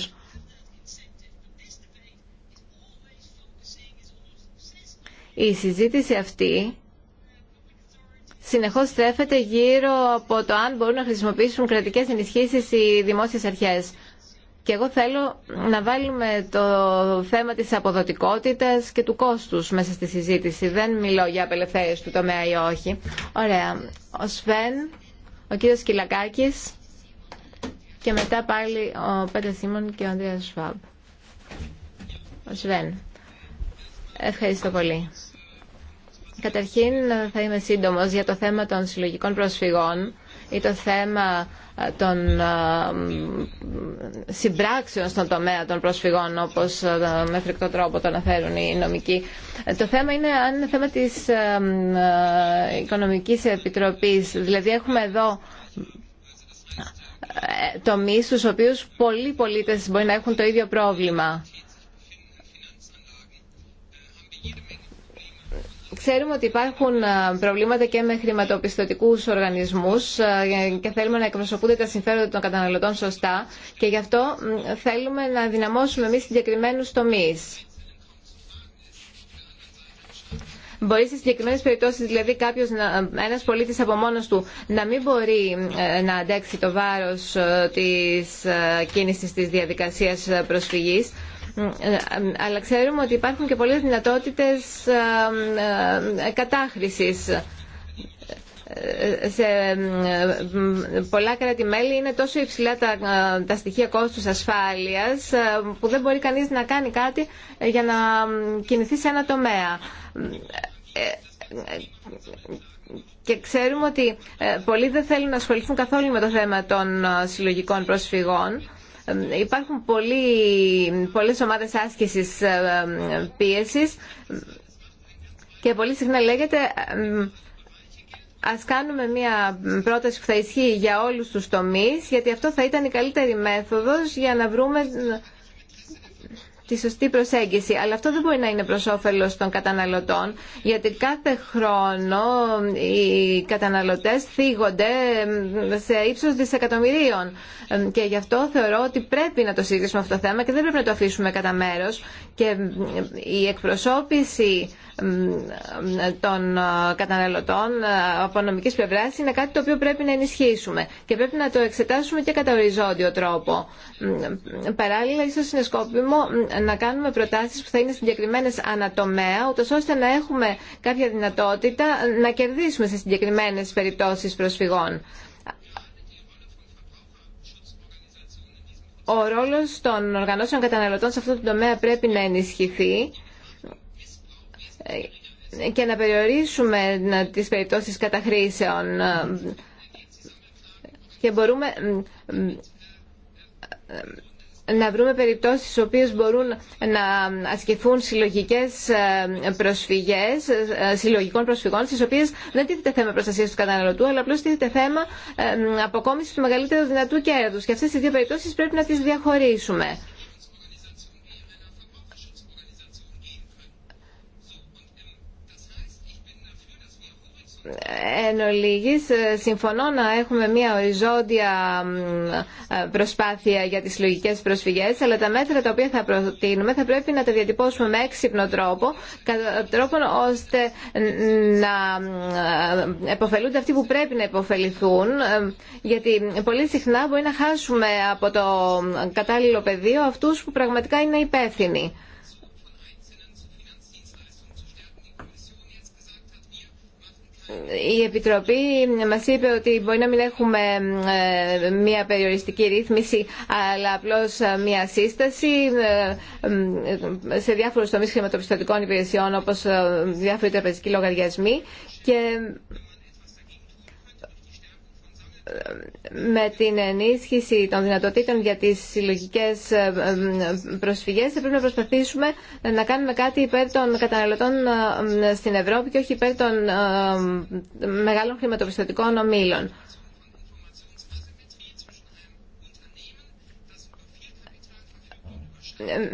Η συζήτηση αυτή συνεχώς στρέφεται γύρω από το αν μπορούν να χρησιμοποιήσουν κρατικές ενισχύσεις οι δημόσιες αρχές. Και εγώ θέλω να βάλουμε το θέμα της αποδοτικότητας και του κόστους μέσα στη συζήτηση. Δεν μιλώ για απελευθέρωση του τομέα ή όχι. Ωραία. Ο Σφεν, ο κύριος Κυλακάκης και μετά πάλι ο Πέντε Σίμων και ο Ανδρέας Σφάμπ. Ο Σβέν. Ευχαριστώ πολύ. Καταρχήν θα είμαι σύντομος για το θέμα των συλλογικών προσφυγών ή το θέμα ε, των ε, συμπράξεων στον τομέα των προσφυγών όπως ε, με φρικτό τρόπο το αναφέρουν οι νομικοί. Το θέμα είναι αν είναι θέμα της Οικονομικής Επιτροπής. Δηλαδή έχουμε εδώ τομείς στους οποίους πολλοί πολίτες μπορεί να έχουν το ίδιο πρόβλημα. Ξέρουμε ότι υπάρχουν ε, προβλήματα και με χρηματοπιστωτικούς οργανισμούς ε, και θέλουμε να εκπροσωπούνται τα συμφέροντα των καταναλωτών σωστά και γι' αυτό θέλουμε να δυναμώσουμε εμείς συγκεκριμένους τομείς. Μπορεί σε συγκεκριμένε περιπτώσει, δηλαδή, κάποιο, ένα πολίτη από μόνο του, να μην μπορεί ε, να αντέξει το βάρο τη κίνηση τη διαδικασία προσφυγή αλλά ξέρουμε ότι υπάρχουν και πολλές δυνατότητες ε, ε, κατάχρησης ε, σε πολλά κράτη-μέλη είναι τόσο υψηλά τα, τα στοιχεία κόστους ασφάλειας που δεν μπορεί κανείς να κάνει κάτι για να κινηθεί σε ένα τομέα. Και ξέρουμε ότι πολλοί δεν θέλουν να ασχοληθούν καθόλου με το θέμα των συλλογικών προσφυγών Υπάρχουν πολλοί, πολλές ομάδες άσκησης ε, πίεσης και πολύ συχνά λέγεται ε, ας κάνουμε μια πρόταση που θα ισχύει για όλους τους τομείς, γιατί αυτό θα ήταν η καλύτερη μέθοδος για να βρούμε τη σωστή προσέγγιση. Αλλά αυτό δεν μπορεί να είναι προ όφελο των καταναλωτών, γιατί κάθε χρόνο οι καταναλωτέ θίγονται σε ύψο δισεκατομμυρίων. Και γι' αυτό θεωρώ ότι πρέπει να το συζητήσουμε αυτό το θέμα και δεν πρέπει να το αφήσουμε κατά μέρο. Και η εκπροσώπηση των καταναλωτών ε, από νομική πλευρά είναι κάτι το οποίο πρέπει να ενισχύσουμε και πρέπει να το εξετάσουμε και κατά οριζόντιο τρόπο. Παράλληλα, ίσω είναι σκόπιμο να κάνουμε προτάσεις που θα είναι συγκεκριμένε ανατομέα, ούτως ώστε να έχουμε κάποια δυνατότητα να κερδίσουμε σε συγκεκριμένες περιπτώσεις προσφυγών. Ο ρόλος των οργανώσεων καταναλωτών σε αυτό το τομέα πρέπει να ενισχυθεί και να περιορίσουμε τις περιπτώσεις καταχρήσεων και μπορούμε να βρούμε περιπτώσεις στις οποίες μπορούν να ασκηθούν συλλογικές ε, προσφυγές, ε, συλλογικών προσφυγών, στις οποίες δεν τίθεται θέμα προστασίας του καταναλωτού, αλλά απλώς τίθεται θέμα ε, αποκόμισης του μεγαλύτερου δυνατού κέρδους. Και αυτές τις δύο περιπτώσεις πρέπει να τις διαχωρίσουμε. εν ολίγης, ε, συμφωνώ να έχουμε μια οριζόντια ε, προσπάθεια για τις λογικές προσφυγές, αλλά τα μέτρα τα οποία θα προτείνουμε θα πρέπει να τα διατυπώσουμε με έξυπνο τρόπο, τρόπο ώστε να ε, επωφελούνται αυτοί που πρέπει να υποφεληθούν γιατί πολύ συχνά μπορεί να χάσουμε από το κατάλληλο πεδίο αυτούς που πραγματικά είναι υπεύθυνοι. η Επιτροπή μας είπε ότι μπορεί να μην έχουμε ε, μία περιοριστική ρύθμιση αλλά απλώς ε, μία σύσταση ε, σε διάφορους τομείς χρηματοπιστωτικών υπηρεσιών όπως διάφοροι τραπεζικοί λογαριασμοί και με την ενίσχυση των δυνατοτήτων για τις συλλογικές ε, ε, προσφυγές θα πρέπει να προσπαθήσουμε να κάνουμε κάτι υπέρ των καταναλωτών ε, στην Ευρώπη και όχι υπέρ των μεγάλων χρηματοπιστωτικών ομίλων.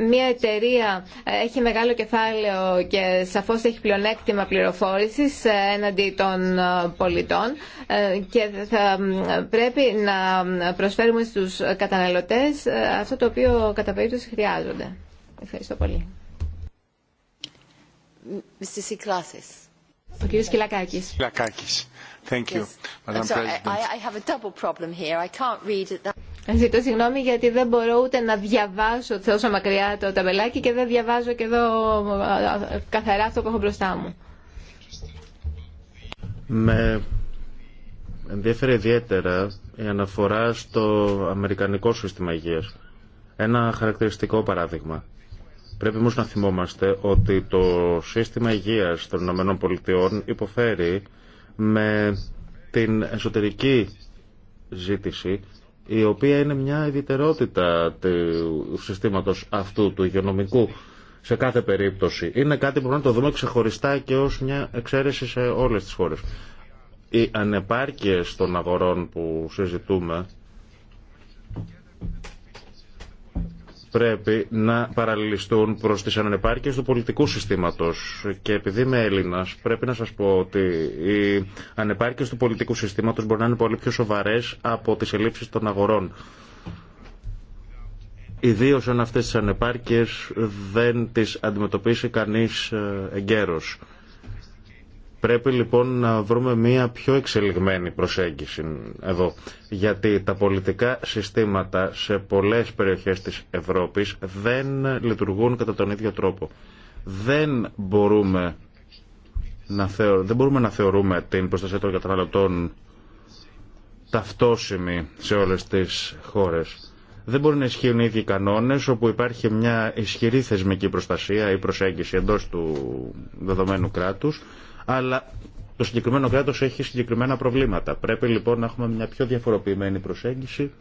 μια εταιρεία έχει μεγάλο κεφάλαιο και σαφώς έχει πλεονέκτημα πληροφόρησης ε, έναντι των ε, πολιτών ε, και θα πρέπει να προσφέρουμε στους καταναλωτές αυτό το οποίο κατά περίπτωση χρειάζονται. Ευχαριστώ πολύ. Ο κύριος Κυλακάκης. Κυλακάκης. Thank you, yes. Madam President. I, I have a double problem here. I can't read it that. Ζητώ συγγνώμη γιατί δεν μπορώ ούτε να διαβάσω τόσο μακριά το ταμπελάκι και δεν διαβάζω και εδώ καθαρά αυτό που έχω μπροστά μου. Με ενδιαφέρει ιδιαίτερα η αναφορά στο αμερικανικό σύστημα υγείας. Ένα χαρακτηριστικό παράδειγμα. Πρέπει όμως να θυμόμαστε ότι το σύστημα υγείας των Ηνωμένων Πολιτειών υποφέρει με την εσωτερική ζήτηση η οποία είναι μια ιδιαιτερότητα του συστήματος αυτού του υγειονομικού σε κάθε περίπτωση. Είναι κάτι που πρέπει να το δούμε ξεχωριστά και ως μια εξαίρεση σε όλες τις χώρες. Οι ανεπάρκειες των αγορών που συζητούμε πρέπει να παραλληλιστούν προς τις ανεπάρκειες του πολιτικού συστήματος. Και επειδή είμαι Έλληνα πρέπει να σας πω ότι οι ανεπάρκειες του πολιτικού συστήματος μπορεί να είναι πολύ πιο σοβαρέ από τις ελλείψει των αγορών. Ιδίω αν αυτές τι ανεπάρκειες δεν τις αντιμετωπίσει κανείς ε, εγκαίρω. Πρέπει λοιπόν να βρούμε μια πιο εξελιγμένη προσέγγιση εδώ, γιατί τα πολιτικά συστήματα σε πολλές περιοχές της Ευρώπης δεν λειτουργούν κατά τον ίδιο τρόπο. Δεν μπορούμε να, δεν να θεωρούμε την προστασία των καταναλωτών ταυτόσιμη σε όλες τις χώρες. Δεν μπορεί να ισχύουν οι ίδιοι κανόνε όπου υπάρχει μια ισχυρή θεσμική προστασία ή προσέγγιση εντό του δεδομένου κράτου αλλά το συγκεκριμένο κράτος έχει συγκεκριμένα προβλήματα. Πρέπει λοιπόν να έχουμε μια πιο διαφοροποιημένη προσέγγιση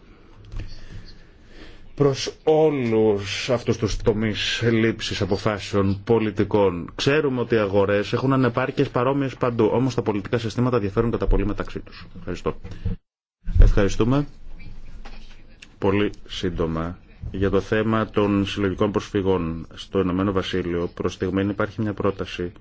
προς όλους αυτούς τους τομείς λήψης αποφάσεων πολιτικών. Ξέρουμε ότι οι αγορές έχουν ανεπάρκειες παρόμοιες παντού, όμως τα πολιτικά συστήματα διαφέρουν κατά πολύ μεταξύ τους. Ευχαριστώ. Ευχαριστούμε. Πολύ σύντομα για το θέμα των συλλογικών προσφυγών στο Ηνωμένο Βασίλειο. Προς υπάρχει μια πρόταση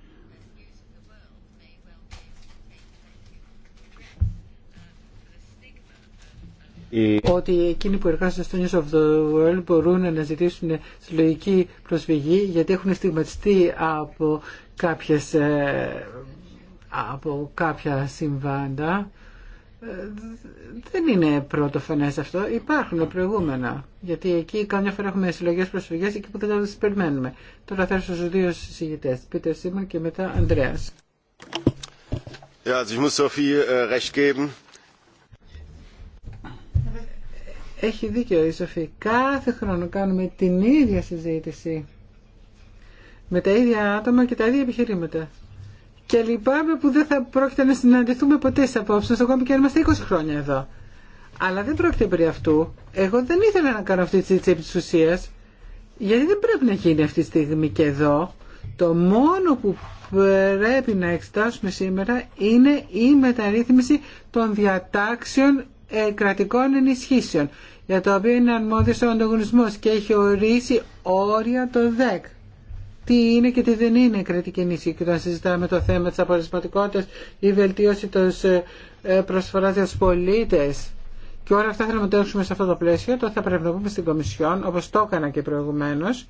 ότι εκείνοι που εργάζονται στο News of the World μπορούν να ζητήσουν συλλογική προσφυγή γιατί έχουν στιγματιστεί από, κάποιες, ε, από κάποια συμβάντα. Ε, δεν είναι πρώτο φανέ αυτό. Υπάρχουν προηγούμενα. Γιατί εκεί καμιά φορά έχουμε συλλογέ προσφυγέ εκεί που δεν τι περιμένουμε. Τώρα θέλω έρθω στου δύο συζητητέ, Πίτερ Σίμον και μετά Ανδρέα. Ja, also ich muss Sophie äh, recht geben. Έχει δίκιο η Σοφή. Κάθε χρόνο κάνουμε την ίδια συζήτηση. Με τα ίδια άτομα και τα ίδια επιχειρήματα. Και λυπάμαι που δεν θα πρόκειται να συναντηθούμε ποτέ στι απόψει ακόμη και αν είμαστε 20 χρόνια εδώ. Αλλά δεν πρόκειται περί αυτού. Εγώ δεν ήθελα να κάνω αυτή τη συζήτηση επί τη ουσία. Γιατί δεν πρέπει να γίνει αυτή τη στιγμή και εδώ. Το μόνο που πρέπει να εξετάσουμε σήμερα είναι η μεταρρύθμιση των διατάξεων ε, κρατικών ενισχύσεων για το οποίο είναι αρμόδιος ο ανταγωνισμός και έχει ορίσει όρια το ΔΕΚ τι είναι και τι δεν είναι κρατική ενίσχυση και όταν συζητάμε το θέμα της απορρισματικότητας η βελτίωση της ε, ε, προσφοράς για τους πολίτες και όλα αυτά θέλουμε να το σε αυτό το πλαίσιο τότε θα πρέπει να πούμε στην Κομισιόν όπως το έκανα και προηγουμένως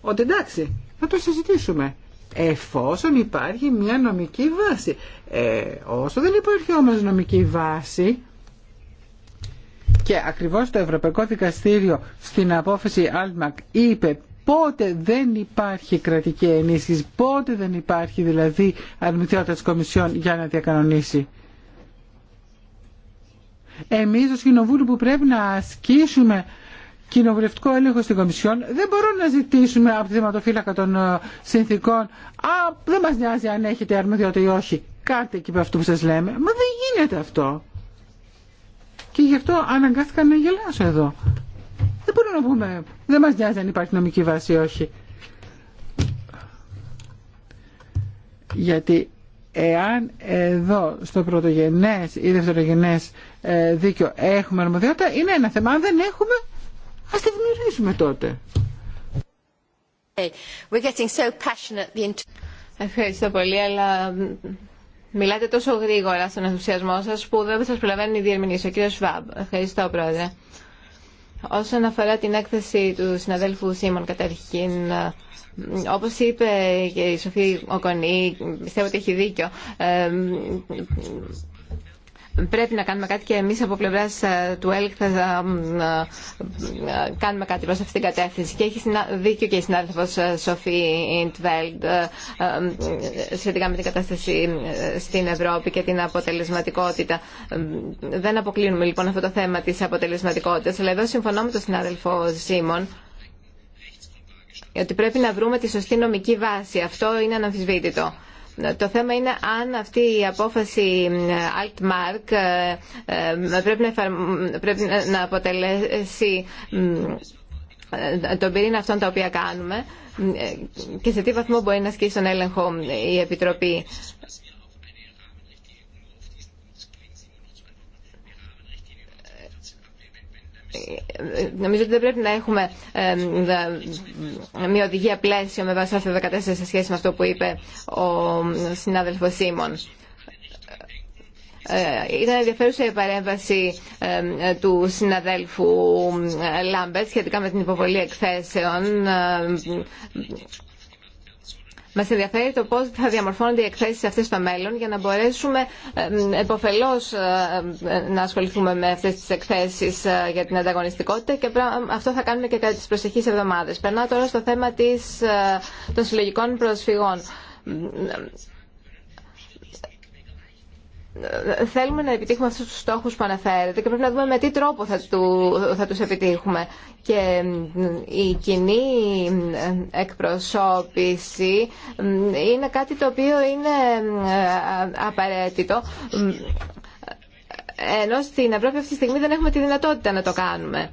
ότι εντάξει θα το συζητήσουμε εφόσον υπάρχει μια νομική βάση. Ε, όσο δεν υπάρχει όμως νομική βάση και ακριβώς το Ευρωπαϊκό Δικαστήριο στην απόφαση Άλμακ είπε πότε δεν υπάρχει κρατική ενίσχυση, πότε δεν υπάρχει δηλαδή αρνητικότητα της Κομισιόν για να διακανονίσει. Εμείς ως κοινοβούλοι που πρέπει να ασκήσουμε κοινοβουλευτικό έλεγχο στην Κομισιόν δεν μπορούμε να ζητήσουμε από τη θεματοφύλακα των ε, συνθήκων «Α, δεν μας νοιάζει αν έχετε αρμοδιότητα ή όχι, κάντε εκεί από αυτό που σας λέμε». Μα δεν γίνεται αυτό και γι' αυτό αναγκάστηκα να γελάσω εδώ. Δεν μπορούμε να πούμε, δεν μας νοιάζει αν υπάρχει νομική βάση ή όχι. Γιατί εάν εδώ στο πρωτογενές ή δευτερογενές ε, δίκαιο έχουμε αρμοδιότητα, είναι ένα θέμα. Αν δεν έχουμε, ας τη δημιουργήσουμε τότε. We're getting so passionate the... Ευχαριστώ πολύ, αλλά Μιλάτε τόσο γρήγορα στον ενθουσιασμό σα που δεν σα προλαβαίνουν η διερμηνής. Ο κύριο Σβάμπ. Ευχαριστώ, Πρόεδρε. Όσον αφορά την έκθεση του συναδέλφου Σίμων, καταρχήν, όπως είπε και η Σοφία Οκονή, πιστεύω ότι έχει δίκιο, ε, πρέπει να κάνουμε κάτι και εμείς από πλευράς ε, του ΕΛΚ θα ε, ε, κάνουμε κάτι προς αυτήν την κατεύθυνση. Και έχει δίκιο και η συνάδελφος Σοφή Ιντβέλντ σχετικά με την κατάσταση στην Ευρώπη και την αποτελεσματικότητα. Δεν αποκλίνουμε λοιπόν αυτό το θέμα της αποτελεσματικότητας, αλλά εδώ συμφωνώ με τον συνάδελφο Σίμων ότι πρέπει να βρούμε τη σωστή νομική βάση. Αυτό είναι αναμφισβήτητο. Το θέμα είναι αν αυτή η απόφαση ε, Altmark ε, ε, πρέπει να, πρέπει να αποτελέσει τον πυρήνα αυτών τα οποία κάνουμε και σε τι βαθμό μπορεί να ασκήσει τον έλεγχο η Επιτροπή. νομίζω ότι δεν πρέπει να έχουμε μια οδηγία πλαίσιο με βάση άρθρο 14 σε σχέση με αυτό που είπε ο συνάδελφο Σίμων. Ε, ήταν ενδιαφέρουσα η παρέμβαση του συναδέλφου Λάμπερτ σχετικά με την υποβολή εκθέσεων Μα ενδιαφέρει το πώ θα διαμορφώνονται οι εκθέσει αυτές στο μέλλον για να μπορέσουμε εποφελώ ε, να ασχοληθούμε με αυτές τις εκθέσει ε, για την ανταγωνιστικότητα και αυτό θα κάνουμε και κατά τις προσεχείς εβδομάδες. Περνάω τώρα στο θέμα της, ε, των συλλογικών προσφυγών θέλουμε να επιτύχουμε αυτούς τους στόχους που αναφέρετε και πρέπει να δούμε με τι τρόπο θα, του, θα τους επιτύχουμε. Και η κοινή εκπροσώπηση είναι κάτι το οποίο είναι ε, απαραίτητο ενώ στην Ευρώπη αυτή τη στιγμή δεν έχουμε τη δυνατότητα να το κάνουμε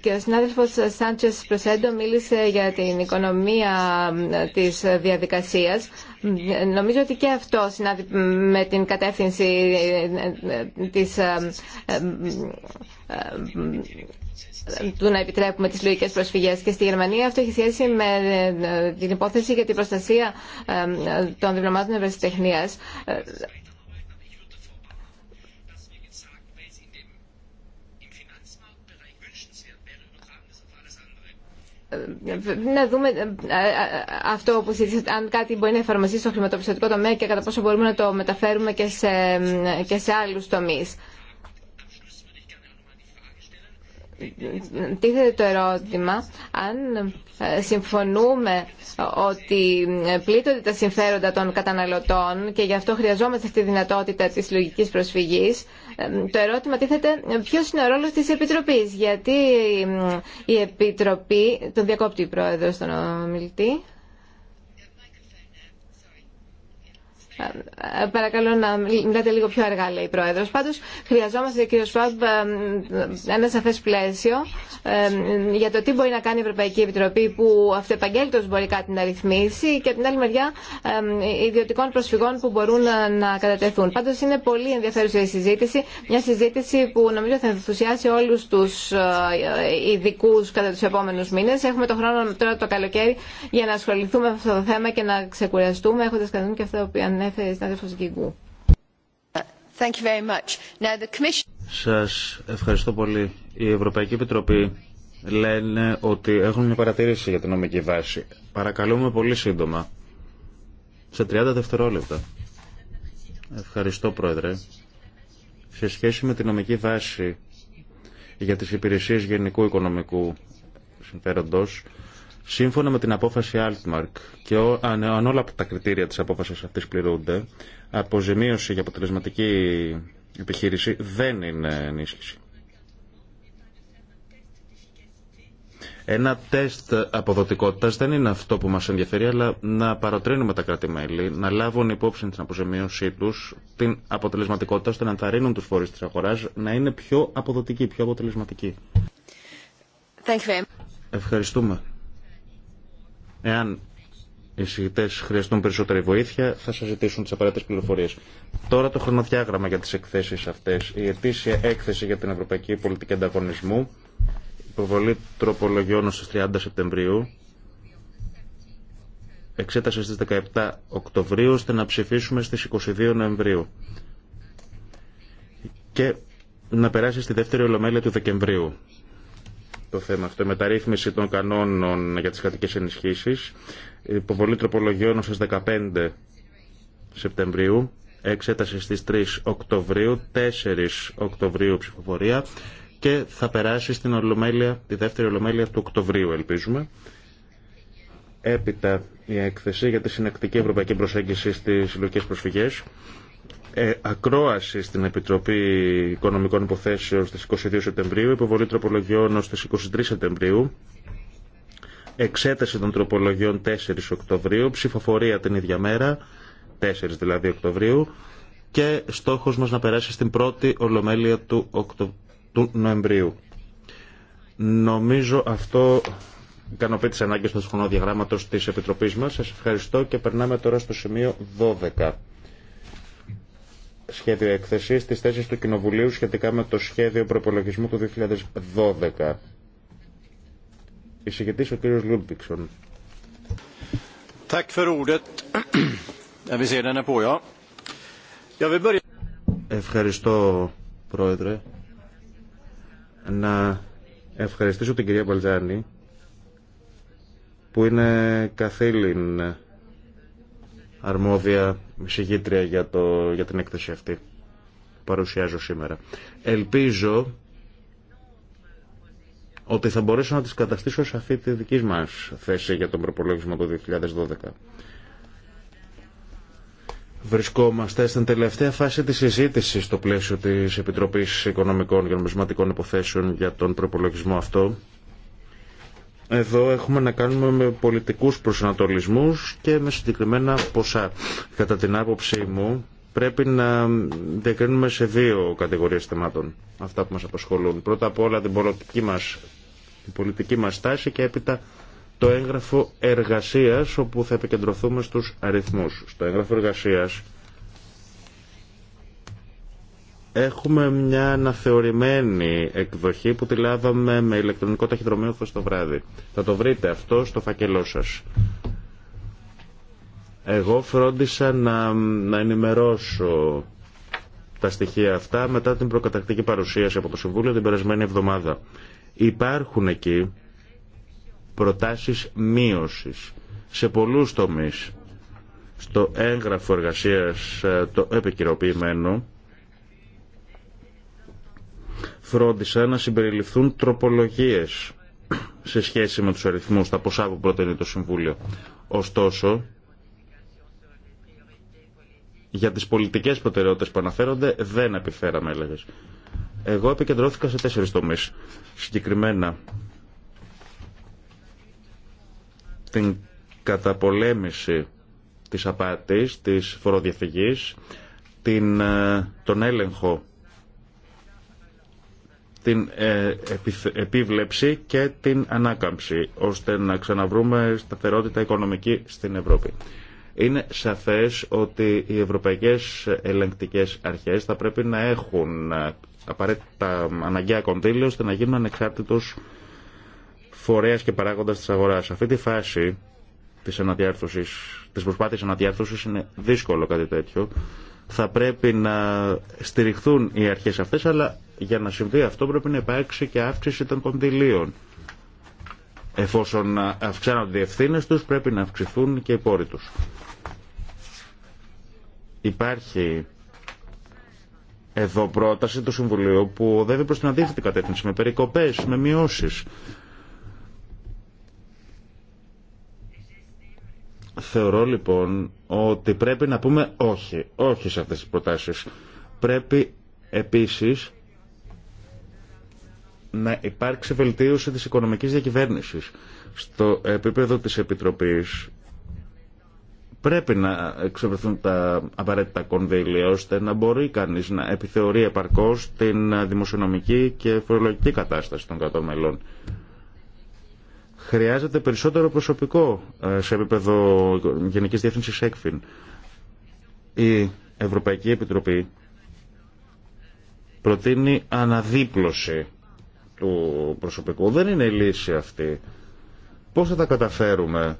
και ο συνάδελφος Σάντσες Προσέντο μίλησε για την οικονομία της διαδικασίας. Νομίζω ότι και αυτό συνάδει με την κατεύθυνση ε, ε, ε, της του να επιτρέπουμε τις λογικές προσφυγές. Και στη Γερμανία αυτό έχει σχέση με την υπόθεση για την προστασία των διπλωμάτων ευρεσιτεχνίας. να δούμε ε, ε, ε, αυτό που αν κάτι μπορεί να εφαρμοστεί στο χρηματοπιστωτικό τομέα και κατά πόσο μπορούμε να το μεταφέρουμε και σε, και σε άλλους τομείς. Τίθεται το ερώτημα αν συμφωνούμε ότι πλήττονται τα συμφέροντα των καταναλωτών και γι' αυτό χρειαζόμαστε τη δυνατότητα της λογικής προσφυγής το ερώτημα τίθεται ποιος είναι ο ρόλος της Επιτροπής, γιατί η Επιτροπή, τον διακόπτει η Πρόεδρος στον ομιλητή, Ε, παρακαλώ να μιλάτε λίγο πιο αργά, λέει η Πρόεδρο. Πάντω, χρειαζόμαστε, κύριο Σφαμπ, ε, ένα σαφέ πλαίσιο ε, για το τι μπορεί να κάνει η Ευρωπαϊκή Επιτροπή που αυτεπαγγέλτο μπορεί κάτι να ρυθμίσει και από την άλλη μεριά ιδιωτικών προσφυγών που μπορούν να κατατεθούν. Πάντω, είναι πολύ ενδιαφέρουσα η συζήτηση. Μια συζήτηση που νομίζω θα ενθουσιάσει όλου του ειδικού κατά του επόμενου μήνε. Έχουμε το χρόνο τώρα το καλοκαίρι για να ασχοληθούμε με αυτό το θέμα και να ξεκουραστούμε έχοντα και αυτά που σας ευχαριστώ πολύ. Η Ευρωπαϊκή Επιτροπή λένε ότι έχουν μια παρατήρηση για την νομική βάση. Παρακαλούμε πολύ σύντομα. Σε 30 δευτερόλεπτα. Ευχαριστώ, Πρόεδρε. Σε σχέση με την νομική βάση για τις υπηρεσίες γενικού οικονομικού συμφέροντος, Σύμφωνα με την απόφαση Altmark και ό, αν, αν όλα τα κριτήρια της απόφασης αυτής πληρούνται, αποζημίωση για αποτελεσματική επιχείρηση δεν είναι ενίσχυση. Ένα τεστ αποδοτικότητας δεν είναι αυτό που μας ενδιαφέρει, αλλά να παροτρύνουμε τα κράτη-μέλη, να λάβουν υπόψη την αποζημίωσή τους, την αποτελεσματικότητα, ώστε να ενθαρρύνουν τους φορείς της αγοράς να είναι πιο αποδοτικοί, πιο αποτελεσματικοί. Ευχαριστούμε. Εάν οι συγητέ χρειαστούν περισσότερη βοήθεια, θα σα ζητήσουν τι απαραίτητε πληροφορίε. Τώρα το χρονοδιάγραμμα για τι εκθέσει αυτέ. Η ετήσια έκθεση για την Ευρωπαϊκή Πολιτική Ανταγωνισμού, υποβολή τροπολογιών στι 30 Σεπτεμβρίου, εξέταση στις 17 Οκτωβρίου, ώστε να ψηφίσουμε στις 22 Νοεμβρίου. Και να περάσει στη δεύτερη ολομέλεια του Δεκεμβρίου το θέμα αυτό, η μεταρρύθμιση των κανόνων για τις κρατικές ενισχύσεις, υποβολή τροπολογιών στις 15 Σεπτεμβρίου, εξέταση στις 3 Οκτωβρίου, 4 Οκτωβρίου ψηφοφορία και θα περάσει στην ολομέλεια, τη δεύτερη ολομέλεια του Οκτωβρίου ελπίζουμε. Έπειτα η έκθεση για τη συνεκτική ευρωπαϊκή προσέγγιση στις συλλογικές προσφυγές ε, ακρόαση στην Επιτροπή Οικονομικών Υποθέσεων στις 22 Σεπτεμβρίου, υποβολή τροπολογιών στις 23 Σεπτεμβρίου, εξέταση των τροπολογιών 4 Οκτωβρίου, ψηφοφορία την ίδια μέρα, 4 δηλαδή Οκτωβρίου, και στόχος μας να περάσει στην πρώτη Ολομέλεια του, Οκτω... Νοεμβρίου. Νομίζω αυτό ικανοποιεί τις ανάγκες του χρονοδιαγράμματος της Επιτροπής μας. Σας ευχαριστώ και περνάμε τώρα στο σημείο 12 σχέδιο έκθεση τη θέση του Κοινοβουλίου σχετικά με το σχέδιο προπολογισμού του 2012. Εισηγητή ο κ. Λούμπιξον. Ευχαριστώ, Πρόεδρε. Να ευχαριστήσω την κυρία Μπαλτζάνη που είναι καθήλυν αρμόδια συγγήτρια για, το, για την έκθεση αυτή που παρουσιάζω σήμερα. Ελπίζω ότι θα μπορέσω να τις καταστήσω σε αυτή τη δική μας θέση για τον προπολογισμό του 2012. Βρισκόμαστε στην τελευταία φάση της συζήτησης στο πλαίσιο της Επιτροπής Οικονομικών και Νομισματικών Υποθέσεων για τον προπολογισμό αυτό εδώ έχουμε να κάνουμε με πολιτικούς προσανατολισμούς και με συγκεκριμένα ποσά. Κατά την άποψή μου πρέπει να διακρίνουμε σε δύο κατηγορίες θεμάτων αυτά που μας απασχολούν. Πρώτα απ' όλα την πολιτική μας, την πολιτική μας τάση και έπειτα το έγγραφο εργασίας όπου θα επικεντρωθούμε στους αριθμούς. Στο έγγραφο εργασίας Έχουμε μια αναθεωρημένη εκδοχή που τη λάβαμε με ηλεκτρονικό ταχυδρομείο χθες το βράδυ. Θα το βρείτε αυτό στο φακελό σας. Εγώ φρόντισα να, να ενημερώσω τα στοιχεία αυτά μετά την προκατακτική παρουσίαση από το Συμβούλιο την περασμένη εβδομάδα. Υπάρχουν εκεί προτάσεις μείωσης σε πολλούς τομείς. Στο έγγραφο εργασίας ε, το επικυρωποιημένο φρόντισα να συμπεριληφθούν τροπολογίες σε σχέση με τους αριθμούς, τα ποσά που προτείνει το Συμβούλιο. Ωστόσο, για τις πολιτικές προτεραιότητες που αναφέρονται δεν επιφέραμε έλεγε. Εγώ επικεντρώθηκα σε τέσσερις τομείς. Συγκεκριμένα την καταπολέμηση της απάτης, της φοροδιαφυγής, την, ε, τον έλεγχο την ε, επίβλεψη και την ανάκαμψη, ώστε να ξαναβρούμε σταθερότητα οικονομική στην Ευρώπη. Είναι σαφές ότι οι ευρωπαϊκές ελεγκτικές αρχές θα πρέπει να έχουν ε, απαραίτητα αναγκαία κονδύλια ώστε να γίνουν ανεξάρτητος φορέας και παράγοντας της αγοράς. Σε αυτή τη φάση της, αναδιάρθρωσης, της προσπάθειας αναδιάρθρωσης είναι δύσκολο κάτι τέτοιο θα πρέπει να στηριχθούν οι αρχές αυτές, αλλά για να συμβεί αυτό πρέπει να υπάρξει και αύξηση των κονδυλίων. Εφόσον αυξάνονται οι ευθύνε τους, πρέπει να αυξηθούν και οι πόροι τους. Υπάρχει εδώ πρόταση του Συμβουλίου που οδεύει προς την αντίθετη κατεύθυνση, με περικοπές, με μειώσεις. Θεωρώ λοιπόν ότι πρέπει να πούμε όχι, όχι σε αυτές τις προτάσεις. Πρέπει επίσης να υπάρξει βελτίωση της οικονομικής διακυβέρνησης. Στο επίπεδο της Επιτροπής πρέπει να εξευρεθούν τα απαραίτητα κονδύλια ώστε να μπορεί κανείς να επιθεωρεί επαρκώς την δημοσιονομική και φορολογική κατάσταση των κρατών Χρειάζεται περισσότερο προσωπικό ε, σε επίπεδο Γενικής Διεύθυνσης ΕΚΦΙΝ. Η Ευρωπαϊκή Επιτροπή προτείνει αναδίπλωση του προσωπικού. Δεν είναι η λύση αυτή. Πώς θα τα καταφέρουμε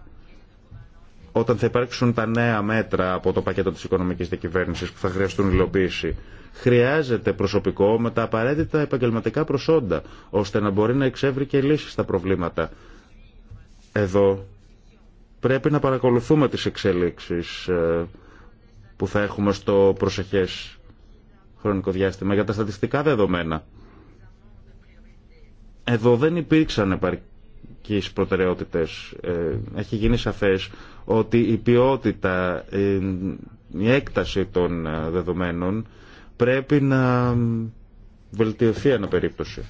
όταν θα υπάρξουν τα νέα μέτρα από το πακέτο της οικονομικής διακυβέρνησης που θα χρειαστούν υλοποίηση. Χρειάζεται προσωπικό με τα απαραίτητα επαγγελματικά προσόντα, ώστε να μπορεί να εξεύρει και λύσεις στα προβλήματα. Εδώ πρέπει να παρακολουθούμε τις εξελίξεις ε, που θα έχουμε στο προσεχές χρονικό διάστημα για τα στατιστικά δεδομένα. Εδώ δεν υπήρξαν επαρκείς προτεραιότητες. Ε, έχει γίνει σαφές ότι η ποιότητα, ε, η έκταση των δεδομένων πρέπει να βελτιωθεί ανά περίπτωση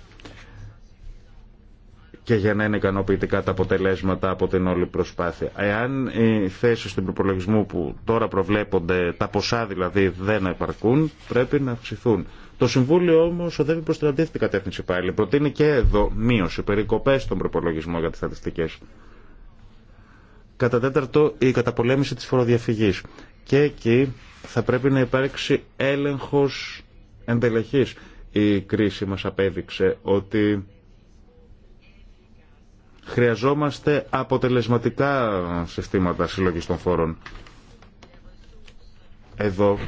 και για να είναι ικανοποιητικά τα αποτελέσματα από την όλη προσπάθεια. Εάν οι θέσει του προπολογισμού που τώρα προβλέπονται, τα ποσά δηλαδή δεν επαρκούν, πρέπει να αυξηθούν. Το Συμβούλιο όμω οδεύει προ την αντίθετη κατεύθυνση πάλι. Προτείνει και εδώ μείωση, περικοπέ στον προπολογισμό για τι στατιστικέ. Κατά τέταρτο, η καταπολέμηση τη φοροδιαφυγή. Και εκεί θα πρέπει να υπάρξει έλεγχο εντελεχή. Η κρίση μα απέδειξε ότι Χρειαζόμαστε αποτελεσματικά συστήματα συλλογής των φόρων. Εδώ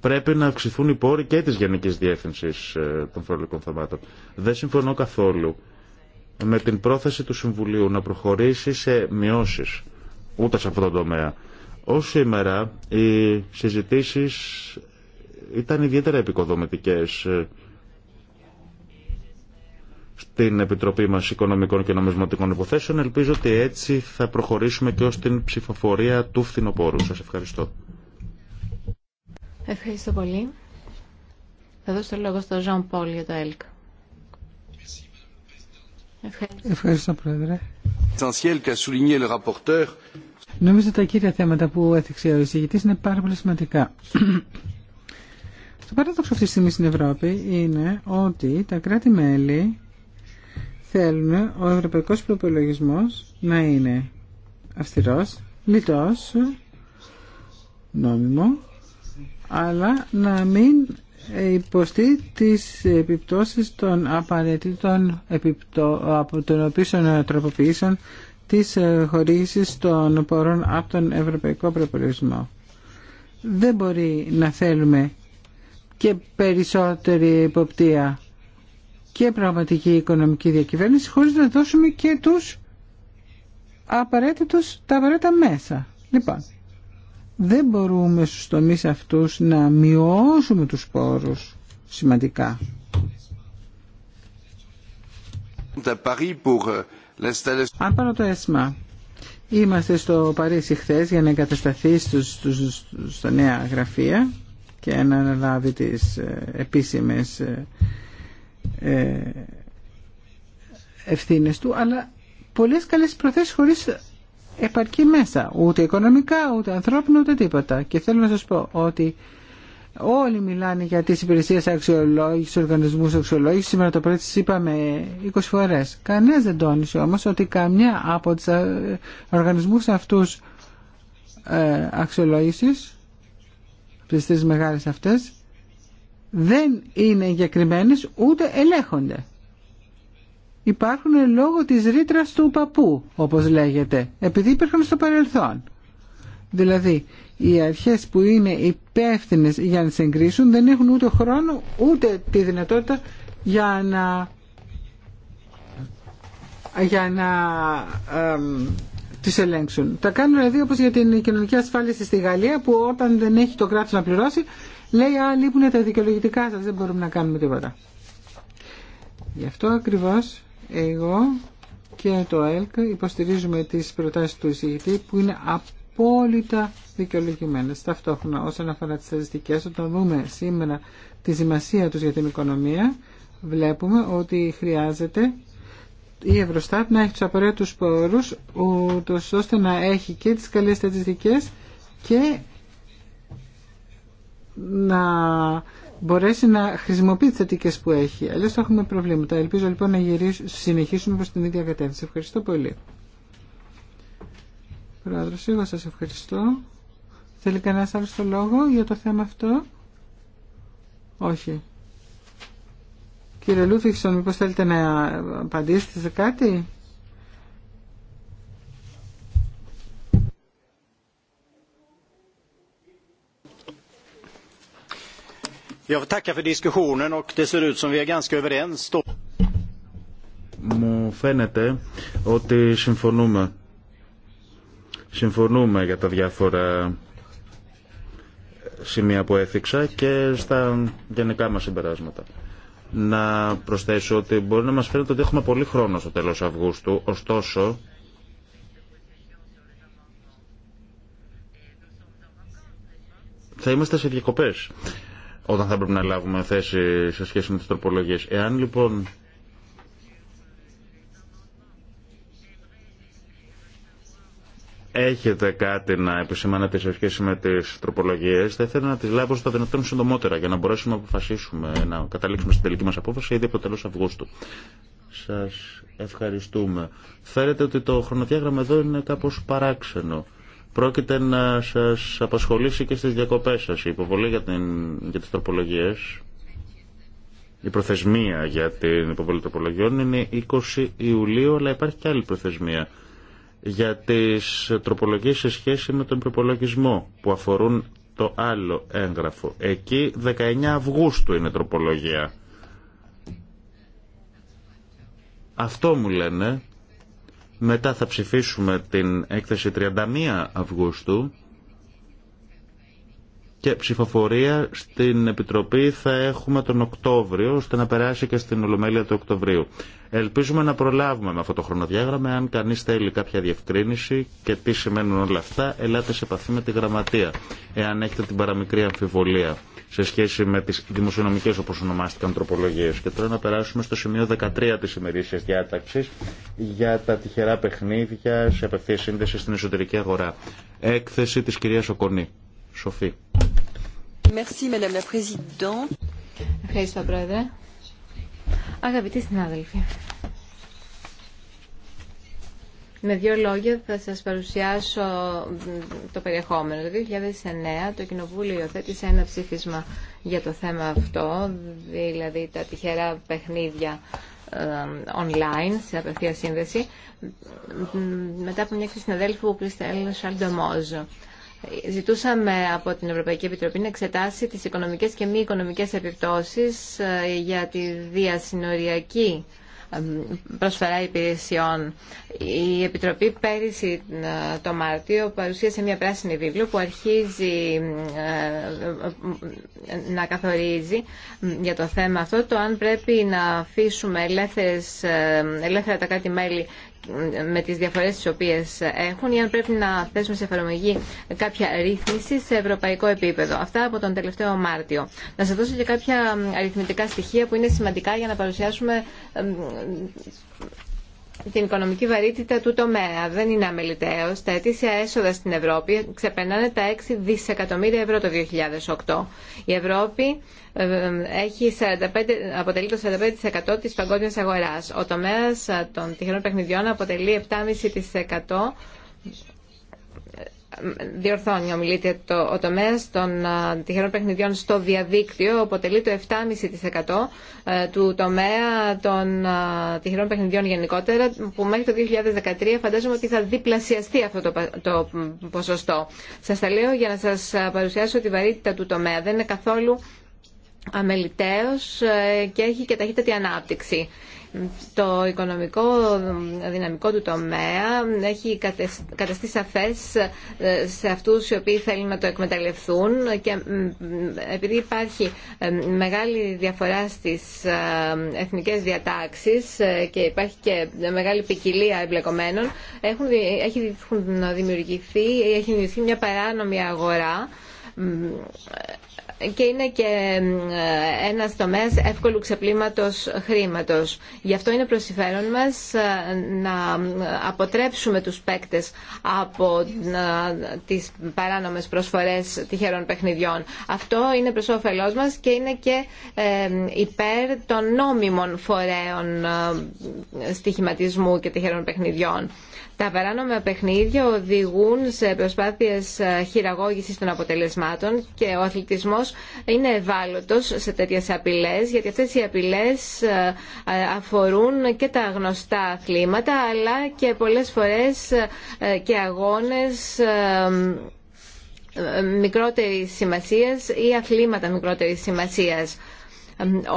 πρέπει να αυξηθούν οι πόροι και της Γενικής Διεύθυνσης ε, των Φορολογικών Θεμάτων. Δεν συμφωνώ καθόλου με την πρόθεση του Συμβουλίου να προχωρήσει σε μειώσεις, ούτε σε αυτό το τομέα. Ως σήμερα οι συζητήσεις ήταν ιδιαίτερα επικοδομητικές ε, στην Επιτροπή μας Οικονομικών και Νομισματικών Υποθέσεων. Ελπίζω ότι έτσι θα προχωρήσουμε και ως την ψηφοφορία του φθινοπόρου. Σας ευχαριστώ. Ευχαριστώ πολύ. Θα δώσω το λόγο στον Ζαν Πολ για το ΕΛΚ. Ευχαριστώ, Πρόεδρε. Νομίζω τα κύρια θέματα που έθιξε ο εισηγητή είναι πάρα πολύ σημαντικά. Το παράδοξο αυτή τη στιγμή στην Ευρώπη είναι ότι τα κράτη-μέλη θέλουν ο ευρωπαϊκός προπολογισμό να είναι αυστηρός, λιτός, νόμιμο, αλλά να μην υποστεί τις επιπτώσεις των απαραίτητων επιπτω... από των τροποποιήσεων της χορήγησης των πορών από τον ευρωπαϊκό προπολογισμό. Δεν μπορεί να θέλουμε και περισσότερη υποπτία και πραγματική οικονομική διακυβέρνηση χωρίς να δώσουμε και τους απαραίτητους τα απαραίτητα μέσα. Λοιπόν, δεν μπορούμε στους τομείς αυτούς να μειώσουμε τους πόρους σημαντικά. Αν πάρω το ΕΣΜΑ, είμαστε στο Παρίσι χθε για να εγκατασταθεί στους, στους, νέα γραφεία και να αναλάβει τις ε, επίσημες ε, ε, ευθύνες του, αλλά πολλές καλές προθέσεις χωρίς επαρκή μέσα, ούτε οικονομικά, ούτε ανθρώπινα, ούτε τίποτα. Και θέλω να σας πω ότι όλοι μιλάνε για τις υπηρεσίες αξιολόγησης, οργανισμούς αξιολόγησης, σήμερα το πρωί είπαμε 20 φορές. Κανένας δεν τόνισε όμως ότι καμιά από τους ε, οργανισμούς αυτούς ε, αξιολόγησης, τις τρεις μεγάλες αυτές, δεν είναι εγκεκριμένε ούτε ελέγχονται. Υπάρχουν λόγω της ρήτρα του παππού, όπως λέγεται, επειδή υπήρχαν στο παρελθόν. Δηλαδή, οι αρχές που είναι υπεύθυνε για να συγκρίσουν δεν έχουν ούτε χρόνο ούτε τη δυνατότητα για να για να τις ελέγξουν. Τα κάνουν δηλαδή όπως για την κοινωνική ασφάλιση στη Γαλλία που όταν δεν έχει το κράτος να πληρώσει λέει «Α, λείπουν τα δικαιολογητικά σας, δεν μπορούμε να κάνουμε τίποτα». Γι' αυτό ακριβώς εγώ και το ΕΛΚ υποστηρίζουμε τις προτάσεις του εισηγητή που είναι απόλυτα δικαιολογημένες. Ταυτόχρονα όσον αφορά τις στατιστικές, όταν δούμε σήμερα τη σημασία τους για την οικονομία, βλέπουμε ότι χρειάζεται η Ευρωστάτ να έχει τους απαραίτητους πόρους ούτως ώστε να έχει και τις καλές στατιστικές και να μπορέσει να χρησιμοποιεί τι θετικέ που έχει. Αλλιώ θα έχουμε προβλήματα. Ελπίζω λοιπόν να γυρίσουμε, συνεχίσουμε προ την ίδια κατεύθυνση. Ευχαριστώ πολύ. Πρόεδρο, εγώ σα ευχαριστώ. Θέλει κανένα άλλο το λόγο για το θέμα αυτό. Όχι. Κύριε Λούφιξον, μήπως θέλετε να απαντήσετε σε κάτι. Jag tackar för diskussionen och Μου φαίνεται ότι συμφωνούμε. Συμφωνούμε για τα διάφορα σημεία που έθιξα και στα γενικά μας συμπεράσματα. Να προσθέσω ότι μπορεί να μας φαίνεται ότι έχουμε πολύ χρόνο στο τέλος Αυγούστου, ωστόσο θα είμαστε σε διακοπές όταν θα πρέπει να λάβουμε θέση σε σχέση με τις τροπολογίες. Εάν λοιπόν έχετε κάτι να επισημάνετε σε σχέση με τις τροπολογίες, θα ήθελα να τις λάβω στα δυνατόν συντομότερα για να μπορέσουμε να αποφασίσουμε, να καταλήξουμε στην τελική μας απόφαση ήδη από το τέλος Αυγούστου. Σας ευχαριστούμε. Φέρετε ότι το χρονοδιάγραμμα εδώ είναι κάπως παράξενο πρόκειται να σας απασχολήσει και στις διακοπές σας. Η υποβολή για, την, για τις τροπολογίες, η προθεσμία για την υποβολή τροπολογιών είναι 20 Ιουλίου, αλλά υπάρχει και άλλη προθεσμία για τις τροπολογίες σε σχέση με τον προπολογισμό που αφορούν το άλλο έγγραφο. Εκεί 19 Αυγούστου είναι τροπολογία. Αυτό μου λένε μετά θα ψηφίσουμε την έκθεση 31 Αυγούστου και ψηφοφορία στην Επιτροπή θα έχουμε τον Οκτώβριο, ώστε να περάσει και στην Ολομέλεια του Οκτωβρίου. Ελπίζουμε να προλάβουμε με αυτό το χρονοδιάγραμμα. Αν κανεί θέλει κάποια διευκρίνηση και τι σημαίνουν όλα αυτά, ελάτε σε επαφή με τη Γραμματεία, εάν έχετε την παραμικρή αμφιβολία σε σχέση με τι δημοσιονομικέ, όπω ονομάστηκαν, τροπολογίε. Και τώρα να περάσουμε στο σημείο 13 τη ημερήσια διάταξη για τα τυχερά παιχνίδια σε απευθεία σύνδεση στην εσωτερική αγορά. Έκθεση τη κυρία Οκονή. Ευχαριστώ, Πρόεδρε. Αγαπητοί συνάδελφοι, με δύο λόγια θα σας παρουσιάσω το περιεχόμενο. Το 2009 το Κοινοβούλιο υιοθέτησε ένα ψήφισμα για το θέμα αυτό, δηλαδή τα τυχερά παιχνίδια ε, online, σε απευθεία σύνδεση, μετά από μια συναδέλφου που Κριστέλ Σαλντομόζ. Ζητούσαμε από την Ευρωπαϊκή Επιτροπή να εξετάσει τις οικονομικές και μη οικονομικές επιπτώσεις ε, για τη διασυνοριακή ε, προσφορά υπηρεσιών. Η Επιτροπή πέρυσι ε, το Μάρτιο παρουσίασε μια πράσινη βίβλο που αρχίζει να καθορίζει για το θέμα αυτό το αν πρέπει να αφήσουμε ελεύθερα τα κάτι μέλη με τις διαφορές τις οποίες έχουν ή αν πρέπει να θέσουμε σε εφαρμογή κάποια ρύθμιση σε ευρωπαϊκό επίπεδο. Αυτά από τον τελευταίο Μάρτιο. Να σας δώσω και κάποια αριθμητικά στοιχεία που είναι σημαντικά για να παρουσιάσουμε την οικονομική βαρύτητα του τομέα. Δεν είναι αμεληταίος. Τα αιτήσια έσοδα στην Ευρώπη ξεπερνάνε τα 6 δισεκατομμύρια ευρώ το 2008. Η Ευρώπη ε, έχει 45, αποτελεί το 45% της παγκόσμιας αγοράς. Ο τομέας των τυχερών παιχνιδιών αποτελεί 7,5% διορθώνει ομιλείται το, ο τομέας των τυχερών παιχνιδιών στο διαδίκτυο αποτελεί το 7,5% ε, του τομέα των τυχερών παιχνιδιών γενικότερα που μέχρι το 2013 φαντάζομαι ότι θα διπλασιαστεί αυτό το, ποσοστό. Σα τα λέω για να σα παρουσιάσω τη βαρύτητα του τομέα. Δεν είναι καθόλου αμεληταίος ε, και έχει και ταχύτατη ανάπτυξη. Το οικονομικό δυναμικό του τομέα έχει καταστεί σαφές ε, σε αυτούς οι οποίοι θέλουν να το εκμεταλλευτούν και επειδή υπάρχει ε, μεγάλη διαφορά στις ε, εθνικές διατάξεις και υπάρχει και μεγάλη ποικιλία εμπλεκομένων έχουν, έχει δημιουργηθεί, έχει δημιουργηθεί μια παράνομη αγορά και είναι και ένα τομέα εύκολου ξεπλήματο χρήματο. Γι' αυτό είναι προ συμφέρον μας ε, να αποτρέψουμε τους παίκτες από ε, τις παράνομες προσφορές τυχερών παιχνιδιών. Αυτό είναι προ όφελό μας και είναι και ε, υπέρ των νόμιμων φορέων στοιχηματισμού και τυχερών παιχνιδιών. Τα παράνομα παιχνίδια οδηγούν σε προσπάθειε ε, χειραγώγησης των αποτελεσμάτων και ο αθλητισμός είναι ευάλωτο σε τέτοιες απειλέ, γιατί αυτές οι απειλέ ε, ε, αφορούν και τα γνωστά αθλήματα αλλά και πολλές φορές και αγώνες μικρότερη σημασίας ή αθλήματα μικρότερη σημασία.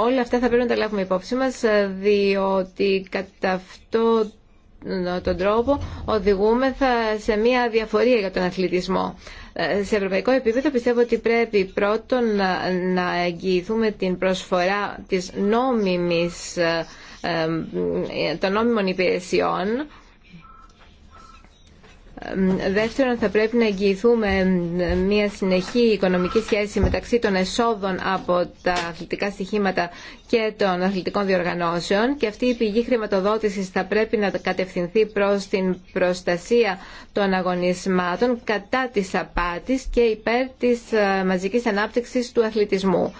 Όλα αυτά θα πρέπει να τα λάβουμε υπόψη μας διότι κατά αυτό τον τρόπο οδηγούμεθα σε μια διαφορία για τον αθλητισμό. Ε, σε ευρωπαϊκό επίπεδο πιστεύω ότι πρέπει πρώτον να εγγυηθούμε την προσφορά της νόμιμης ε, ε, των νόμιμων υπηρεσιών Δεύτερον, θα πρέπει να εγγυηθούμε μια συνεχή οικονομική σχέση μεταξύ των εσόδων από τα αθλητικά στοιχήματα και των αθλητικών διοργανώσεων και αυτή η πηγή χρηματοδότησης θα πρέπει να κατευθυνθεί προς την προστασία των αγωνισμάτων κατά της απάτης και υπέρ της ε, μαζικής ανάπτυξης του αθλητισμού.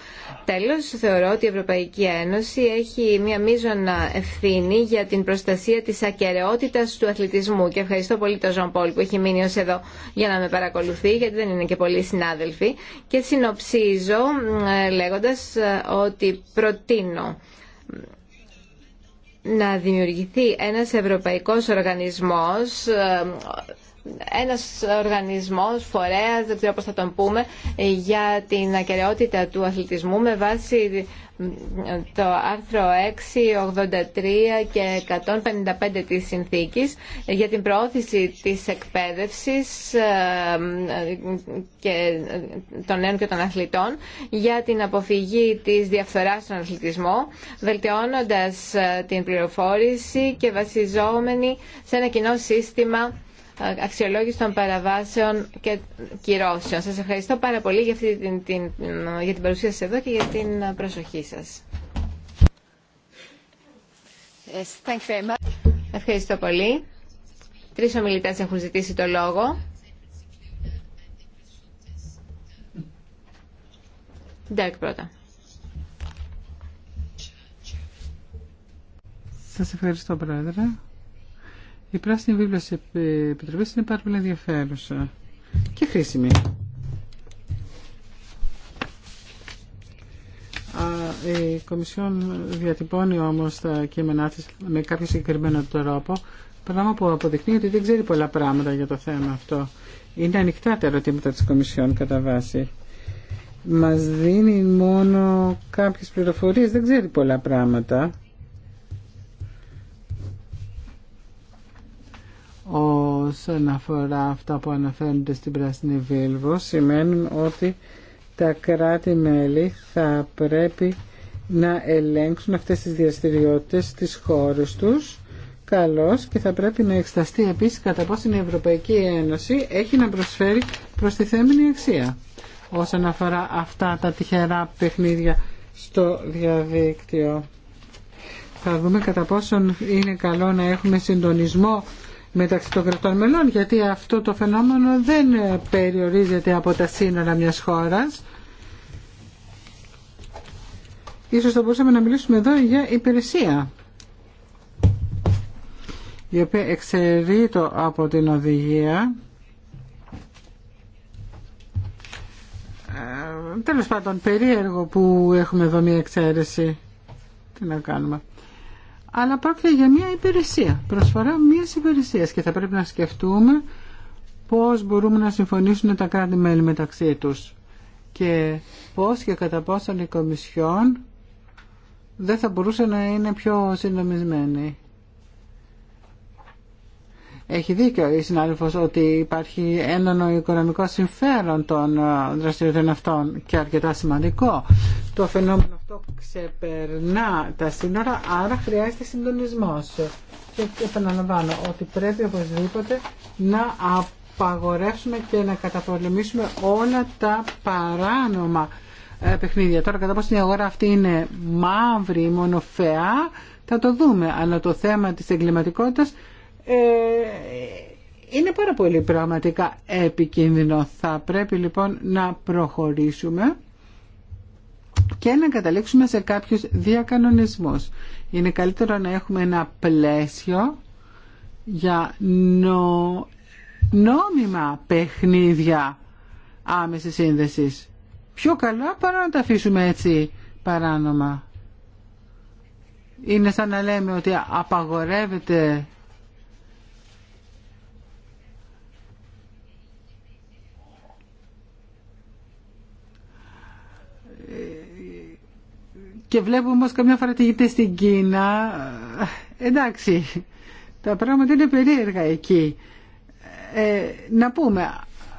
Τέλος, θεωρώ ότι η Ευρωπαϊκή Ένωση έχει μια μείζωνα ευθύνη για την προστασία της ακαιρεότητας του αθλητισμού και ευχαριστώ πολύ τον Ζων Πολ που έχει μείνει ως εδώ για να με παρακολουθεί γιατί δεν είναι και πολλοί συνάδελφοι και συνοψίζω ε, λέγοντας ε, ότι προτείνω να δημιουργηθεί ένας ευρωπαϊκός οργανισμός ε, ένας οργανισμός, φορέας, δεν ξέρω πώς θα τον πούμε, για την ακαιρεότητα του αθλητισμού με βάση το άρθρο 6, 83 και 155 της συνθήκης για την προώθηση της εκπαίδευσης ε, και των νέων και των αθλητών για την αποφυγή της διαφθοράς στον αθλητισμό βελτιώνοντας ε, την πληροφόρηση και βασιζόμενη σε ένα κοινό σύστημα αξιολόγηση των παραβάσεων και κυρώσεων. Σας ευχαριστώ πάρα πολύ για, την, την, παρουσία σας εδώ και για την προσοχή σας. Yes, thank you very much. Ευχαριστώ πολύ. Τρεις ομιλητές έχουν ζητήσει το λόγο. Ντέρκ πρώτα. Σας ευχαριστώ, Πρόεδρε. Η πράσινη βίβλα σε Επιτροπή είναι πάρα πολύ ενδιαφέρουσα και χρήσιμη. Η Κομισιόν διατυπώνει όμως τα κείμενά της με κάποιο συγκεκριμένο τρόπο, πράγμα που αποδεικνύει ότι δεν ξέρει πολλά πράγματα για το θέμα αυτό. Είναι ανοιχτά τα ερωτήματα της Κομισιόν κατά βάση. Μας δίνει μόνο κάποιες πληροφορίες, δεν ξέρει πολλά πράγματα. όσον αφορά αυτά που αναφέρονται στην Πράσινη Βίλβο σημαίνουν ότι τα κράτη-μέλη θα πρέπει να ελέγξουν αυτές τις διαστηριότητε στις χώρες τους καλώς και θα πρέπει να εξεταστεί επίσης κατά πόσο η Ευρωπαϊκή Ένωση έχει να προσφέρει προστιθέμενη αξία όσον αφορά αυτά τα τυχερά παιχνίδια στο διαδίκτυο. Θα δούμε κατά πόσον είναι καλό να έχουμε συντονισμό μεταξύ των κρατών μελών γιατί αυτό το φαινόμενο δεν περιορίζεται από τα σύνορα μιας χώρας. Ίσως θα μπορούσαμε να μιλήσουμε εδώ για υπηρεσία η οποία εξαιρείται το από την οδηγία ε, τέλος πάντων περίεργο που έχουμε εδώ μια εξαίρεση τι να κάνουμε αλλά πρόκειται για μια υπηρεσία, προσφορά μιας υπηρεσίας και θα πρέπει να σκεφτούμε πώς μπορούμε να συμφωνήσουν τα κράτη-μέλη μεταξύ τους και πώς και κατά πόσον η Κομισιόν δεν θα μπορούσε να είναι πιο συντομισμένη. Έχει δίκιο η συνάδελφο ότι υπάρχει έντονο οικονομικό συμφέρον των ε, δραστηριοτήτων αυτών και αρκετά σημαντικό. Το φαινόμενο αυτό ξεπερνά τα σύνορα, άρα χρειάζεται συντονισμό. Και επαναλαμβάνω ότι πρέπει οπωσδήποτε να απαγορεύσουμε και να καταπολεμήσουμε όλα τα παράνομα ε, παιχνίδια. Τώρα κατά πόσο η αγορά αυτή είναι μαύρη, μονοφαιά θα το δούμε. Αλλά το θέμα της εγκληματικότητας ε, είναι πάρα πολύ πραγματικά επικίνδυνο. Θα πρέπει λοιπόν να προχωρήσουμε και να καταλήξουμε σε κάποιους διακανονισμούς. Είναι καλύτερο να έχουμε ένα πλαίσιο για νο... νόμιμα παιχνίδια άμεση σύνδεση. Πιο καλά παρά να τα αφήσουμε έτσι παράνομα. Είναι σαν να λέμε ότι απαγορεύεται Και βλέπουμε όμως καμιά φορά τι γίνεται στην Κίνα. Εντάξει, τα πράγματα είναι περίεργα εκεί. Ε, να πούμε,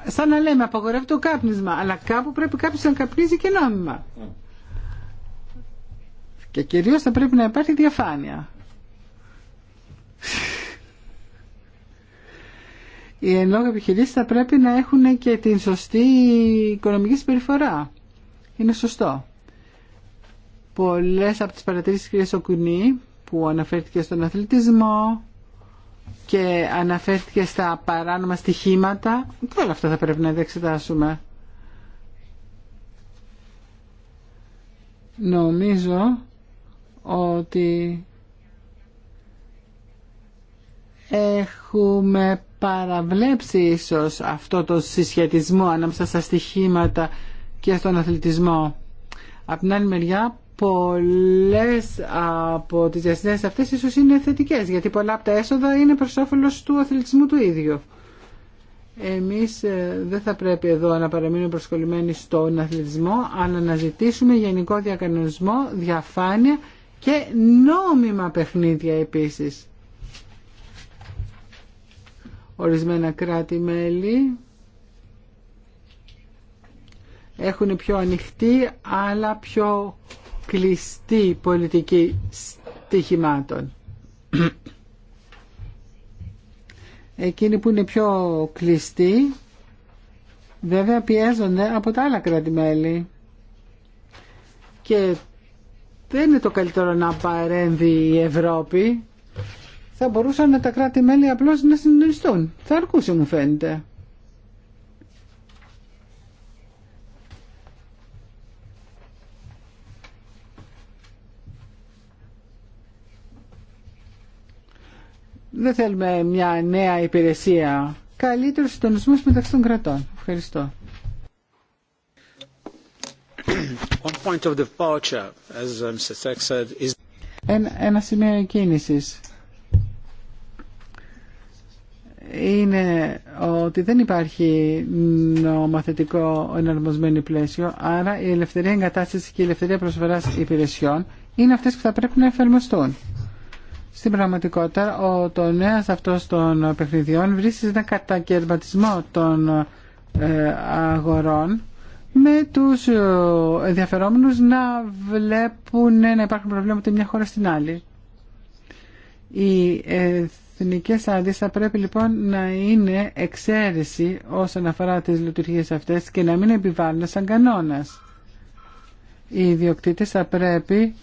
σαν να λέμε απαγορεύεται το κάπνισμα, αλλά κάπου πρέπει κάποιος να καπνίζει και νόμιμα. Και κυρίως θα πρέπει να υπάρχει διαφάνεια. Οι εν λόγω επιχειρήσει θα πρέπει να έχουν και την σωστή οικονομική συμπεριφορά. Είναι σωστό πολλές από τις παρατηρήσεις της Σοκουνή που αναφέρθηκε στον αθλητισμό και αναφέρθηκε στα παράνομα στοιχήματα και όλα αυτά θα πρέπει να διεξετάσουμε. Νομίζω ότι έχουμε παραβλέψει ίσως αυτό το συσχετισμό ανάμεσα στα στοιχήματα και στον αθλητισμό. Από την άλλη μεριά Πολλέ από τις διασυνδέσεις αυτές ίσω είναι θετικέ. γιατί πολλά από τα έσοδα είναι προ όφελο του αθλητισμού του ίδιου. Εμείς ε, δεν θα πρέπει εδώ να παραμείνουμε προσκολλημένοι στον αθλητισμό αλλά να ζητήσουμε γενικό διακανονισμό, διαφάνεια και νόμιμα παιχνίδια επίσης. Ορισμένα κράτη-μέλη έχουν πιο ανοιχτή αλλά πιο κλειστή πολιτική στοιχημάτων. Εκείνοι που είναι πιο κλειστοί βέβαια πιέζονται από τα άλλα κράτη-μέλη και δεν είναι το καλύτερο να παρέμβει η Ευρώπη θα μπορούσαν τα κράτη-μέλη απλώς να συντονιστούν. Θα αρκούσε μου φαίνεται. Δεν θέλουμε μια νέα υπηρεσία. Καλύτερο συντονισμό μεταξύ των κρατών. Ευχαριστώ. Uh, ένα σημείο κίνηση είναι ότι δεν υπάρχει νομοθετικό εναρμοσμένο πλαίσιο, άρα η ελευθερία εγκατάσταση και η ελευθερία προσφοράς υπηρεσιών είναι αυτές που θα πρέπει να εφαρμοστούν. Στην πραγματικότητα, ο νέας αυτός των παιχνιδιών βρίσκεται ένα κατακαιρματισμό των ε, αγορών με τους ε, ενδιαφερόμενους να βλέπουν να υπάρχουν προβλήματα μια χώρα στην άλλη. Οι εθνικέ άδειες θα πρέπει λοιπόν να είναι εξαίρεση όσον αφορά τις λειτουργίες αυτές και να μην επιβάλλουν σαν κανόνας. Οι ιδιοκτήτες θα πρέπει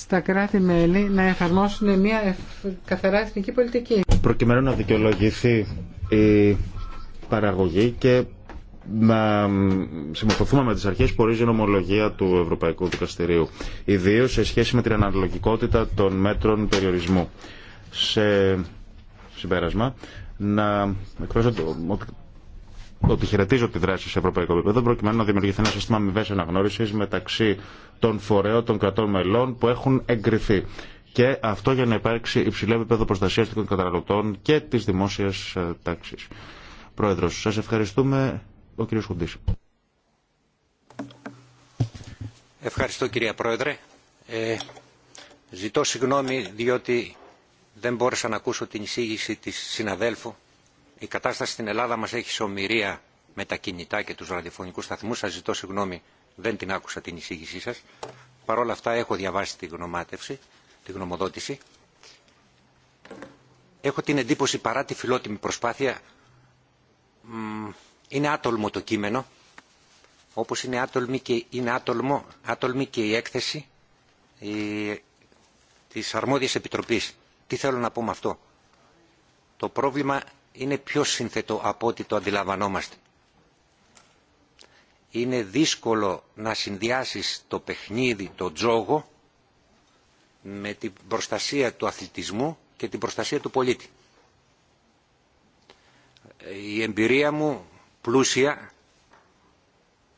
στα κράτη-μέλη να εφαρμόσουν μια καθαρά εθνική πολιτική. Προκειμένου να δικαιολογηθεί η παραγωγή και να συμμορφωθούμε με τις αρχές που ορίζει η νομολογία του Ευρωπαϊκού Δικαστηρίου, ιδίως σε σχέση με την αναλογικότητα των μέτρων περιορισμού. Σε συμπέρασμα, να εκφράσω το, ότι χαιρετίζω τη δράση σε ευρωπαϊκό επίπεδο προκειμένου να δημιουργηθεί ένα σύστημα αμοιβέ αναγνώριση μεταξύ των φορέων των κρατών μελών που έχουν εγκριθεί. Και αυτό για να υπάρξει υψηλό επίπεδο προστασία των καταναλωτών και τη δημόσια ε, τάξη. Πρόεδρο, σα ευχαριστούμε. Ο κ. Χουντή. Ευχαριστώ κυρία Πρόεδρε. Ε, ζητώ συγγνώμη διότι δεν μπόρεσα να ακούσω την εισήγηση της συναδέλφου η κατάσταση στην Ελλάδα μας έχει σωμηρία με τα κινητά και τους ραδιοφωνικούς σταθμούς. Σας ζητώ συγγνώμη, δεν την άκουσα την εισήγησή σας. Παρ' όλα αυτά έχω διαβάσει τη γνωμάτευση, τη γνωμοδότηση. Έχω την εντύπωση παρά τη φιλότιμη προσπάθεια, είναι άτολμο το κείμενο, όπως είναι, άτολμη και, είναι και η έκθεση η, της αρμόδιας επιτροπής. Τι θέλω να πω με αυτό. Το πρόβλημα είναι πιο σύνθετο από ό,τι το αντιλαμβανόμαστε. Είναι δύσκολο να συνδυάσεις το παιχνίδι, το τζόγο, με την προστασία του αθλητισμού και την προστασία του πολίτη. Η εμπειρία μου πλούσια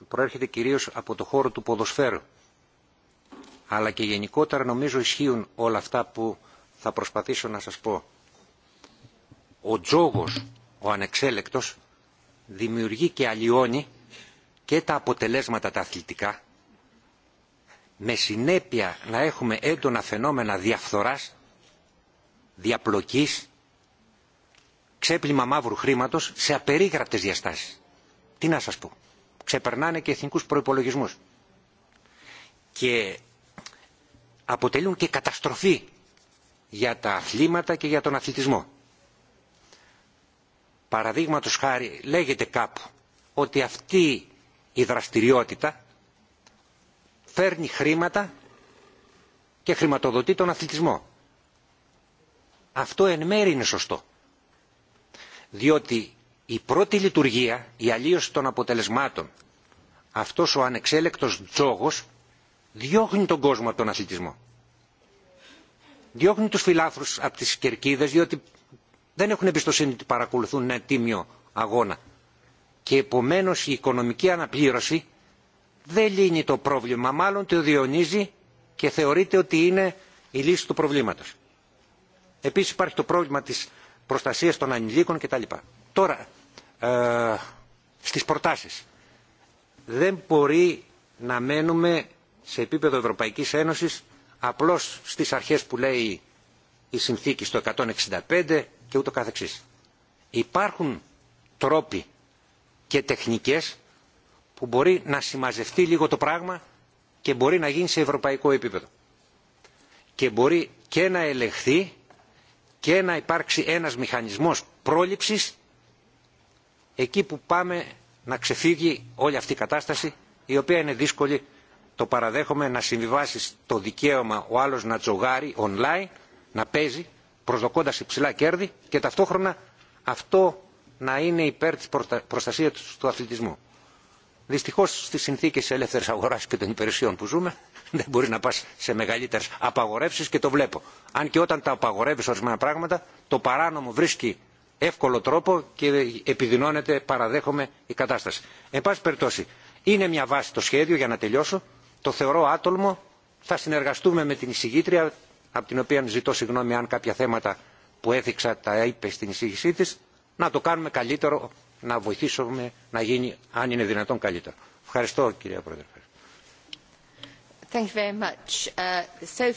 προέρχεται κυρίως από το χώρο του ποδοσφαίρου. Αλλά και γενικότερα νομίζω ισχύουν όλα αυτά που θα προσπαθήσω να σας πω ο τζόγος, ο ανεξέλεκτος, δημιουργεί και αλλοιώνει και τα αποτελέσματα τα αθλητικά, με συνέπεια να έχουμε έντονα φαινόμενα διαφθοράς, διαπλοκής, ξέπλυμα μαύρου χρήματος σε απερίγραπτες διαστάσεις. Τι να σας πω. Ξεπερνάνε και εθνικούς προϋπολογισμούς. Και αποτελούν και καταστροφή για τα αθλήματα και για τον αθλητισμό παραδείγματος χάρη λέγεται κάπου ότι αυτή η δραστηριότητα φέρνει χρήματα και χρηματοδοτεί τον αθλητισμό. Αυτό εν μέρει είναι σωστό. Διότι η πρώτη λειτουργία, η αλλίωση των αποτελεσμάτων, αυτός ο ανεξέλεκτος τζόγος διώχνει τον κόσμο από τον αθλητισμό. Διώχνει τους φιλάθρους από τις κερκίδες διότι δεν έχουν εμπιστοσύνη ότι παρακολουθούν ένα τίμιο αγώνα. Και επομένως η οικονομική αναπλήρωση δεν λύνει το πρόβλημα, μάλλον το διονύζει και θεωρείται ότι είναι η λύση του προβλήματος. Επίσης υπάρχει το πρόβλημα της προστασίας των ανηλίκων κτλ. Τώρα, ε, στις προτάσεις. Δεν μπορεί να μένουμε σε επίπεδο Ευρωπαϊκής Ένωσης απλώς στις αρχές που λέει η συνθήκη στο 165 και ούτω καθεξής. Υπάρχουν τρόποι και τεχνικές που μπορεί να συμμαζευτεί λίγο το πράγμα και μπορεί να γίνει σε ευρωπαϊκό επίπεδο. Και μπορεί και να ελεγχθεί και να υπάρξει ένας μηχανισμός πρόληψης εκεί που πάμε να ξεφύγει όλη αυτή η κατάσταση η οποία είναι δύσκολη το παραδέχομαι να συμβιβάσεις το δικαίωμα ο άλλος να τζογάρει online, να παίζει προσδοκώντας υψηλά κέρδη και ταυτόχρονα αυτό να είναι υπέρ της προστασίας του αθλητισμού. Δυστυχώς στις συνθήκες της ελεύθερης αγοράς και των υπηρεσιών που ζούμε (laughs) δεν μπορεί να πας σε μεγαλύτερες απαγορεύσεις και το βλέπω. Αν και όταν τα απαγορεύεις ορισμένα πράγματα το παράνομο βρίσκει εύκολο τρόπο και επιδεινώνεται παραδέχομαι η κατάσταση. Εν πάση περιπτώσει είναι μια βάση το σχέδιο για να τελειώσω. Το θεωρώ άτολμο. Θα συνεργαστούμε με την εισηγήτρια από την οποία ζητώ συγγνώμη αν κάποια θέματα που έθιξα τα είπε στην εισήγησή της, να το κάνουμε καλύτερο, να βοηθήσουμε να γίνει, αν είναι δυνατόν, καλύτερο. Ευχαριστώ, κυρία Πρόεδρε. Uh,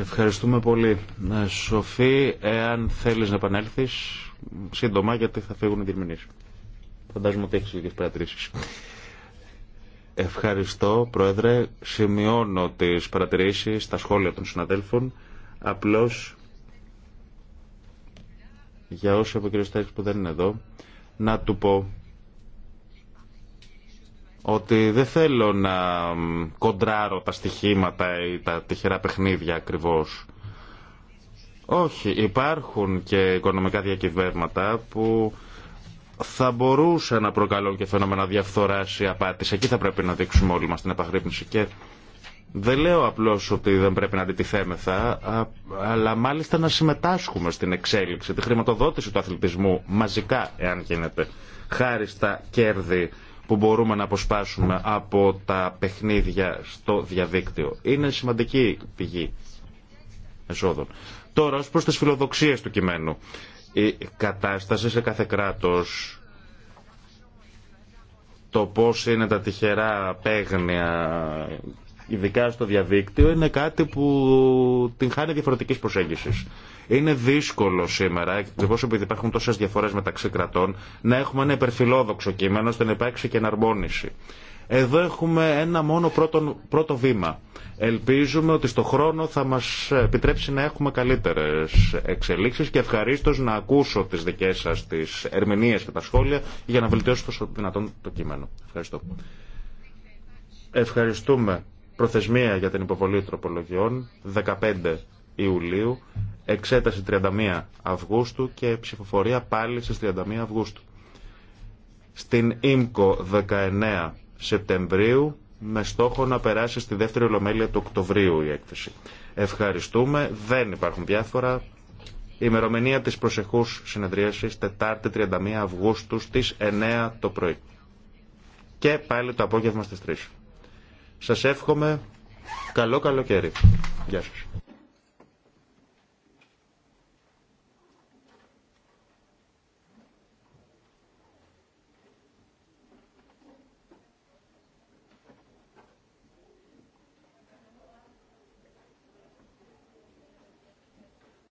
Ευχαριστούμε πολύ. Ε, Σοφή, εάν θέλεις να επανέλθεις, σύντομα, γιατί θα φύγουν οι διερμηνείς. Φαντάζομαι ότι έχεις λίγες παρατηρήσεις. Ευχαριστώ, Πρόεδρε. Σημειώνω τις παρατηρήσεις, τα σχόλια των συναδέλφων. Απλώς, για όσοι από κύριο Στέξ που δεν είναι εδώ, να του πω ότι δεν θέλω να κοντράρω τα στοιχήματα ή τα τυχερά παιχνίδια ακριβώς. Όχι, υπάρχουν και οικονομικά διακυβέρματα που θα μπορούσε να προκαλούν και φαινόμενα διαφθορά ή απάτης. Εκεί θα πρέπει να δείξουμε όλοι μας την επαγρύπνηση και δεν λέω απλώς ότι δεν πρέπει να αντιτιθέμεθα, αλλά μάλιστα να συμμετάσχουμε στην εξέλιξη, τη χρηματοδότηση του αθλητισμού μαζικά, εάν γίνεται, χάρη στα κέρδη που μπορούμε να αποσπάσουμε από τα παιχνίδια στο διαδίκτυο. Είναι σημαντική πηγή εσόδων. Τώρα, ω προ τι φιλοδοξίε του κειμένου η κατάσταση σε κάθε κράτος το πώς είναι τα τυχερά παίγνια ειδικά στο διαδίκτυο είναι κάτι που την χάνει διαφορετικής προσέγγισης. Είναι δύσκολο σήμερα, ακριβώ επειδή υπάρχουν τόσες διαφορές μεταξύ κρατών, να έχουμε ένα υπερφιλόδοξο κείμενο ώστε να υπάρξει και εναρμόνιση. Εδώ έχουμε ένα μόνο πρώτο, πρώτο βήμα. Ελπίζουμε ότι στο χρόνο θα μας επιτρέψει να έχουμε καλύτερες εξελίξεις και ευχαρίστως να ακούσω τις δικές σας τις ερμηνείες και τα σχόλια για να βελτιώσω το δυνατόν το κείμενο. Ευχαριστώ. Ευχαριστούμε. Προθεσμία για την υποβολή τροπολογιών 15 Ιουλίου, εξέταση 31 Αυγούστου και ψηφοφορία πάλι στις 31 Αυγούστου. Στην ΙΜΚΟ 19 Σεπτεμβρίου με στόχο να περάσει στη δεύτερη ολομέλεια του Οκτωβρίου η έκθεση. Ευχαριστούμε. Δεν υπάρχουν διάφορα. Η ημερομηνία της προσεχούς συνεδρίασης Τετάρτη 31 Αυγούστου στις 9 το πρωί. Και πάλι το απόγευμα στις 3. Σας εύχομαι καλό καλοκαίρι. Γεια σας.